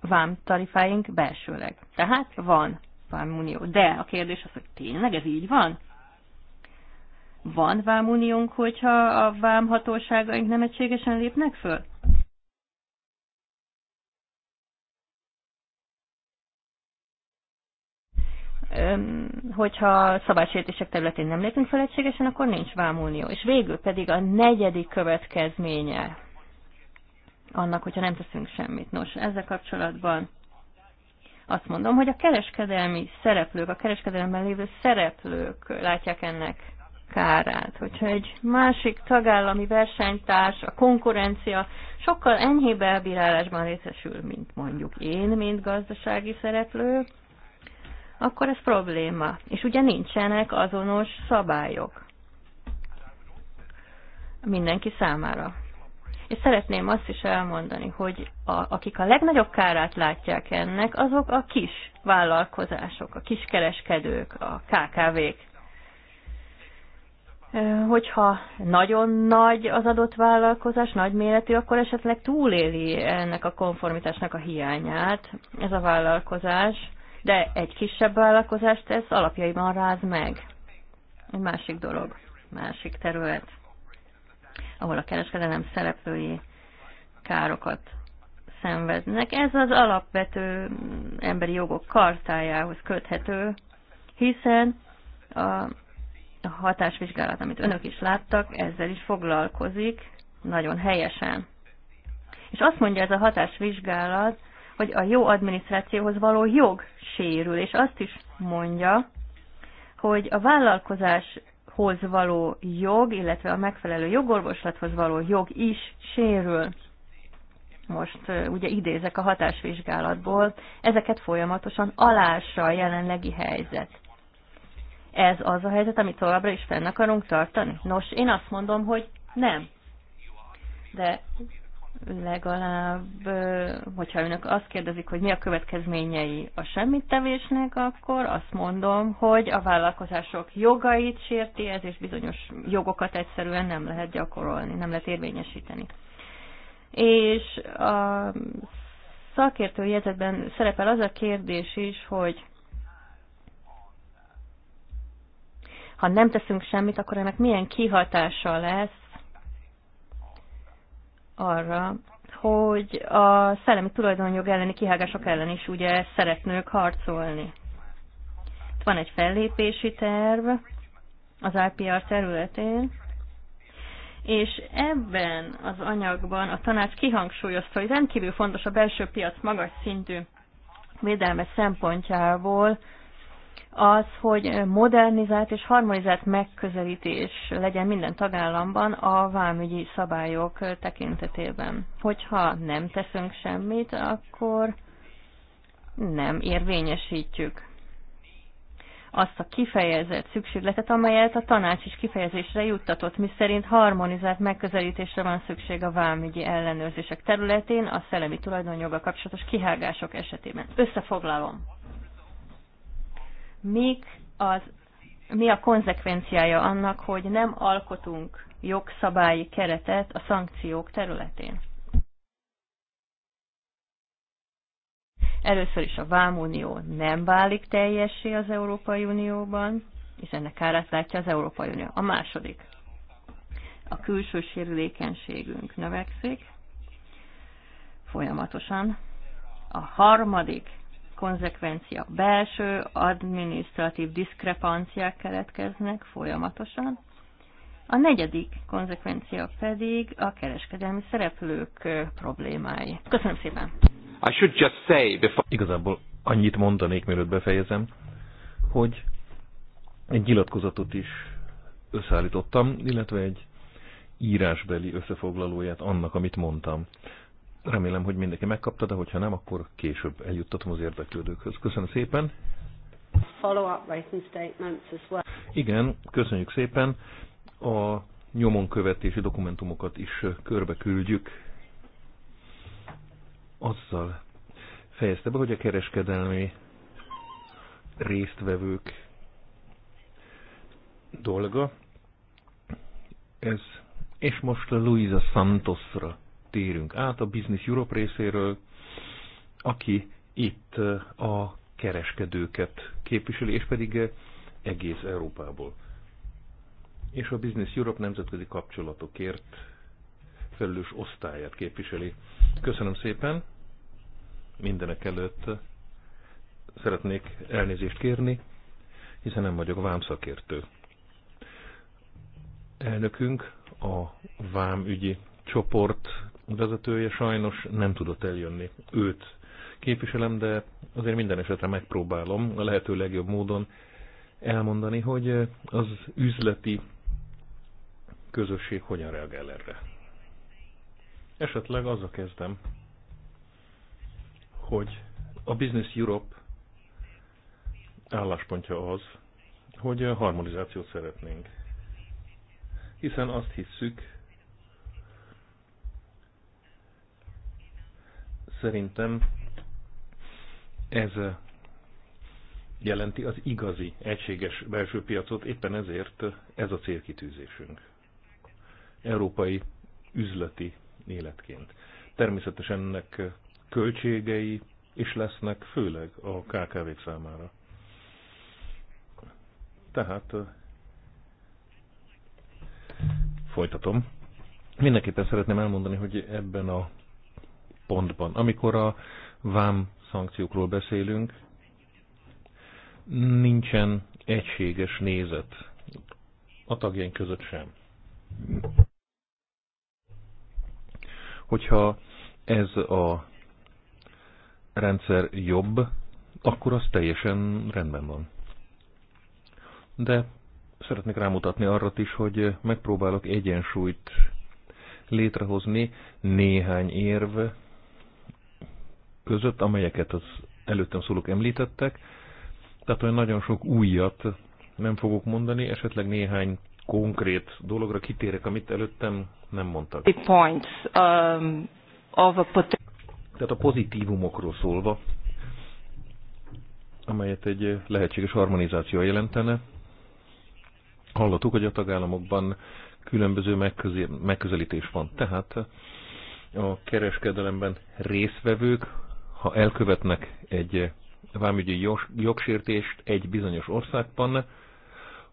vám tarifáink belsőleg. Tehát van vámunió. De a kérdés az, hogy tényleg ez így van? Van vámuniónk, hogyha a vámhatóságaink nem egységesen lépnek föl? hogyha szabálysértések területén nem lépünk fel egységesen, akkor nincs vámunió. És végül pedig a negyedik következménye annak, hogyha nem teszünk semmit. Nos, ezzel kapcsolatban azt mondom, hogy a kereskedelmi szereplők, a kereskedelemben lévő szereplők látják ennek kárát. Hogyha egy másik tagállami versenytárs, a konkurencia sokkal enyhébb elbírálásban részesül, mint mondjuk én, mint gazdasági szereplő, akkor ez probléma. És ugye nincsenek azonos szabályok mindenki számára. És szeretném azt is elmondani, hogy a, akik a legnagyobb kárát látják ennek, azok a kis vállalkozások, a kiskereskedők, a KKV-k. Hogyha nagyon nagy az adott vállalkozás, nagy méretű, akkor esetleg túléli ennek a konformitásnak a hiányát ez a vállalkozás, de egy kisebb vállalkozást ez alapjaiban ráz meg. Egy másik dolog, másik terület, ahol a kereskedelem szereplői károkat szenvednek. Ez az alapvető emberi jogok kartájához köthető, hiszen a hatásvizsgálat, amit önök is láttak, ezzel is foglalkozik, nagyon helyesen. És azt mondja ez a hatásvizsgálat, hogy a jó adminisztrációhoz való jog sérül, és azt is mondja, hogy a vállalkozáshoz való jog, illetve a megfelelő jogorvoslathoz való jog is sérül. Most ugye idézek a hatásvizsgálatból, ezeket folyamatosan alássa a jelenlegi helyzet. Ez az a helyzet, amit továbbra is fenn akarunk tartani? Nos, én azt mondom, hogy nem. De legalább, hogyha önök azt kérdezik, hogy mi a következményei a semmittevésnek, akkor azt mondom, hogy a vállalkozások jogait sérti ez, és bizonyos jogokat egyszerűen nem lehet gyakorolni, nem lehet érvényesíteni. És a szakértői jegyzetben szerepel az a kérdés is, hogy ha nem teszünk semmit, akkor ennek milyen kihatása lesz arra, hogy a szellemi tulajdonjog elleni kihágások ellen is ugye szeretnők harcolni. Itt van egy fellépési terv az IPR területén, és ebben az anyagban a tanács kihangsúlyozta, hogy rendkívül fontos a belső piac magas szintű védelme szempontjából, az, hogy modernizált és harmonizált megközelítés legyen minden tagállamban a vámügyi szabályok tekintetében. Hogyha nem teszünk semmit, akkor nem érvényesítjük azt a kifejezett szükségletet, amelyet a tanács is kifejezésre juttatott, miszerint harmonizált megközelítésre van szükség a vámügyi ellenőrzések területén a szellemi tulajdonjoga kapcsolatos kihágások esetében. Összefoglalom mik az, mi a konzekvenciája annak, hogy nem alkotunk jogszabályi keretet a szankciók területén. Először is a Vámunió nem válik teljessé az Európai Unióban, és ennek árát látja az Európai Unió. A második. A külső sérülékenységünk növekszik folyamatosan. A harmadik konzekvencia. Belső adminisztratív diszkrepanciák keletkeznek folyamatosan. A negyedik konzekvencia pedig a kereskedelmi szereplők problémái. Köszönöm szépen! I should just say before... Igazából annyit mondanék, mielőtt befejezem, hogy egy nyilatkozatot is összeállítottam, illetve egy írásbeli összefoglalóját annak, amit mondtam. Remélem, hogy mindenki megkapta, de hogyha nem, akkor később eljuttatom az érdeklődőkhöz. Köszönöm szépen. Igen, köszönjük szépen. A nyomon követési dokumentumokat is körbe küldjük. Azzal fejezte be, hogy a kereskedelmi résztvevők dolga. Ez. És most a Luisa Santosra térünk át a Business Europe részéről, aki itt eh, a kereskedőket képviseli, és pedig eh, egész Európából. És a Business Europe nemzetközi kapcsolatokért felelős osztályát képviseli. Köszönöm szépen! Mindenek előtt eh, szeretnék elnézést kérni, hiszen nem vagyok vámszakértő. Elnökünk a vámügyi csoport vezetője sajnos nem tudott eljönni. Őt képviselem, de azért minden esetre megpróbálom a lehető legjobb módon elmondani, hogy az üzleti közösség hogyan reagál erre. Esetleg azzal kezdem, hogy a Business Europe álláspontja az, hogy harmonizációt szeretnénk. Hiszen azt hisszük, Szerintem ez jelenti az igazi egységes belső piacot, éppen ezért ez a célkitűzésünk. Európai üzleti életként. Természetesen ennek költségei is lesznek, főleg a kkv számára. Tehát folytatom. Mindenképpen szeretném elmondani, hogy ebben a pontban. Amikor a vám szankciókról beszélünk, nincsen egységes nézet a tagjaink között sem. Hogyha ez a rendszer jobb, akkor az teljesen rendben van. De szeretnék rámutatni arra is, hogy megpróbálok egyensúlyt létrehozni néhány érv között, amelyeket az előttem szólók említettek. Tehát olyan nagyon sok újat nem fogok mondani, esetleg néhány konkrét dologra kitérek, amit előttem nem mondtak. Um, Tehát a pozitívumokról szólva, amelyet egy lehetséges harmonizáció jelentene. Hallottuk, hogy a tagállamokban különböző megközelítés van. Tehát a kereskedelemben résztvevők ha elkövetnek egy eh, vámügyi jogsértést egy bizonyos országban,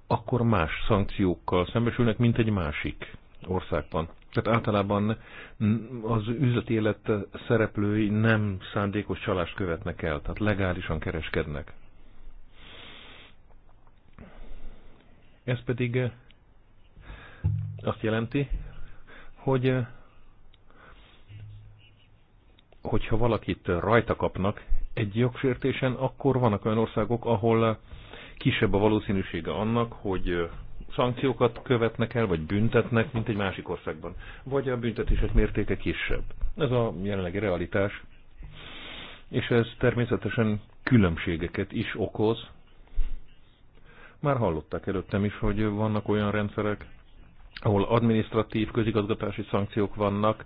akkor más szankciókkal szembesülnek, mint egy másik országban. Tehát általában az üzleti élet szereplői nem szándékos csalást követnek el, tehát legálisan kereskednek. Ez pedig eh, azt jelenti, hogy eh, hogyha valakit rajta kapnak egy jogsértésen, akkor vannak olyan országok, ahol kisebb a valószínűsége annak, hogy szankciókat követnek el, vagy büntetnek, mint egy másik országban. Vagy a büntetések mértéke kisebb. Ez a jelenlegi realitás. És ez természetesen különbségeket is okoz. Már hallották előttem is, hogy vannak olyan rendszerek, ahol administratív, közigazgatási szankciók vannak,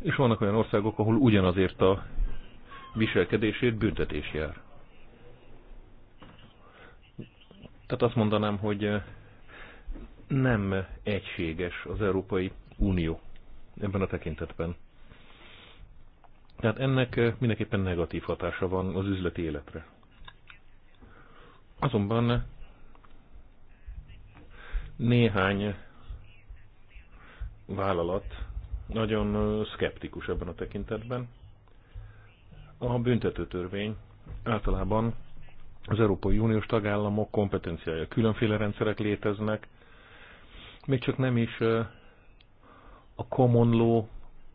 és vannak olyan országok, ahol ugyanazért a viselkedésért büntetés jár. Tehát azt mondanám, hogy eh, nem egységes az Európai Unió ebben a tekintetben. Tehát ennek eh, mindenképpen negatív hatása van az üzleti életre. Azonban eh, néhány vállalat nagyon szkeptikus ebben a tekintetben. A büntetőtörvény általában az Európai Uniós tagállamok kompetenciája. Különféle rendszerek léteznek, még csak nem is a common law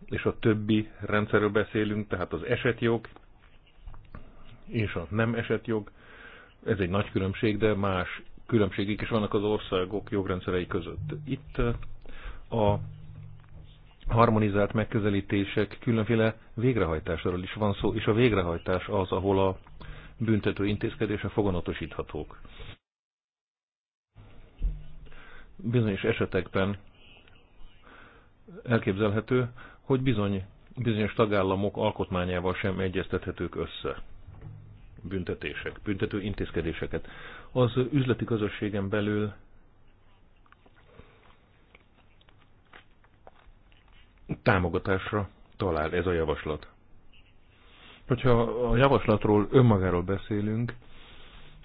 és a többi rendszerről beszélünk, tehát az esetjog és a nem esetjog. Ez egy nagy különbség, de más különbségek is vannak az országok jogrendszerei között. Itt a harmonizált megközelítések, különféle végrehajtásról is van szó, és a végrehajtás az, ahol a büntető intézkedése foganatosíthatók. Bizonyos esetekben elképzelhető, hogy bizony, bizonyos tagállamok alkotmányával sem egyeztethetők össze büntetések, büntető intézkedéseket. Az üzleti közösségen belül támogatásra talál ez a javaslat. Hogyha a javaslatról önmagáról beszélünk,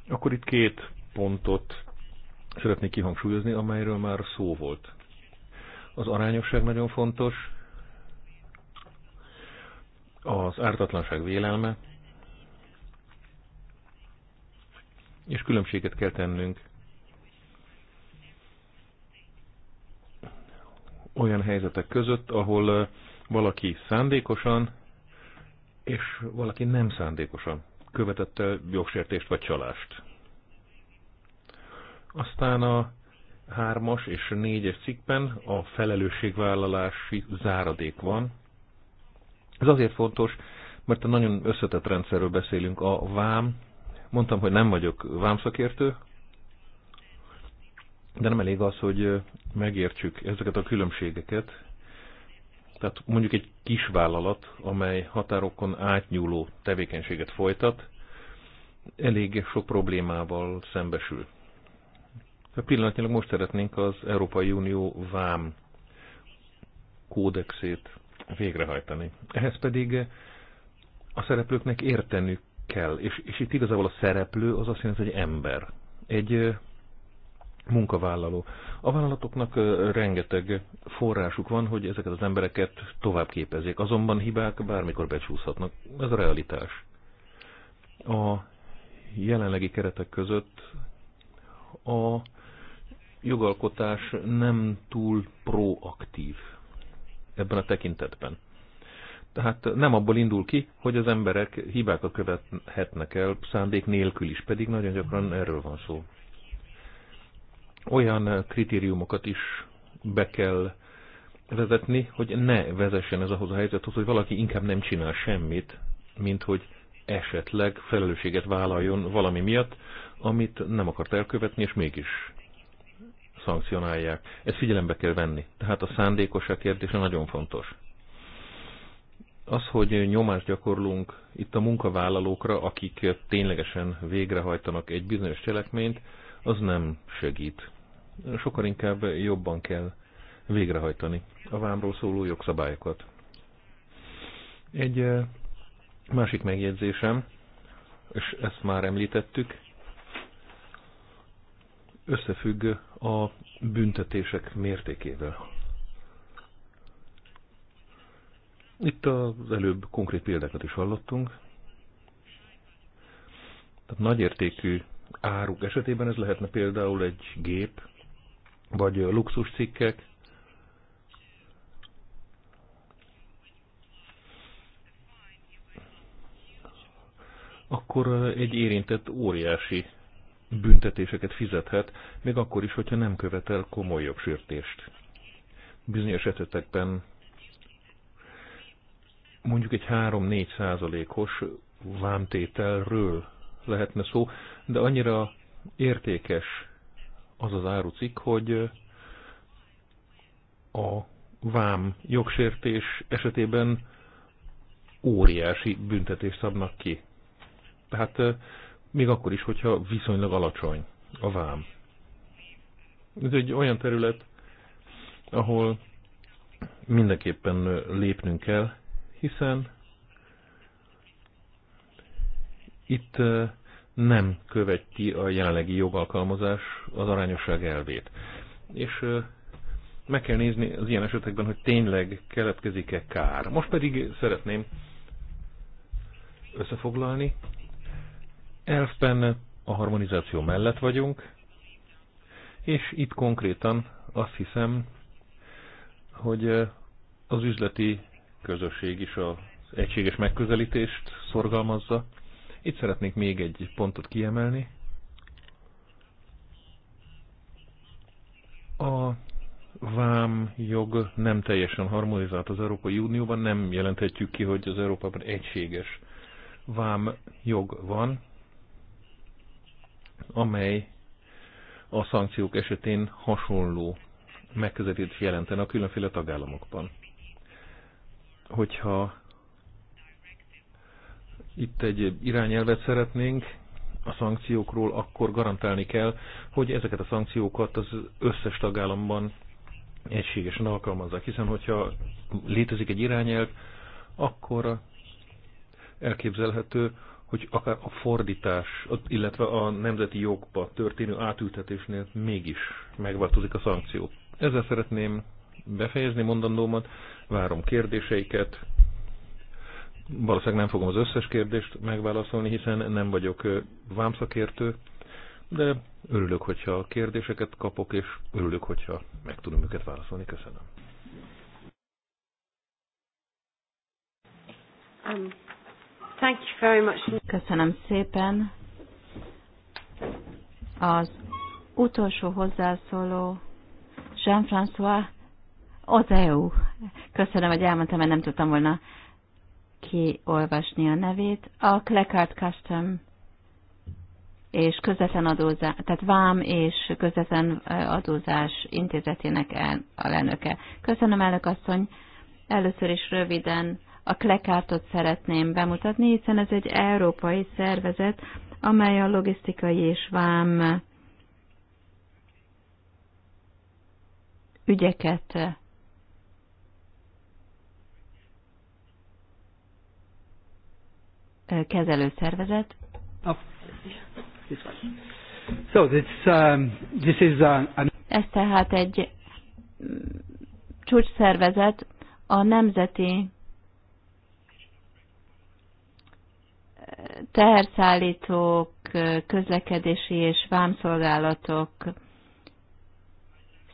akkor itt két pontot szeretnék kihangsúlyozni, amelyről már szó volt. Az arányosság nagyon fontos, az ártatlanság vélelme, és különbséget kell tennünk olyan helyzetek között, ahol valaki szándékosan és valaki nem szándékosan követett el jogsértést vagy csalást. Aztán a hármas és négyes cikkben a felelősségvállalási záradék van. Ez azért fontos, mert a nagyon összetett rendszerről beszélünk. A vám, mondtam, hogy nem vagyok vámszakértő, de nem elég az, hogy megértsük ezeket a különbségeket. Tehát mondjuk egy kis vállalat, amely határokon átnyúló tevékenységet folytat, elég sok problémával szembesül. Tehát pillanatnyilag most szeretnénk az Európai Unió vám kódexét végrehajtani. Ehhez pedig a szereplőknek értenük kell, és, és itt igazából a szereplő az azt jelenti, hogy ember. Egy munkavállaló. A vállalatoknak rengeteg forrásuk van, hogy ezeket az embereket tovább képezzék. Azonban hibák bármikor becsúszhatnak. Ez a realitás. A jelenlegi keretek között a jogalkotás nem túl proaktív ebben a tekintetben. Tehát nem abból indul ki, hogy az emberek hibákat követhetnek el szándék nélkül is, pedig nagyon gyakran erről van szó olyan kritériumokat is be kell vezetni, hogy ne vezessen ez ahhoz a helyzethoz, hogy valaki inkább nem csinál semmit, mint hogy esetleg felelősséget vállaljon valami miatt, amit nem akart elkövetni, és mégis szankcionálják. Ezt figyelembe kell venni. Tehát a szándékosság kérdése nagyon fontos. Az, hogy nyomást gyakorlunk itt a munkavállalókra, akik ténylegesen végrehajtanak egy bizonyos cselekményt, az nem segít. Sokkal inkább jobban kell végrehajtani a vámról szóló jogszabályokat. Egy eh, másik megjegyzésem, és ezt már említettük, összefügg a büntetések mértékével. Itt az előbb konkrét példákat is hallottunk. Tehát nagyértékű áruk esetében ez lehetne például egy gép, vagy luxuscikkek. Akkor eh, egy érintett óriási büntetéseket fizethet, még akkor is, hogyha nem követel komoly jogsértést. Bizonyos esetekben mondjuk egy 3-4 százalékos vámtételről lehetne szó, de annyira értékes az az árucikk, hogy a vám jogsértés esetében óriási büntetést szabnak ki. Tehát még akkor is, hogyha viszonylag alacsony a vám. Ez egy olyan terület, ahol mindenképpen lépnünk kell, hiszen itt nem követi a jelenlegi jogalkalmazás az arányosság elvét. És meg kell nézni az ilyen esetekben, hogy tényleg keletkezik-e kár. Most pedig szeretném összefoglalni. Elfben a harmonizáció mellett vagyunk, és itt konkrétan azt hiszem, hogy az üzleti közösség is az egységes megközelítést szorgalmazza, itt szeretnék még egy pontot kiemelni. A vám jog nem teljesen harmonizált az Európai Unióban, nem jelenthetjük ki, hogy az Európában egységes vám jog van, amely a szankciók esetén hasonló megközelítést jelentene a különféle tagállamokban. Hogyha itt egy irányelvet szeretnénk a szankciókról, akkor garantálni kell, hogy ezeket a szankciókat az összes tagállamban egységesen alkalmazzák, hiszen hogyha létezik egy irányelv, akkor elképzelhető, hogy akár a fordítás, illetve a nemzeti jogba történő átültetésnél mégis megváltozik a szankció. Ezzel szeretném befejezni mondandómat, várom kérdéseiket, Valószínűleg nem fogom az összes kérdést megválaszolni, hiszen nem vagyok vámszakértő, de örülök, hogyha kérdéseket kapok, és örülök, hogyha meg tudom őket válaszolni. Köszönöm. Um, Köszönöm szépen. Az utolsó hozzászóló Jean-François Ozeu. Köszönöm, hogy elmondtam, mert nem tudtam volna kiolvasni a nevét. A Clecard Custom és közvetlen adózás, tehát vám és közvetlen adózás intézetének el, a lenöke. Köszönöm, elnök asszony. Először is röviden a Klekártot szeretném bemutatni, hiszen ez egy európai szervezet, amely a logisztikai és vám ügyeket kezelő szervezet. Oh. So this, um, this is a, uh, a... Ez tehát egy mm, csúcsszervezet a nemzeti eh, teherszállítók, eh, közlekedési és vámszolgálatok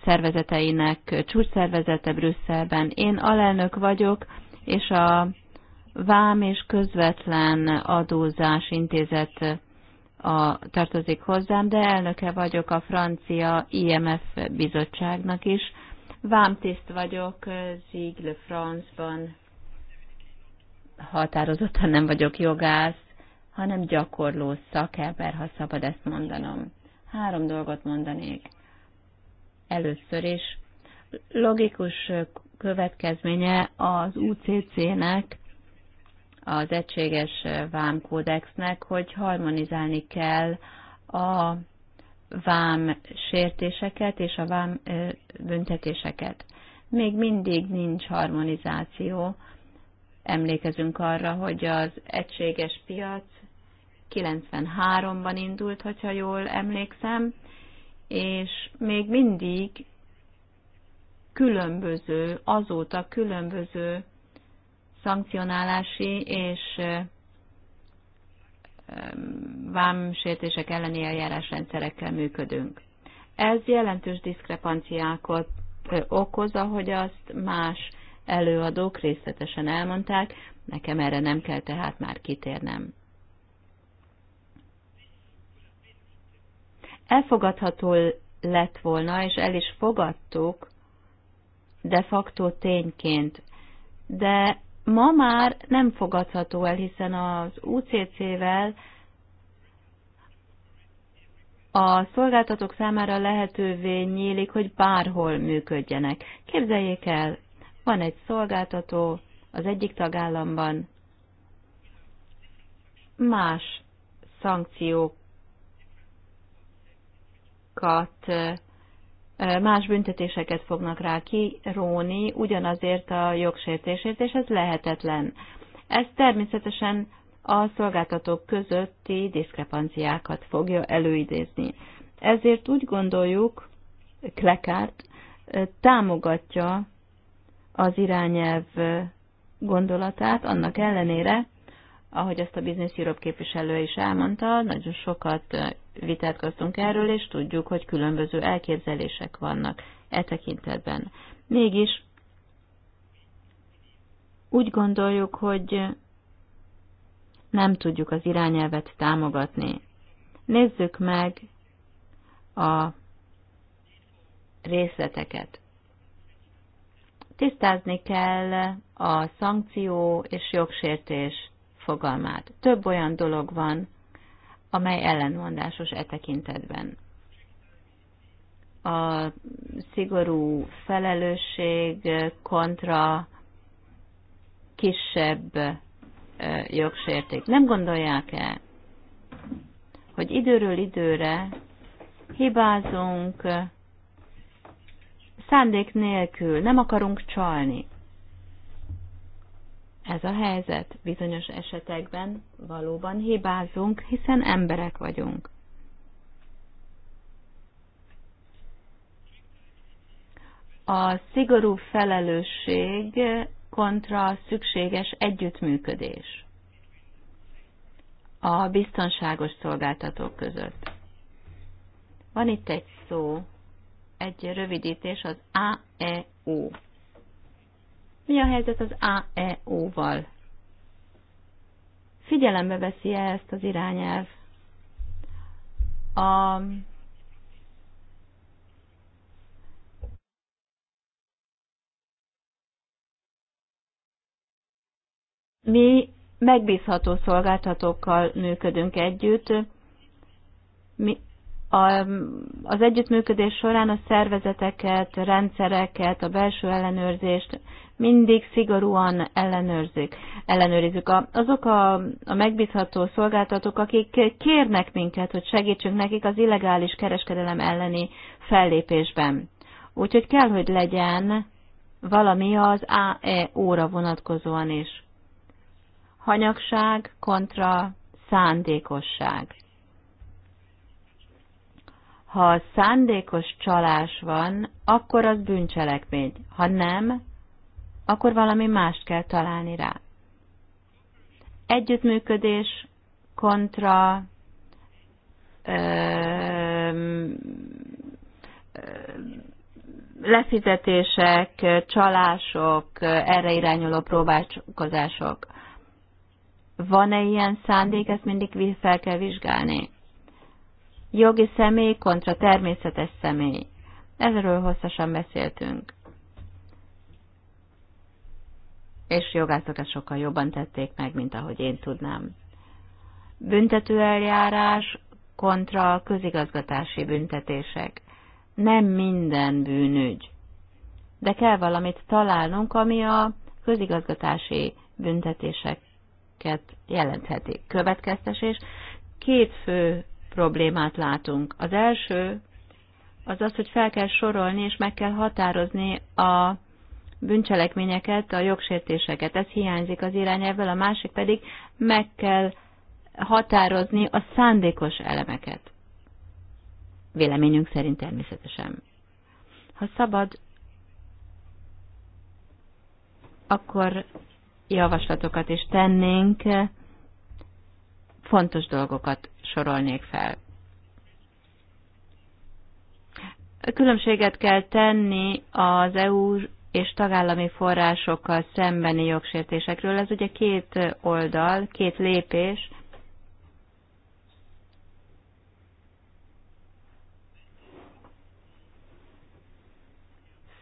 szervezeteinek csúcsszervezete Brüsszelben. Én alelnök vagyok, és a vám és közvetlen adózás intézet a, tartozik hozzám, de elnöke vagyok a francia IMF bizottságnak is. Vámtiszt vagyok Zigle France-ban. Határozottan nem vagyok jogász, hanem gyakorló szakember, ha szabad ezt mondanom. Három dolgot mondanék. Először is logikus következménye az UCC-nek az egységes vámkódexnek, hogy harmonizálni kell a vám sértéseket és a vám büntetéseket. Még mindig nincs harmonizáció. Emlékezünk arra, hogy az egységes piac 93-ban indult, hogyha jól emlékszem, és még mindig különböző, azóta különböző szankcionálási és vámsértések elleni rendszerekkel működünk. Ez jelentős diszkrepanciákat okoz, ahogy azt más előadók részletesen elmondták, nekem erre nem kell tehát már kitérnem. Elfogadható lett volna, és el is fogadtuk de facto tényként, de ma már nem fogadható el, hiszen az UCC-vel a szolgáltatók számára lehetővé nyílik, hogy bárhol működjenek. Képzeljék el, van egy szolgáltató az egyik tagállamban, más szankciókat más büntetéseket fognak rá kiróni ugyanazért a jogsértésért, és ez lehetetlen. Ez természetesen a szolgáltatók közötti diszkrepanciákat fogja előidézni. Ezért úgy gondoljuk, Klekárt támogatja az irányelv gondolatát, annak ellenére, ahogy ezt a Business Europe képviselő is elmondta, nagyon sokat vitátkoztunk erről, és tudjuk, hogy különböző elképzelések vannak e tekintetben. Mégis úgy gondoljuk, hogy nem tudjuk az irányelvet támogatni. Nézzük meg a részleteket. Tisztázni kell a szankció és jogsértés fogalmát. Több olyan dolog van, amely ellenmondásos e tekintetben. A szigorú felelősség kontra kisebb jogsérték. Nem gondolják-e, hogy időről időre hibázunk szándék nélkül, nem akarunk csalni ez a helyzet. Bizonyos esetekben valóban hibázunk, hiszen emberek vagyunk. A szigorú felelősség kontra a szükséges együttműködés a biztonságos szolgáltatók között. Van itt egy szó, egy rövidítés, az AEU mi a helyzet az AEO-val? Figyelembe veszi -e ezt az irányelv? A Mi megbízható szolgáltatókkal működünk együtt. Mi a, az együttműködés során a szervezeteket, rendszereket, a belső ellenőrzést mindig szigorúan ellenőrzik, ellenőrizzük. azok a, a megbízható szolgáltatók, akik kérnek minket, hogy segítsünk nekik az illegális kereskedelem elleni fellépésben. Úgyhogy kell, hogy legyen valami az AE óra vonatkozóan is. Hanyagság kontra szándékosság. Ha szándékos csalás van, akkor az bűncselekmény. Ha nem, akkor valami mást kell találni rá. Együttműködés kontra lefizetések, csalások, erre irányuló próbálkozások. Van-e ilyen szándék, ezt mindig fel kell vizsgálni. Jogi személy kontra természetes személy. Ezről hosszasan beszéltünk. és jogászok ezt sokkal jobban tették meg, mint ahogy én tudnám. Büntetőeljárás kontra közigazgatási büntetések. Nem minden bűnügy. De kell valamit találnunk, ami a közigazgatási büntetéseket jelentheti. Következtetés. Két fő problémát látunk. Az első az az, hogy fel kell sorolni és meg kell határozni a bűncselekményeket, a jogsértéseket. Ez hiányzik az irányelvből, a másik pedig meg kell határozni a szándékos elemeket. Véleményünk szerint természetesen. Ha szabad, akkor javaslatokat is tennénk, fontos dolgokat sorolnék fel. Különbséget kell tenni az EU és tagállami forrásokkal szembeni jogsértésekről. Ez ugye két oldal, két lépés.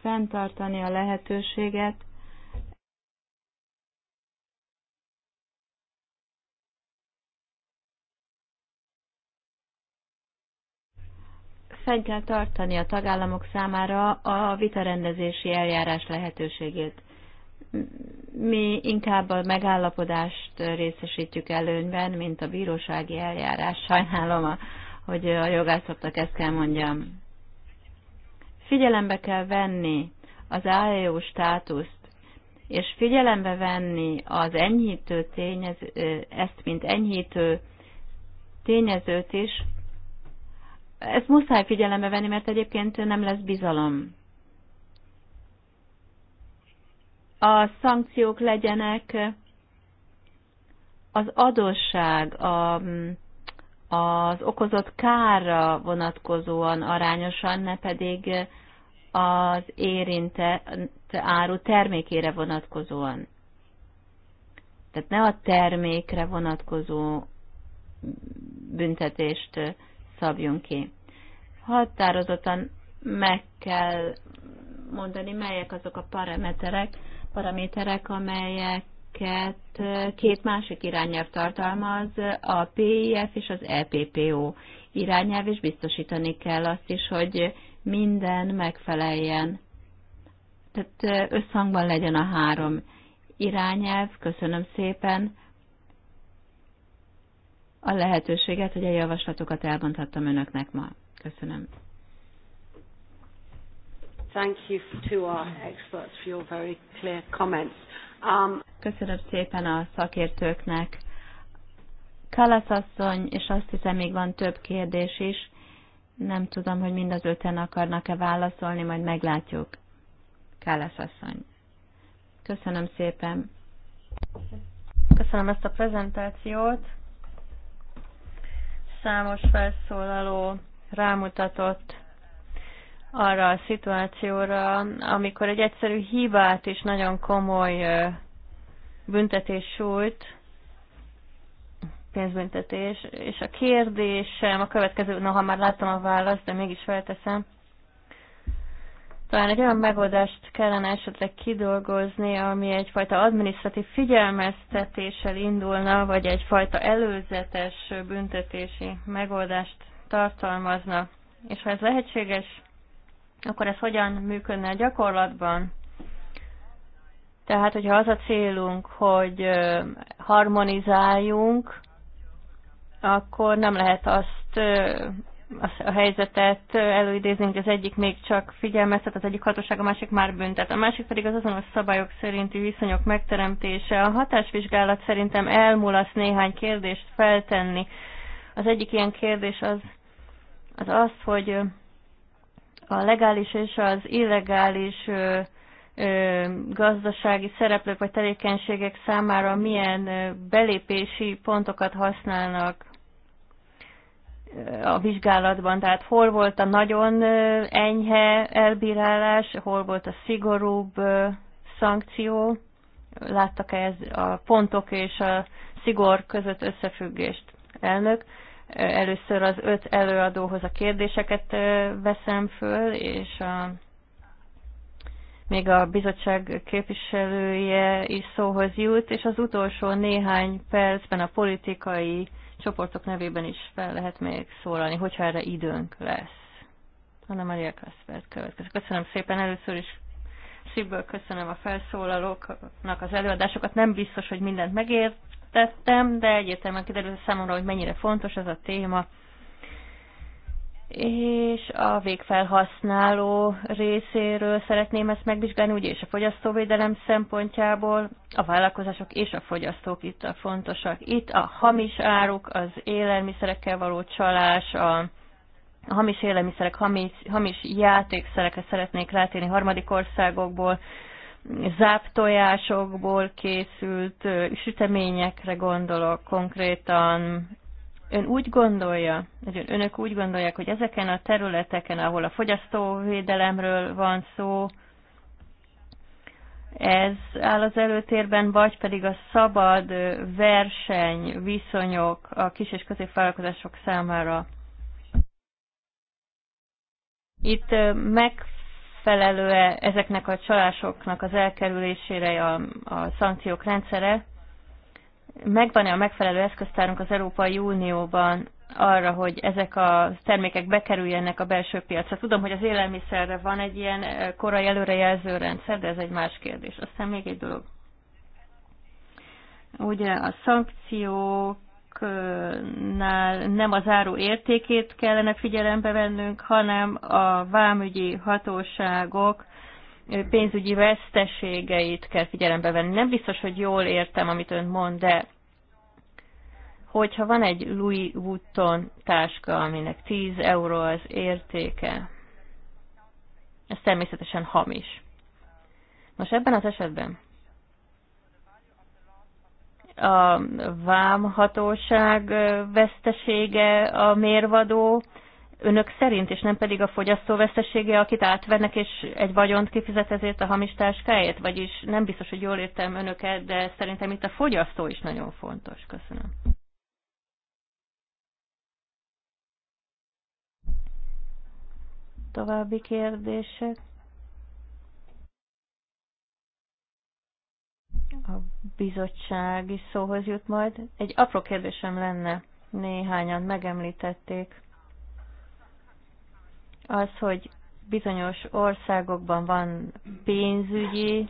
Fenntartani a lehetőséget fenn kell tartani a tagállamok számára a vitarendezési eljárás lehetőségét. Mi inkább a megállapodást részesítjük előnyben, mint a bírósági eljárás. Sajnálom, hogy a jogászoknak ezt kell mondjam. Figyelembe kell venni az AEU státuszt, és figyelembe venni az enyhítő tényező, ezt mint enyhítő tényezőt is, ezt muszáj figyelembe venni, mert egyébként nem lesz bizalom. A szankciók legyenek az adósság, a, az okozott kárra vonatkozóan arányosan, ne pedig az érintett áru termékére vonatkozóan. Tehát ne a termékre vonatkozó büntetést szabjunk ki. Határozottan meg kell mondani, melyek azok a paraméterek, paraméterek amelyeket két másik irányelv tartalmaz, a PIF és az EPPO irányelv, és biztosítani kell azt is, hogy minden megfeleljen. Tehát összhangban legyen a három irányelv. Köszönöm szépen a lehetőséget, hogy a javaslatokat elmondhattam önöknek ma. Köszönöm. Thank you to our experts for your very clear comments. Um, Köszönöm szépen a szakértőknek. Kalasz asszony, és azt hiszem még van több kérdés is. Nem tudom, hogy mind az öten akarnak-e válaszolni, majd meglátjuk. Kalasz asszony. Köszönöm szépen. Köszönöm ezt a prezentációt. Számos felszólaló rámutatott arra a szituációra, amikor egy egyszerű hibát is nagyon komoly büntetés sújt, pénzbüntetés, és a kérdésem a következő, noha már láttam a választ, de mégis felteszem, talán egy olyan megoldást kellene esetleg kidolgozni, ami egyfajta adminisztratív figyelmeztetéssel indulna, vagy egyfajta előzetes büntetési megoldást tartalmazna. És ha ez lehetséges, akkor ez hogyan működne a gyakorlatban? Tehát, hogyha az a célunk, hogy harmonizáljunk, akkor nem lehet azt a helyzetet hogy az egyik még csak figyelmeztet, az egyik hatóság, a másik már büntet. A másik pedig az azonos szabályok szerinti viszonyok megteremtése. A hatásvizsgálat szerintem elmulaszt néhány kérdést feltenni. Az egyik ilyen kérdés az az, az hogy a legális és az illegális gazdasági szereplők vagy tevékenységek számára milyen belépési pontokat használnak a vizsgálatban, tehát hol volt a nagyon enyhe elbírálás, hol volt a szigorúbb szankció, láttak-e ez a pontok és a szigor között összefüggést, elnök. Először az öt előadóhoz a kérdéseket veszem föl, és a, még a bizottság képviselője is szóhoz jut, és az utolsó néhány percben a politikai uh, csoportok nevében is fel lehet még szólalni, hogyha erre időnk lesz. Anna Maria Kasszpert következik. Köszönöm szépen először is szívből köszönöm a felszólalóknak az előadásokat. Nem biztos, hogy mindent megértettem, de egyértelműen kiderült számomra, hogy mennyire fontos ez a téma és a végfelhasználó részéről szeretném ezt megvizsgálni, ugye és a fogyasztóvédelem szempontjából a vállalkozások és a fogyasztók itt a fontosak. Itt a hamis áruk, az élelmiszerekkel való csalás, a hamis élelmiszerek, hamis, hamis játékszerekre szeretnék rátérni harmadik országokból, záptojásokból készült süteményekre gondolok konkrétan, Ön úgy gondolja, hogy önök úgy gondolják, hogy ezeken a területeken, ahol a fogyasztóvédelemről van szó, ez áll az előtérben, vagy pedig a szabad verseny viszonyok a kis és középvállalkozások számára. Itt megfelelő -e ezeknek a csalásoknak az elkerülésére a, a szankciók rendszere, megvan-e a megfelelő eszköztárunk az Európai Unióban arra, hogy ezek a termékek bekerüljenek a belső piacra. Tudom, hogy az élelmiszerre van egy ilyen eh, korai előrejelző rendszer, de ez egy más kérdés. Aztán még egy dolog. Ugye a szankcióknál nem az áru értékét kellene figyelembe vennünk, hanem a vámügyi hatóságok pénzügyi veszteségeit kell figyelembe venni. Nem biztos, hogy jól értem, amit ön mond, de hogyha van egy Louis Vuitton táska, aminek 10 euró az értéke, ez természetesen hamis. Most ebben az esetben a vámhatóság vesztesége a mérvadó, önök szerint, és nem pedig a fogyasztó vesztesége, akit átvennek, és egy vagyont kifizet ezért a hamis táskáért? Vagyis nem biztos, hogy jól értem önöket, de szerintem itt a fogyasztó is nagyon fontos. Köszönöm. További kérdések? A bizottság is szóhoz jut majd. Egy apró kérdésem lenne, néhányan megemlítették az, hogy bizonyos országokban van pénzügyi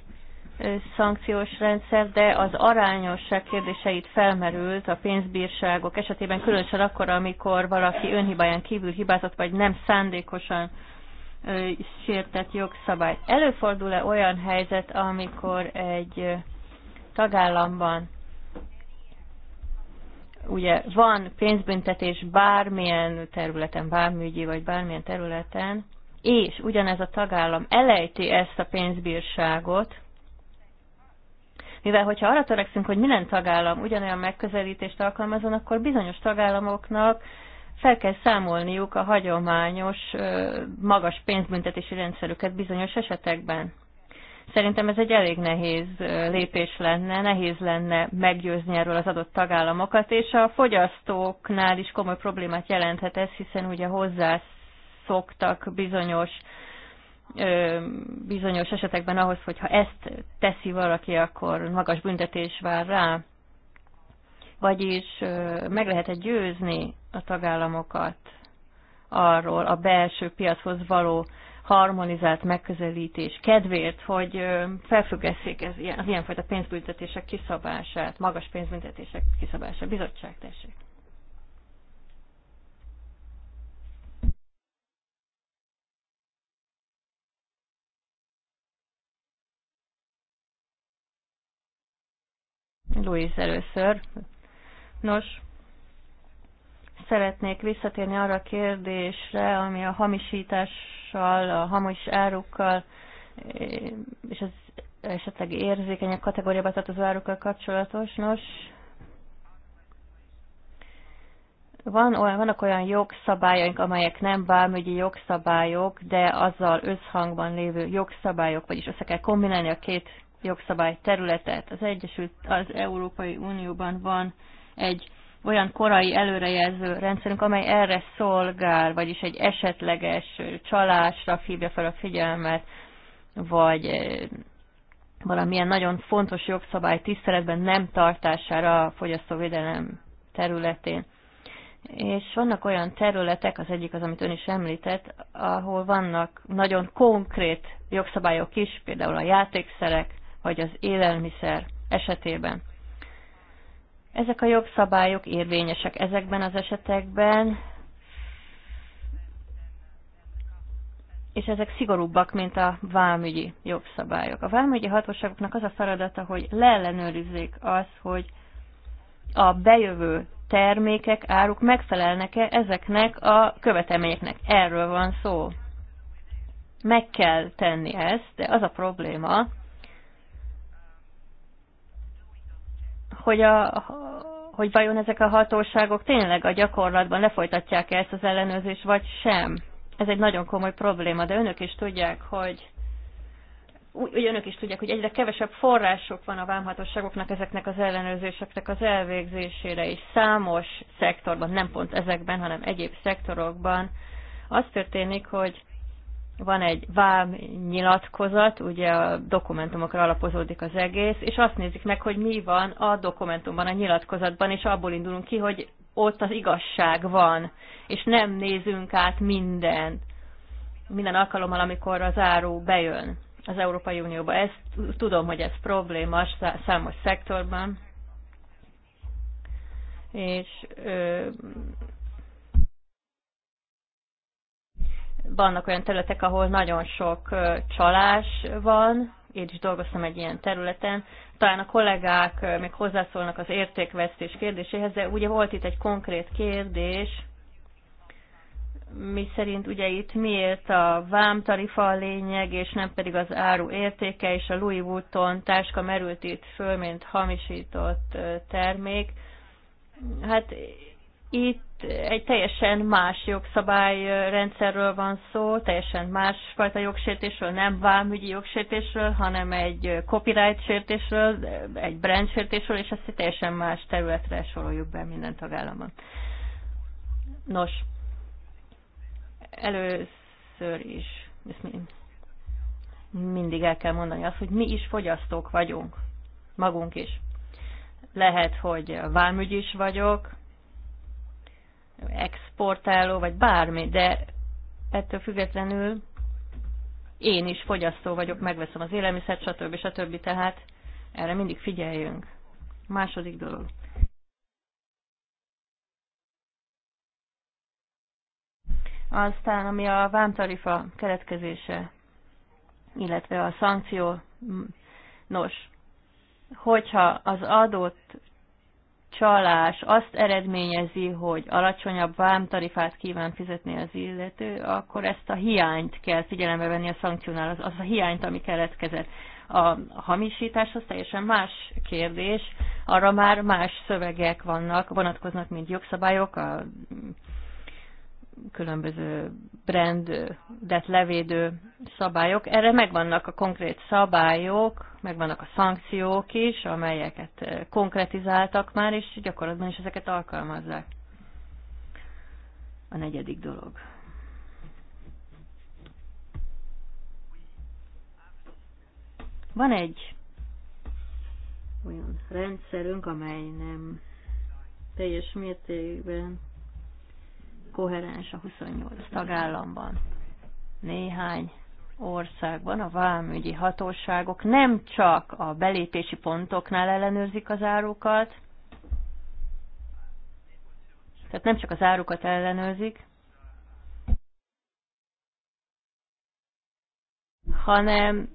szankciós rendszer, de az arányosság kérdéseit felmerült a pénzbírságok esetében, különösen akkor, amikor valaki önhibáján kívül hibázott, vagy nem szándékosan sértett jogszabályt. Előfordul-e olyan helyzet, amikor egy tagállamban ugye van pénzbüntetés bármilyen területen, bármügyi vagy bármilyen területen, és ugyanez a tagállam elejti ezt a pénzbírságot, mivel hogyha arra törekszünk, hogy minden tagállam ugyanolyan megközelítést alkalmazon, akkor bizonyos tagállamoknak fel kell számolniuk a hagyományos, magas pénzbüntetési rendszerüket bizonyos esetekben. Szerintem ez egy elég nehéz lépés lenne, nehéz lenne meggyőzni erről az adott tagállamokat, és a fogyasztóknál is komoly problémát jelenthet ez, hiszen ugye szoktak bizonyos bizonyos esetekben ahhoz, hogyha ezt teszi valaki, akkor magas büntetés vár rá. Vagyis meg lehet győzni a tagállamokat arról a belső piachoz való harmonizált megközelítés kedvéért, hogy felfüggesszék ez, az ilyenfajta pénzbüntetések kiszabását, magas pénzbüntetések kiszabását. Bizottság, tessék. Louis először. Nos, szeretnék visszatérni arra a kérdésre, ami a hamisítás hamassal, a hamis árukkal és az esetleg érzékenyek kategóriába tartozó árukkal kapcsolatos. Nos, van olyan, vannak olyan jogszabályaink, amelyek nem vámügyi jogszabályok, de azzal összhangban lévő jogszabályok, vagyis össze kell kombinálni a két jogszabály területet. Az Egyesült, az Európai Unióban van egy olyan korai előrejelző rendszerünk, amely erre szolgál, vagyis egy esetleges csalásra hívja fel a figyelmet, vagy eh, valamilyen nagyon fontos jogszabály tiszteletben nem tartására a fogyasztóvédelem területén. És vannak olyan területek, az egyik az, amit ön is említett, ahol vannak nagyon konkrét jogszabályok is, például a játékszerek, vagy az élelmiszer esetében. Ezek a jogszabályok érvényesek ezekben az esetekben, és ezek szigorúbbak, mint a vámügyi jogszabályok. A vámügyi hatóságoknak az a feladata, hogy leellenőrizzék az, hogy a bejövő termékek, áruk megfelelnek-e ezeknek a követelményeknek. Erről van szó. Meg kell tenni ezt, de az a probléma, hogy, a, hogy vajon ezek a hatóságok tényleg a gyakorlatban lefolytatják -e ezt az ellenőrzést, vagy sem. Ez egy nagyon komoly probléma, de önök is tudják, hogy úgy önök is tudják, hogy egyre kevesebb források van a vámhatóságoknak ezeknek az ellenőrzéseknek az elvégzésére, és számos szektorban, nem pont ezekben, hanem egyéb szektorokban az történik, hogy van egy vám nyilatkozat, ugye a dokumentumokra alapozódik az egész, és azt nézik meg, hogy mi van a dokumentumban, a nyilatkozatban, és abból indulunk ki, hogy ott az igazság van, és nem nézünk át minden, minden alkalommal, amikor az áru bejön az Európai Unióba. Ezt, tudom, hogy ez probléma számos szektorban, és ö, vannak olyan területek, ahol nagyon sok csalás van, én is dolgoztam egy ilyen területen. Talán a kollégák még hozzászólnak az értékvesztés kérdéséhez, de ugye volt itt egy konkrét kérdés, mi szerint ugye itt miért a vámtarifa a lényeg, és nem pedig az áru értéke, és a Louis Vuitton táska merült itt föl, mint hamisított termék. Hát itt egy teljesen más jogszabályrendszerről van szó, teljesen másfajta jogsértésről, nem vámügyi jogsértésről, hanem egy copyright sértésről, egy brand sértésről, és ezt egy teljesen más területre soroljuk be minden tagállamon. Nos, először is, ezt mindig el kell mondani azt, hogy mi is fogyasztók vagyunk, magunk is. Lehet, hogy vámügy is vagyok, exportáló, vagy bármi, de ettől függetlenül én is fogyasztó vagyok, megveszem az élelmiszert, stb. stb. Tehát erre mindig figyeljünk. Második dolog. Aztán, ami a vámtarifa keletkezése, illetve a szankció, nos, hogyha az adott csalás azt eredményezi, hogy alacsonyabb vámtarifát kíván fizetni az illető, akkor ezt a hiányt kell figyelembe venni a szankcionál, az, az a hiányt, ami keletkezett. A hamisítás az teljesen más kérdés, arra már más szövegek vannak, vonatkoznak, mint jogszabályok, a különböző brandet levédő szabályok. Erre megvannak a konkrét szabályok, megvannak a szankciók is, amelyeket konkretizáltak már, és gyakorlatban is ezeket alkalmazzák. A negyedik dolog. Van egy olyan rendszerünk, amely nem teljes mértékben koherens a 28 tagállamban. Néhány országban a vámügyi hatóságok nem csak a belépési pontoknál ellenőrzik az árukat, tehát nem csak az árukat ellenőrzik, hanem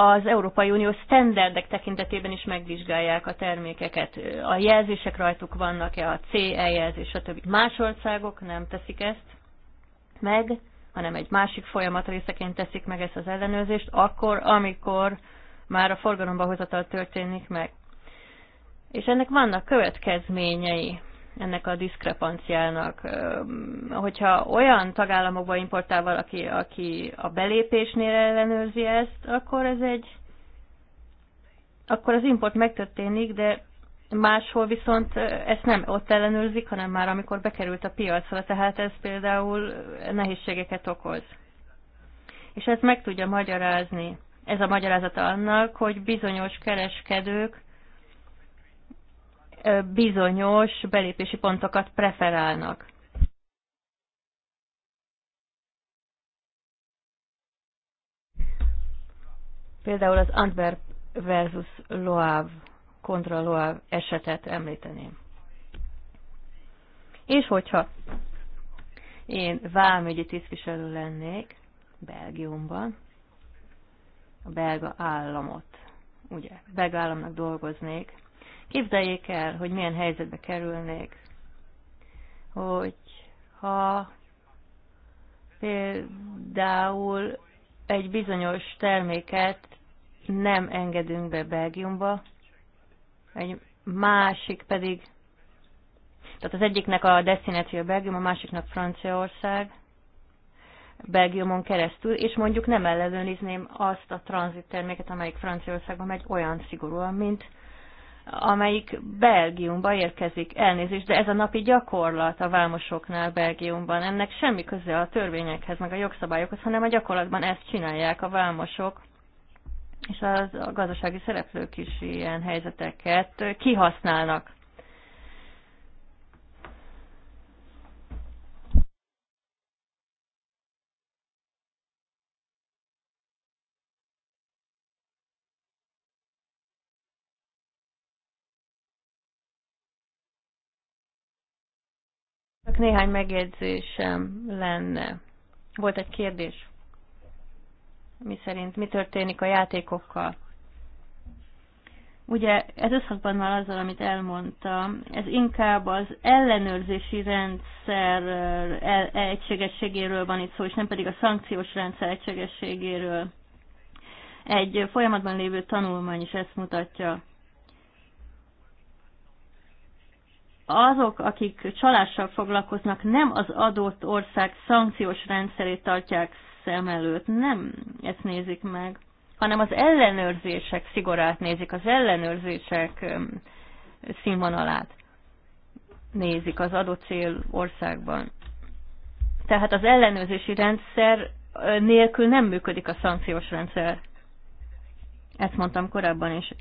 az Európai Unió standardek tekintetében is megvizsgálják a termékeket. A jelzések rajtuk vannak-e, a CE jelzés, stb. Más országok nem teszik ezt meg, hanem egy másik folyamat részeként teszik meg ezt az ellenőrzést, akkor, amikor már a forgalomba hozatal történik meg. És ennek vannak következményei ennek a diszkrepanciának. Hogyha olyan tagállamokba importál valaki, aki a belépésnél ellenőrzi ezt, akkor ez egy akkor az import megtörténik, de máshol viszont ezt nem ott ellenőrzik, hanem már amikor bekerült a piacra, tehát ez például nehézségeket okoz. És ez meg tudja magyarázni, ez a magyarázata annak, hogy bizonyos kereskedők bizonyos belépési pontokat preferálnak. Például az Antwerp versus Loav kontra Loav esetet említeném. És hogyha én vámügyi tisztviselő lennék Belgiumban, a belga államot, ugye, belga államnak dolgoznék, Képzeljék el, hogy milyen helyzetbe kerülnék, hogy ha például egy bizonyos terméket nem engedünk be Belgiumba, egy másik pedig, tehát az egyiknek a destinációja Belgium, a másiknak Franciaország, Belgiumon keresztül, és mondjuk nem ellenőrizném azt a tranzit terméket, amelyik Franciaországban megy olyan szigorúan, mint amelyik Belgiumba érkezik. Elnézést, de ez a napi gyakorlat a vámosoknál Belgiumban. Ennek semmi köze a törvényekhez, meg a jogszabályokhoz, hanem a gyakorlatban ezt csinálják a vámosok, és az, a gazdasági szereplők is ilyen helyzeteket kihasználnak. Néhány megjegyzésem lenne. Volt egy kérdés, mi szerint mi történik a játékokkal. Ugye ez összhangban van azzal, amit elmondtam, ez inkább az ellenőrzési rendszer egységességéről van itt szó, és nem pedig a szankciós rendszer egységességéről. Egy folyamatban lévő tanulmány is ezt mutatja azok, akik csalással foglalkoznak, nem az adott ország szankciós rendszerét tartják szem előtt, nem ezt nézik meg, hanem az ellenőrzések szigorát nézik, az ellenőrzések színvonalát nézik az adott cél országban. Tehát az ellenőrzési rendszer nélkül nem működik a szankciós rendszer. Ezt mondtam korábban is.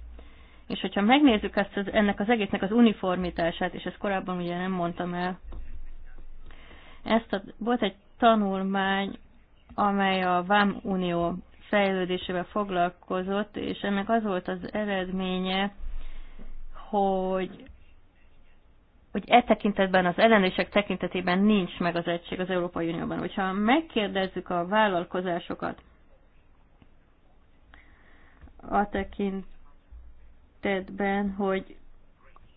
És hogyha megnézzük ezt az, ennek az egésznek az uniformitását, és ezt korábban ugye nem mondtam el, ezt a, volt egy tanulmány, amely a VAM Unió fejlődésével foglalkozott, és ennek az volt az eredménye, hogy hogy e tekintetben, az ellenések tekintetében nincs meg az egység az Európai Unióban. Hogyha megkérdezzük a vállalkozásokat a tekint, tekintetben, hogy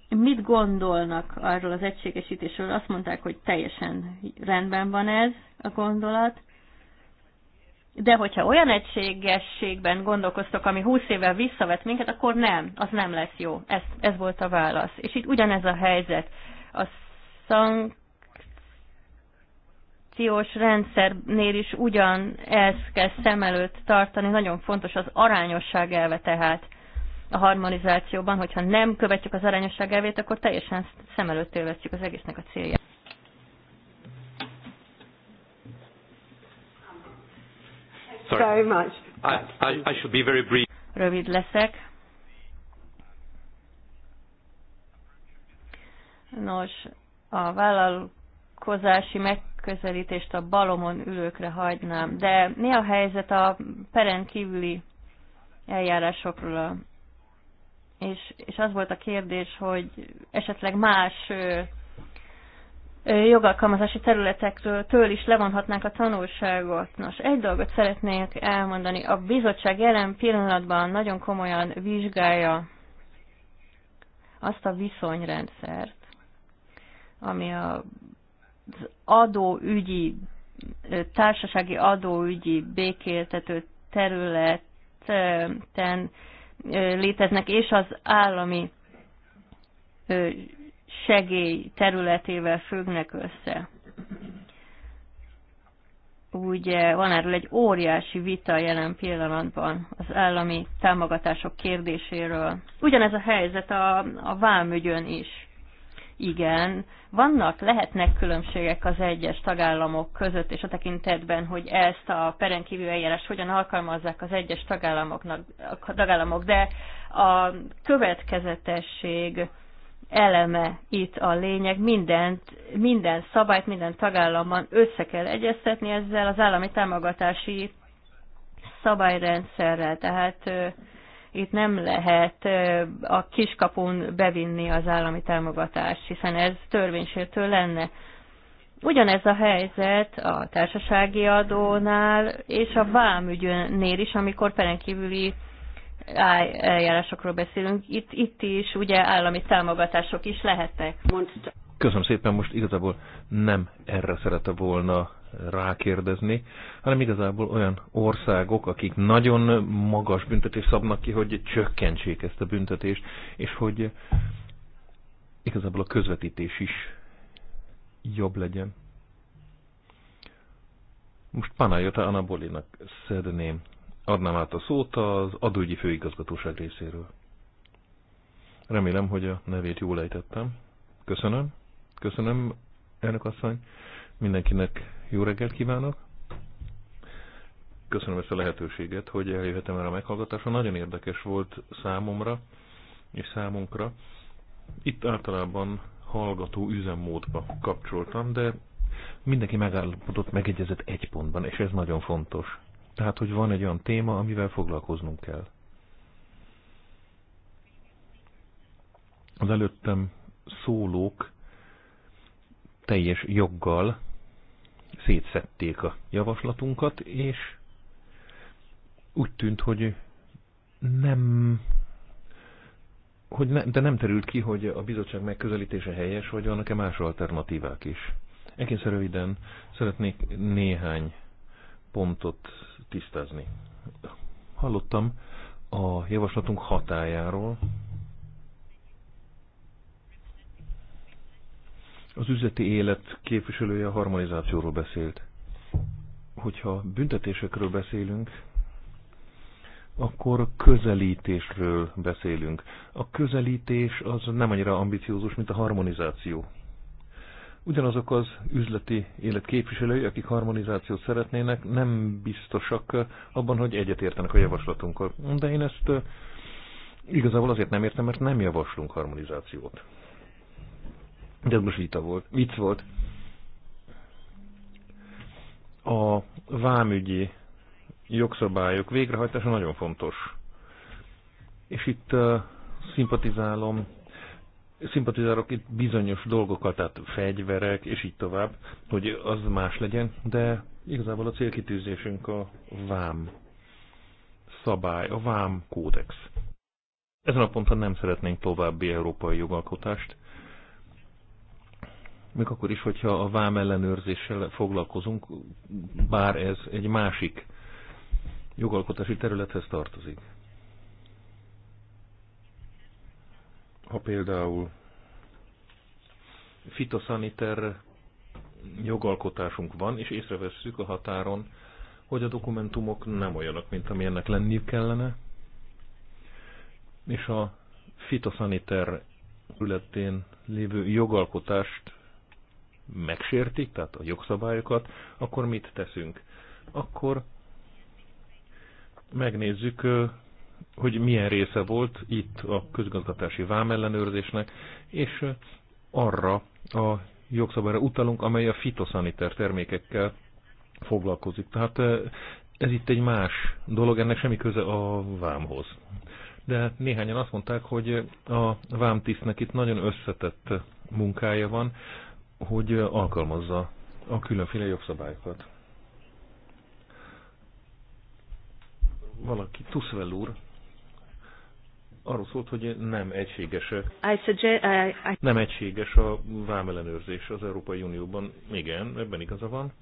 mit gondolnak arról az egységesítésről. Azt mondták, hogy teljesen rendben van ez a gondolat, de hogyha olyan egységességben gondolkoztok, ami 20 évvel visszavett minket, akkor nem, az nem lesz jó. Ez, ez volt a válasz. És itt ugyanez a helyzet. A szankciós rendszernél is ugyan kell szem előtt tartani. Nagyon fontos az arányosság elve tehát a harmonizációban, hogyha nem követjük az arányosság elvét, akkor teljesen szem előtt élvezjük az egésznek a célját. Sorry. much. I, I, I should be very brief. Rövid leszek. Nos, a vállalkozási megközelítést a balomon ülőkre hagynám, de mi a helyzet a peren kívüli eljárásokról, és, és az volt a kérdés, hogy esetleg más jogalkalmazási területekről től is levonhatnák a tanulságot. Nos, egy dolgot szeretnék elmondani. A bizottság jelen pillanatban nagyon komolyan vizsgálja azt a viszonyrendszert, ami az adóügyi, társasági adóügyi békéltető területen léteznek, és az állami segély területével függnek össze. Ugye van erről egy óriási vita jelen pillanatban az állami támogatások kérdéséről. Ugyanez a helyzet a, a vámügyön is igen, vannak, lehetnek különbségek az egyes tagállamok között, és a tekintetben, hogy ezt a perenkívül eljárás hogyan alkalmazzák az egyes tagállamoknak, a tagállamok, de a következetesség eleme itt a lényeg, mindent, minden szabályt minden tagállamban össze kell egyeztetni ezzel az állami támogatási szabályrendszerrel. Tehát itt nem lehet a kiskapun bevinni az állami támogatást, hiszen ez törvénysértő lenne. Ugyanez a helyzet a társasági adónál és a vámügynél is, amikor perenkívüli eljárásokról beszélünk. Itt, itt is ugye állami támogatások is lehetnek. Köszönöm szépen, most igazából nem erre szerette volna rákérdezni, hanem igazából olyan országok, akik nagyon magas büntetést szabnak ki, hogy csökkentsék ezt a büntetést, és hogy igazából a közvetítés is jobb legyen. Most Panajota Anabolinak szedném, adnám át a szót az adógyi főigazgatóság részéről. Remélem, hogy a nevét jól ejtettem. Köszönöm. Köszönöm, elnök asszony. Mindenkinek jó reggelt kívánok! Köszönöm ezt a lehetőséget, hogy eljöhetem erre a meghallgatásra. Nagyon érdekes volt számomra és számunkra. Itt általában hallgató üzemmódba kapcsoltam, de mindenki megállapodott, megegyezett egy pontban, és ez nagyon fontos. Tehát, hogy van egy olyan téma, amivel foglalkoznunk kell. Az előttem szólók teljes joggal szétszették a javaslatunkat, és úgy tűnt, hogy nem hogy ne, de nem terült ki, hogy a bizottság megközelítése helyes, vagy vannak-e más alternatívák is. Egész röviden szeretnék néhány pontot tisztázni. Hallottam a javaslatunk hatájáról, Az üzleti élet képviselője a harmonizációról beszélt. Hogyha büntetésekről beszélünk, akkor közelítésről beszélünk. A közelítés az nem annyira ambiciózus, mint a harmonizáció. Ugyanazok az üzleti élet képviselői, akik harmonizációt szeretnének, nem biztosak abban, hogy egyetértenek a javaslatunkkal. De én ezt eh, igazából azért nem értem, mert nem javaslunk harmonizációt. De ez most vita volt, vicc volt. A vámügyi jogszabályok végrehajtása nagyon fontos. És itt uh, szimpatizálom, szimpatizálok itt bizonyos dolgokat, tehát fegyverek, és így tovább, hogy az más legyen, de igazából a célkitűzésünk a vám szabály, a vám kódex. Ezen a ponton nem szeretnénk további európai jogalkotást, még akkor is, hogyha a vám ellenőrzéssel foglalkozunk, bár ez egy másik jogalkotási területhez tartozik. Ha például fitoszaniter jogalkotásunk van, és észrevesszük a határon, hogy a dokumentumok nem olyanok, mint amilyennek lenniük kellene, és a fitoszaniter ületén lévő jogalkotást megsértik, tehát a jogszabályokat, akkor mit teszünk? Akkor megnézzük, hogy milyen része volt itt a közgazdatási vámellenőrzésnek, és arra a jogszabályra utalunk, amely a fitoszaniter termékekkel foglalkozik. Tehát ez itt egy más dolog, ennek semmi köze a vámhoz. De néhányan azt mondták, hogy a vámtisztnek itt nagyon összetett munkája van, hogy alkalmazza a különféle jogszabályokat. Valaki, Tuszvel úr, arról szólt, hogy nem egységes, nem egységes a vámellenőrzés az Európai Unióban. Igen, ebben igaza van.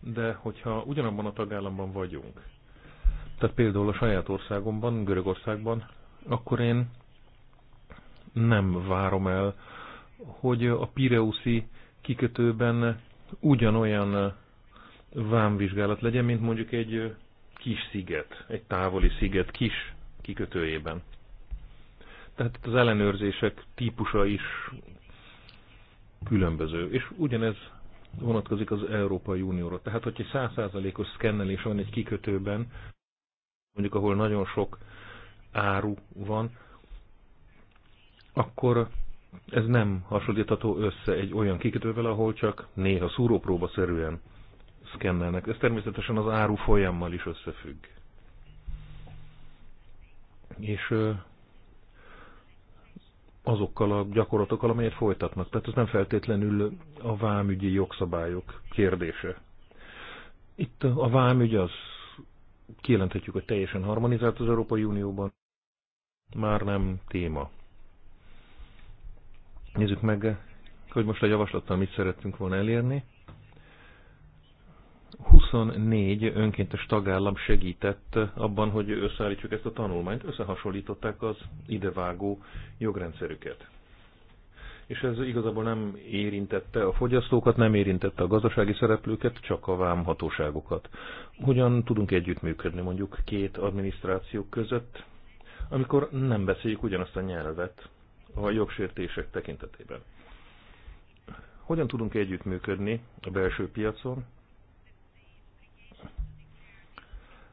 De hogyha ugyanabban a tagállamban vagyunk, tehát például a saját országomban, Görögországban, akkor én nem várom el hogy a Pireuszi kikötőben ugyanolyan vámvizsgálat legyen, mint mondjuk egy kis sziget, egy távoli sziget kis kikötőjében. Tehát itt az ellenőrzések típusa is különböző, és ugyanez vonatkozik az Európai Unióra. Tehát, hogyha egy százszázalékos szkennelés van egy kikötőben, mondjuk ahol nagyon sok áru van, akkor ez nem hasonlítható össze egy olyan kikötővel, ahol csak néha szúrópróba szerűen szkennelnek. Ez természetesen az áru folyammal is összefügg. És azokkal a gyakorlatokkal, amelyet folytatnak. Tehát ez nem feltétlenül a vámügyi jogszabályok kérdése. Itt a vámügy az kijelenthetjük, hogy teljesen harmonizált az Európai Unióban. Már nem téma. Nézzük meg, hogy most a javaslattal mit szerettünk volna elérni. 24 önkéntes tagállam segített abban, hogy összeállítsuk ezt a tanulmányt, összehasonlították az idevágó jogrendszerüket. És ez igazából nem érintette a fogyasztókat, nem érintette a gazdasági szereplőket, csak a vámhatóságokat. Hogyan tudunk együttműködni mondjuk két adminisztráció között, amikor nem beszéljük ugyanazt a nyelvet, a jogsértések tekintetében. Hogyan tudunk együttműködni a belső piacon?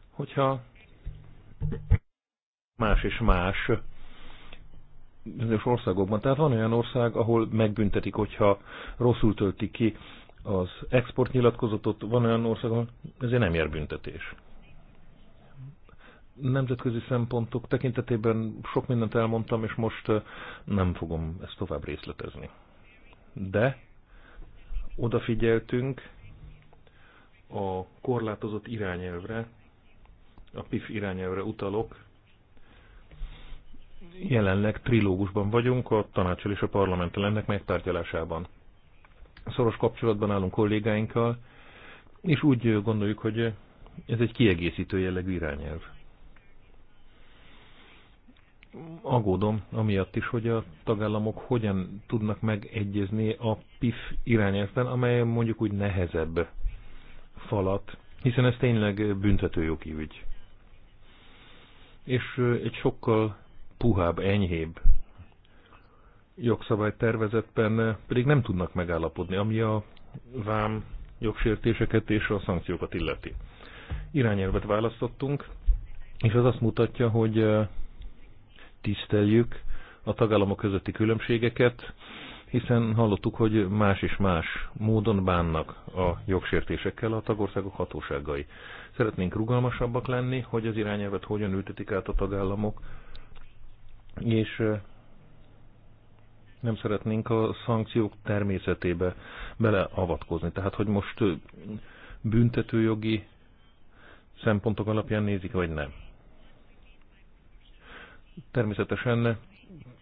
Hogyha más és más bizonyos országokban. Tehát van olyan ország, ahol megbüntetik, hogyha rosszul töltik ki az exportnyilatkozatot, van olyan ország, ahol ezért nem jár büntetés nemzetközi szempontok tekintetében sok mindent elmondtam, és most nem fogom ezt tovább részletezni. De odafigyeltünk a korlátozott irányelvre, a PIF irányelvre utalok. Jelenleg trilógusban vagyunk a tanácsal és a parlamenttel ennek megtárgyalásában. Szoros kapcsolatban állunk kollégáinkkal, és úgy gondoljuk, hogy ez egy kiegészítő jellegű irányelv aggódom amiatt is, hogy a tagállamok hogyan tudnak megegyezni a PIF irányelvben, amely mondjuk úgy nehezebb falat, hiszen ez tényleg büntetőjogi ügy. És egy sokkal puhább, enyhébb jogszabálytervezetben pedig nem tudnak megállapodni, ami a vám jogsértéseket és a szankciókat illeti. Irányelvet választottunk, és az azt mutatja, hogy tiszteljük a tagállamok közötti különbségeket, hiszen hallottuk, hogy más és más módon bánnak a jogsértésekkel a tagországok hatóságai. Szeretnénk rugalmasabbak lenni, hogy az irányelvet hogyan ültetik át a tagállamok, és nem szeretnénk a szankciók természetébe beleavatkozni. Tehát, hogy most büntetőjogi szempontok alapján nézik, vagy nem. Természetesen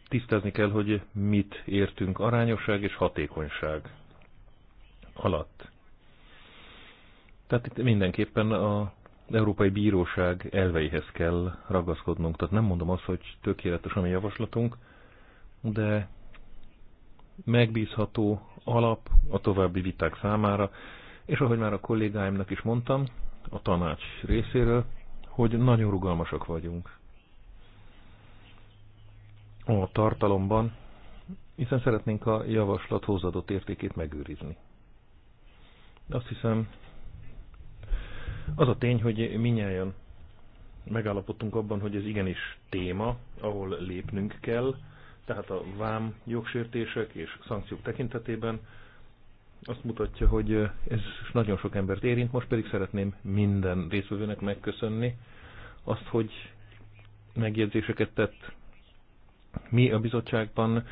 tisztázni kell, hogy mit értünk arányosság és hatékonyság alatt. Tehát itt mindenképpen a Európai Bíróság elveihez kell ragaszkodnunk. Tehát nem mondom azt, hogy tökéletes a mi javaslatunk, de megbízható alap a további viták számára, és ahogy már a kollégáimnak is mondtam, a tanács részéről, hogy nagyon rugalmasak vagyunk a tartalomban, hiszen szeretnénk a javaslat hozadott értékét megőrizni. Azt hiszem, az a tény, hogy minnyáján megállapodtunk abban, hogy ez igenis téma, ahol lépnünk kell, tehát a vám jogsértések és szankciók tekintetében azt mutatja, hogy ez nagyon sok embert érint, most pedig szeretném minden részvevőnek megköszönni azt, hogy megjegyzéseket tett, mi a bizottságban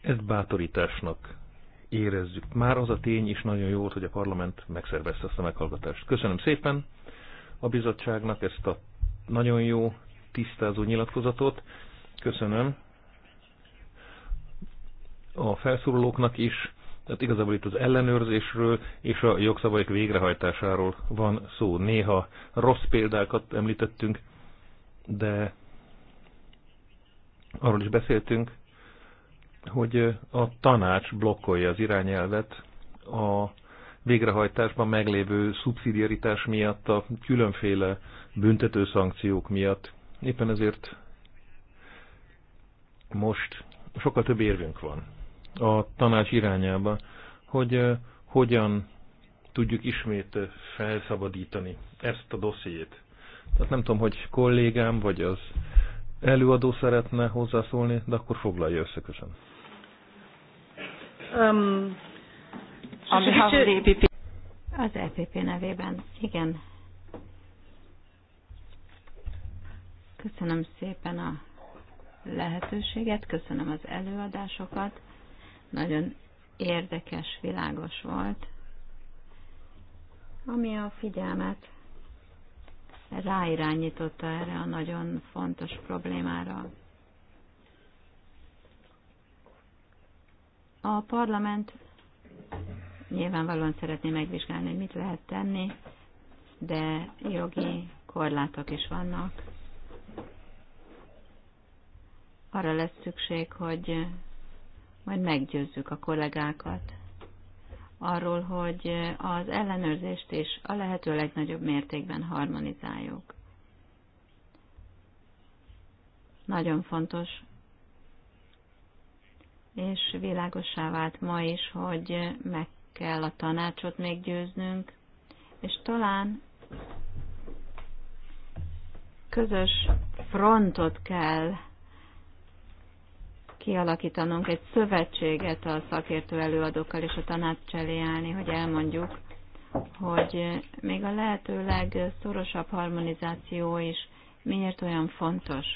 ezt bátorításnak érezzük. Már az a tény is nagyon jó volt, hogy a parlament megszervezte ezt a meghallgatást. Köszönöm szépen a bizottságnak ezt a nagyon jó tisztázó nyilatkozatot. Köszönöm a felszólalóknak is. Tehát igazából itt az ellenőrzésről és a jogszabályok végrehajtásáról van szó. Néha rossz példákat említettünk, de Arról is beszéltünk, hogy a tanács blokkolja az irányelvet a végrehajtásban meglévő szubszidiaritás miatt, a különféle büntető szankciók miatt. Éppen ezért most sokkal több érvünk van a tanács irányába, hogy eh, hogyan tudjuk ismét eh, felszabadítani ezt a dossziét. Tehát nem tudom, hogy kollégám vagy az előadó szeretne hozzászólni, de akkor foglalja össze, köszönöm. Um, e az EPP nevében, igen. Köszönöm szépen a lehetőséget, köszönöm az előadásokat. Nagyon érdekes, világos volt. Ami a figyelmet ráirányította erre a nagyon fontos problémára. A parlament nyilvánvalóan szeretné megvizsgálni, hogy mit lehet tenni, de jogi korlátok is vannak. Arra lesz szükség, hogy majd meggyőzzük a kollégákat arról, hogy az ellenőrzést is a lehető legnagyobb mértékben harmonizáljuk. Nagyon fontos, és világosá vált ma is, hogy meg kell a tanácsot még győznünk, és talán közös frontot kell kialakítanunk egy szövetséget a szakértő előadókkal és a tanács elé állni, hogy elmondjuk, hogy még a lehető legszorosabb harmonizáció is miért olyan fontos.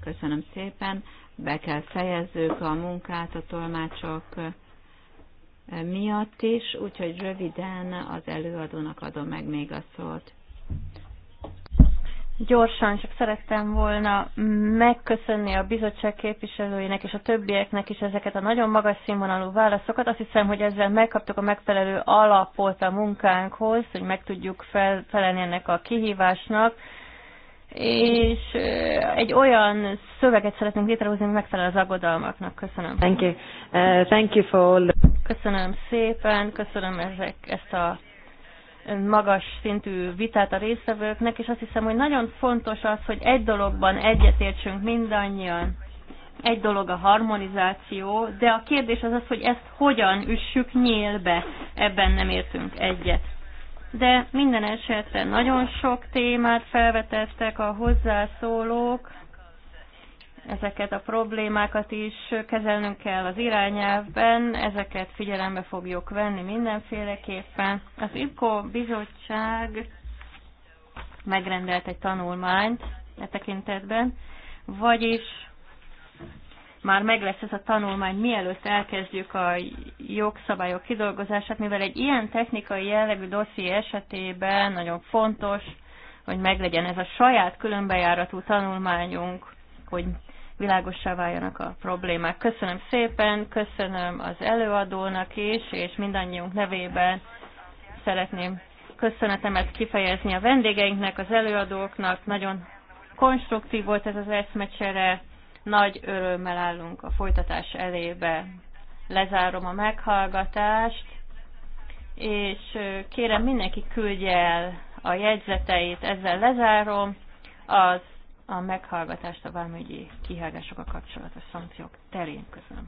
Köszönöm szépen, be kell fejezzük a munkát a tolmácsok miatt is, úgyhogy röviden az előadónak adom meg még a szót. Gyorsan csak szerettem volna megköszönni a bizottság képviselőinek és a többieknek is ezeket a nagyon magas színvonalú válaszokat. Azt hiszem, hogy ezzel megkaptuk a megfelelő alapot a munkánkhoz, hogy meg tudjuk fel, felelni ennek a kihívásnak és egy olyan szöveget szeretnénk létrehozni, ami megfelel az aggodalmaknak. Köszönöm. Thank you. Uh, thank you for all... Köszönöm szépen, köszönöm ezek, ezt a magas szintű vitát a résztvevőknek, és azt hiszem, hogy nagyon fontos az, hogy egy dologban egyetértsünk mindannyian. Egy dolog a harmonizáció, de a kérdés az az, hogy ezt hogyan üssük nyílbe. Ebben nem értünk egyet. De minden esetre nagyon sok témát felvetettek a hozzászólók, ezeket a problémákat is kezelnünk kell az irányelvben, ezeket figyelembe fogjuk venni mindenféleképpen. Az IPCO bizottság megrendelt egy tanulmányt e tekintetben, vagyis már meg lesz ez a tanulmány, mielőtt elkezdjük a jogszabályok kidolgozását, mivel egy ilyen technikai jellegű dosszié esetében nagyon fontos, hogy meglegyen ez a saját különbejáratú tanulmányunk, hogy világossá váljanak a problémák. Köszönöm szépen, köszönöm az előadónak is, és mindannyiunk nevében szeretném köszönetemet kifejezni a vendégeinknek, az előadóknak. Nagyon konstruktív volt ez az eszmecsere, nagy örömmel állunk a folytatás elébe. Lezárom a meghallgatást, és kérem mindenki küldje el a jegyzeteit, ezzel lezárom. Az a meghallgatást a vámügyi kihágásokkal kapcsolatos szankciók terén. Köszönöm.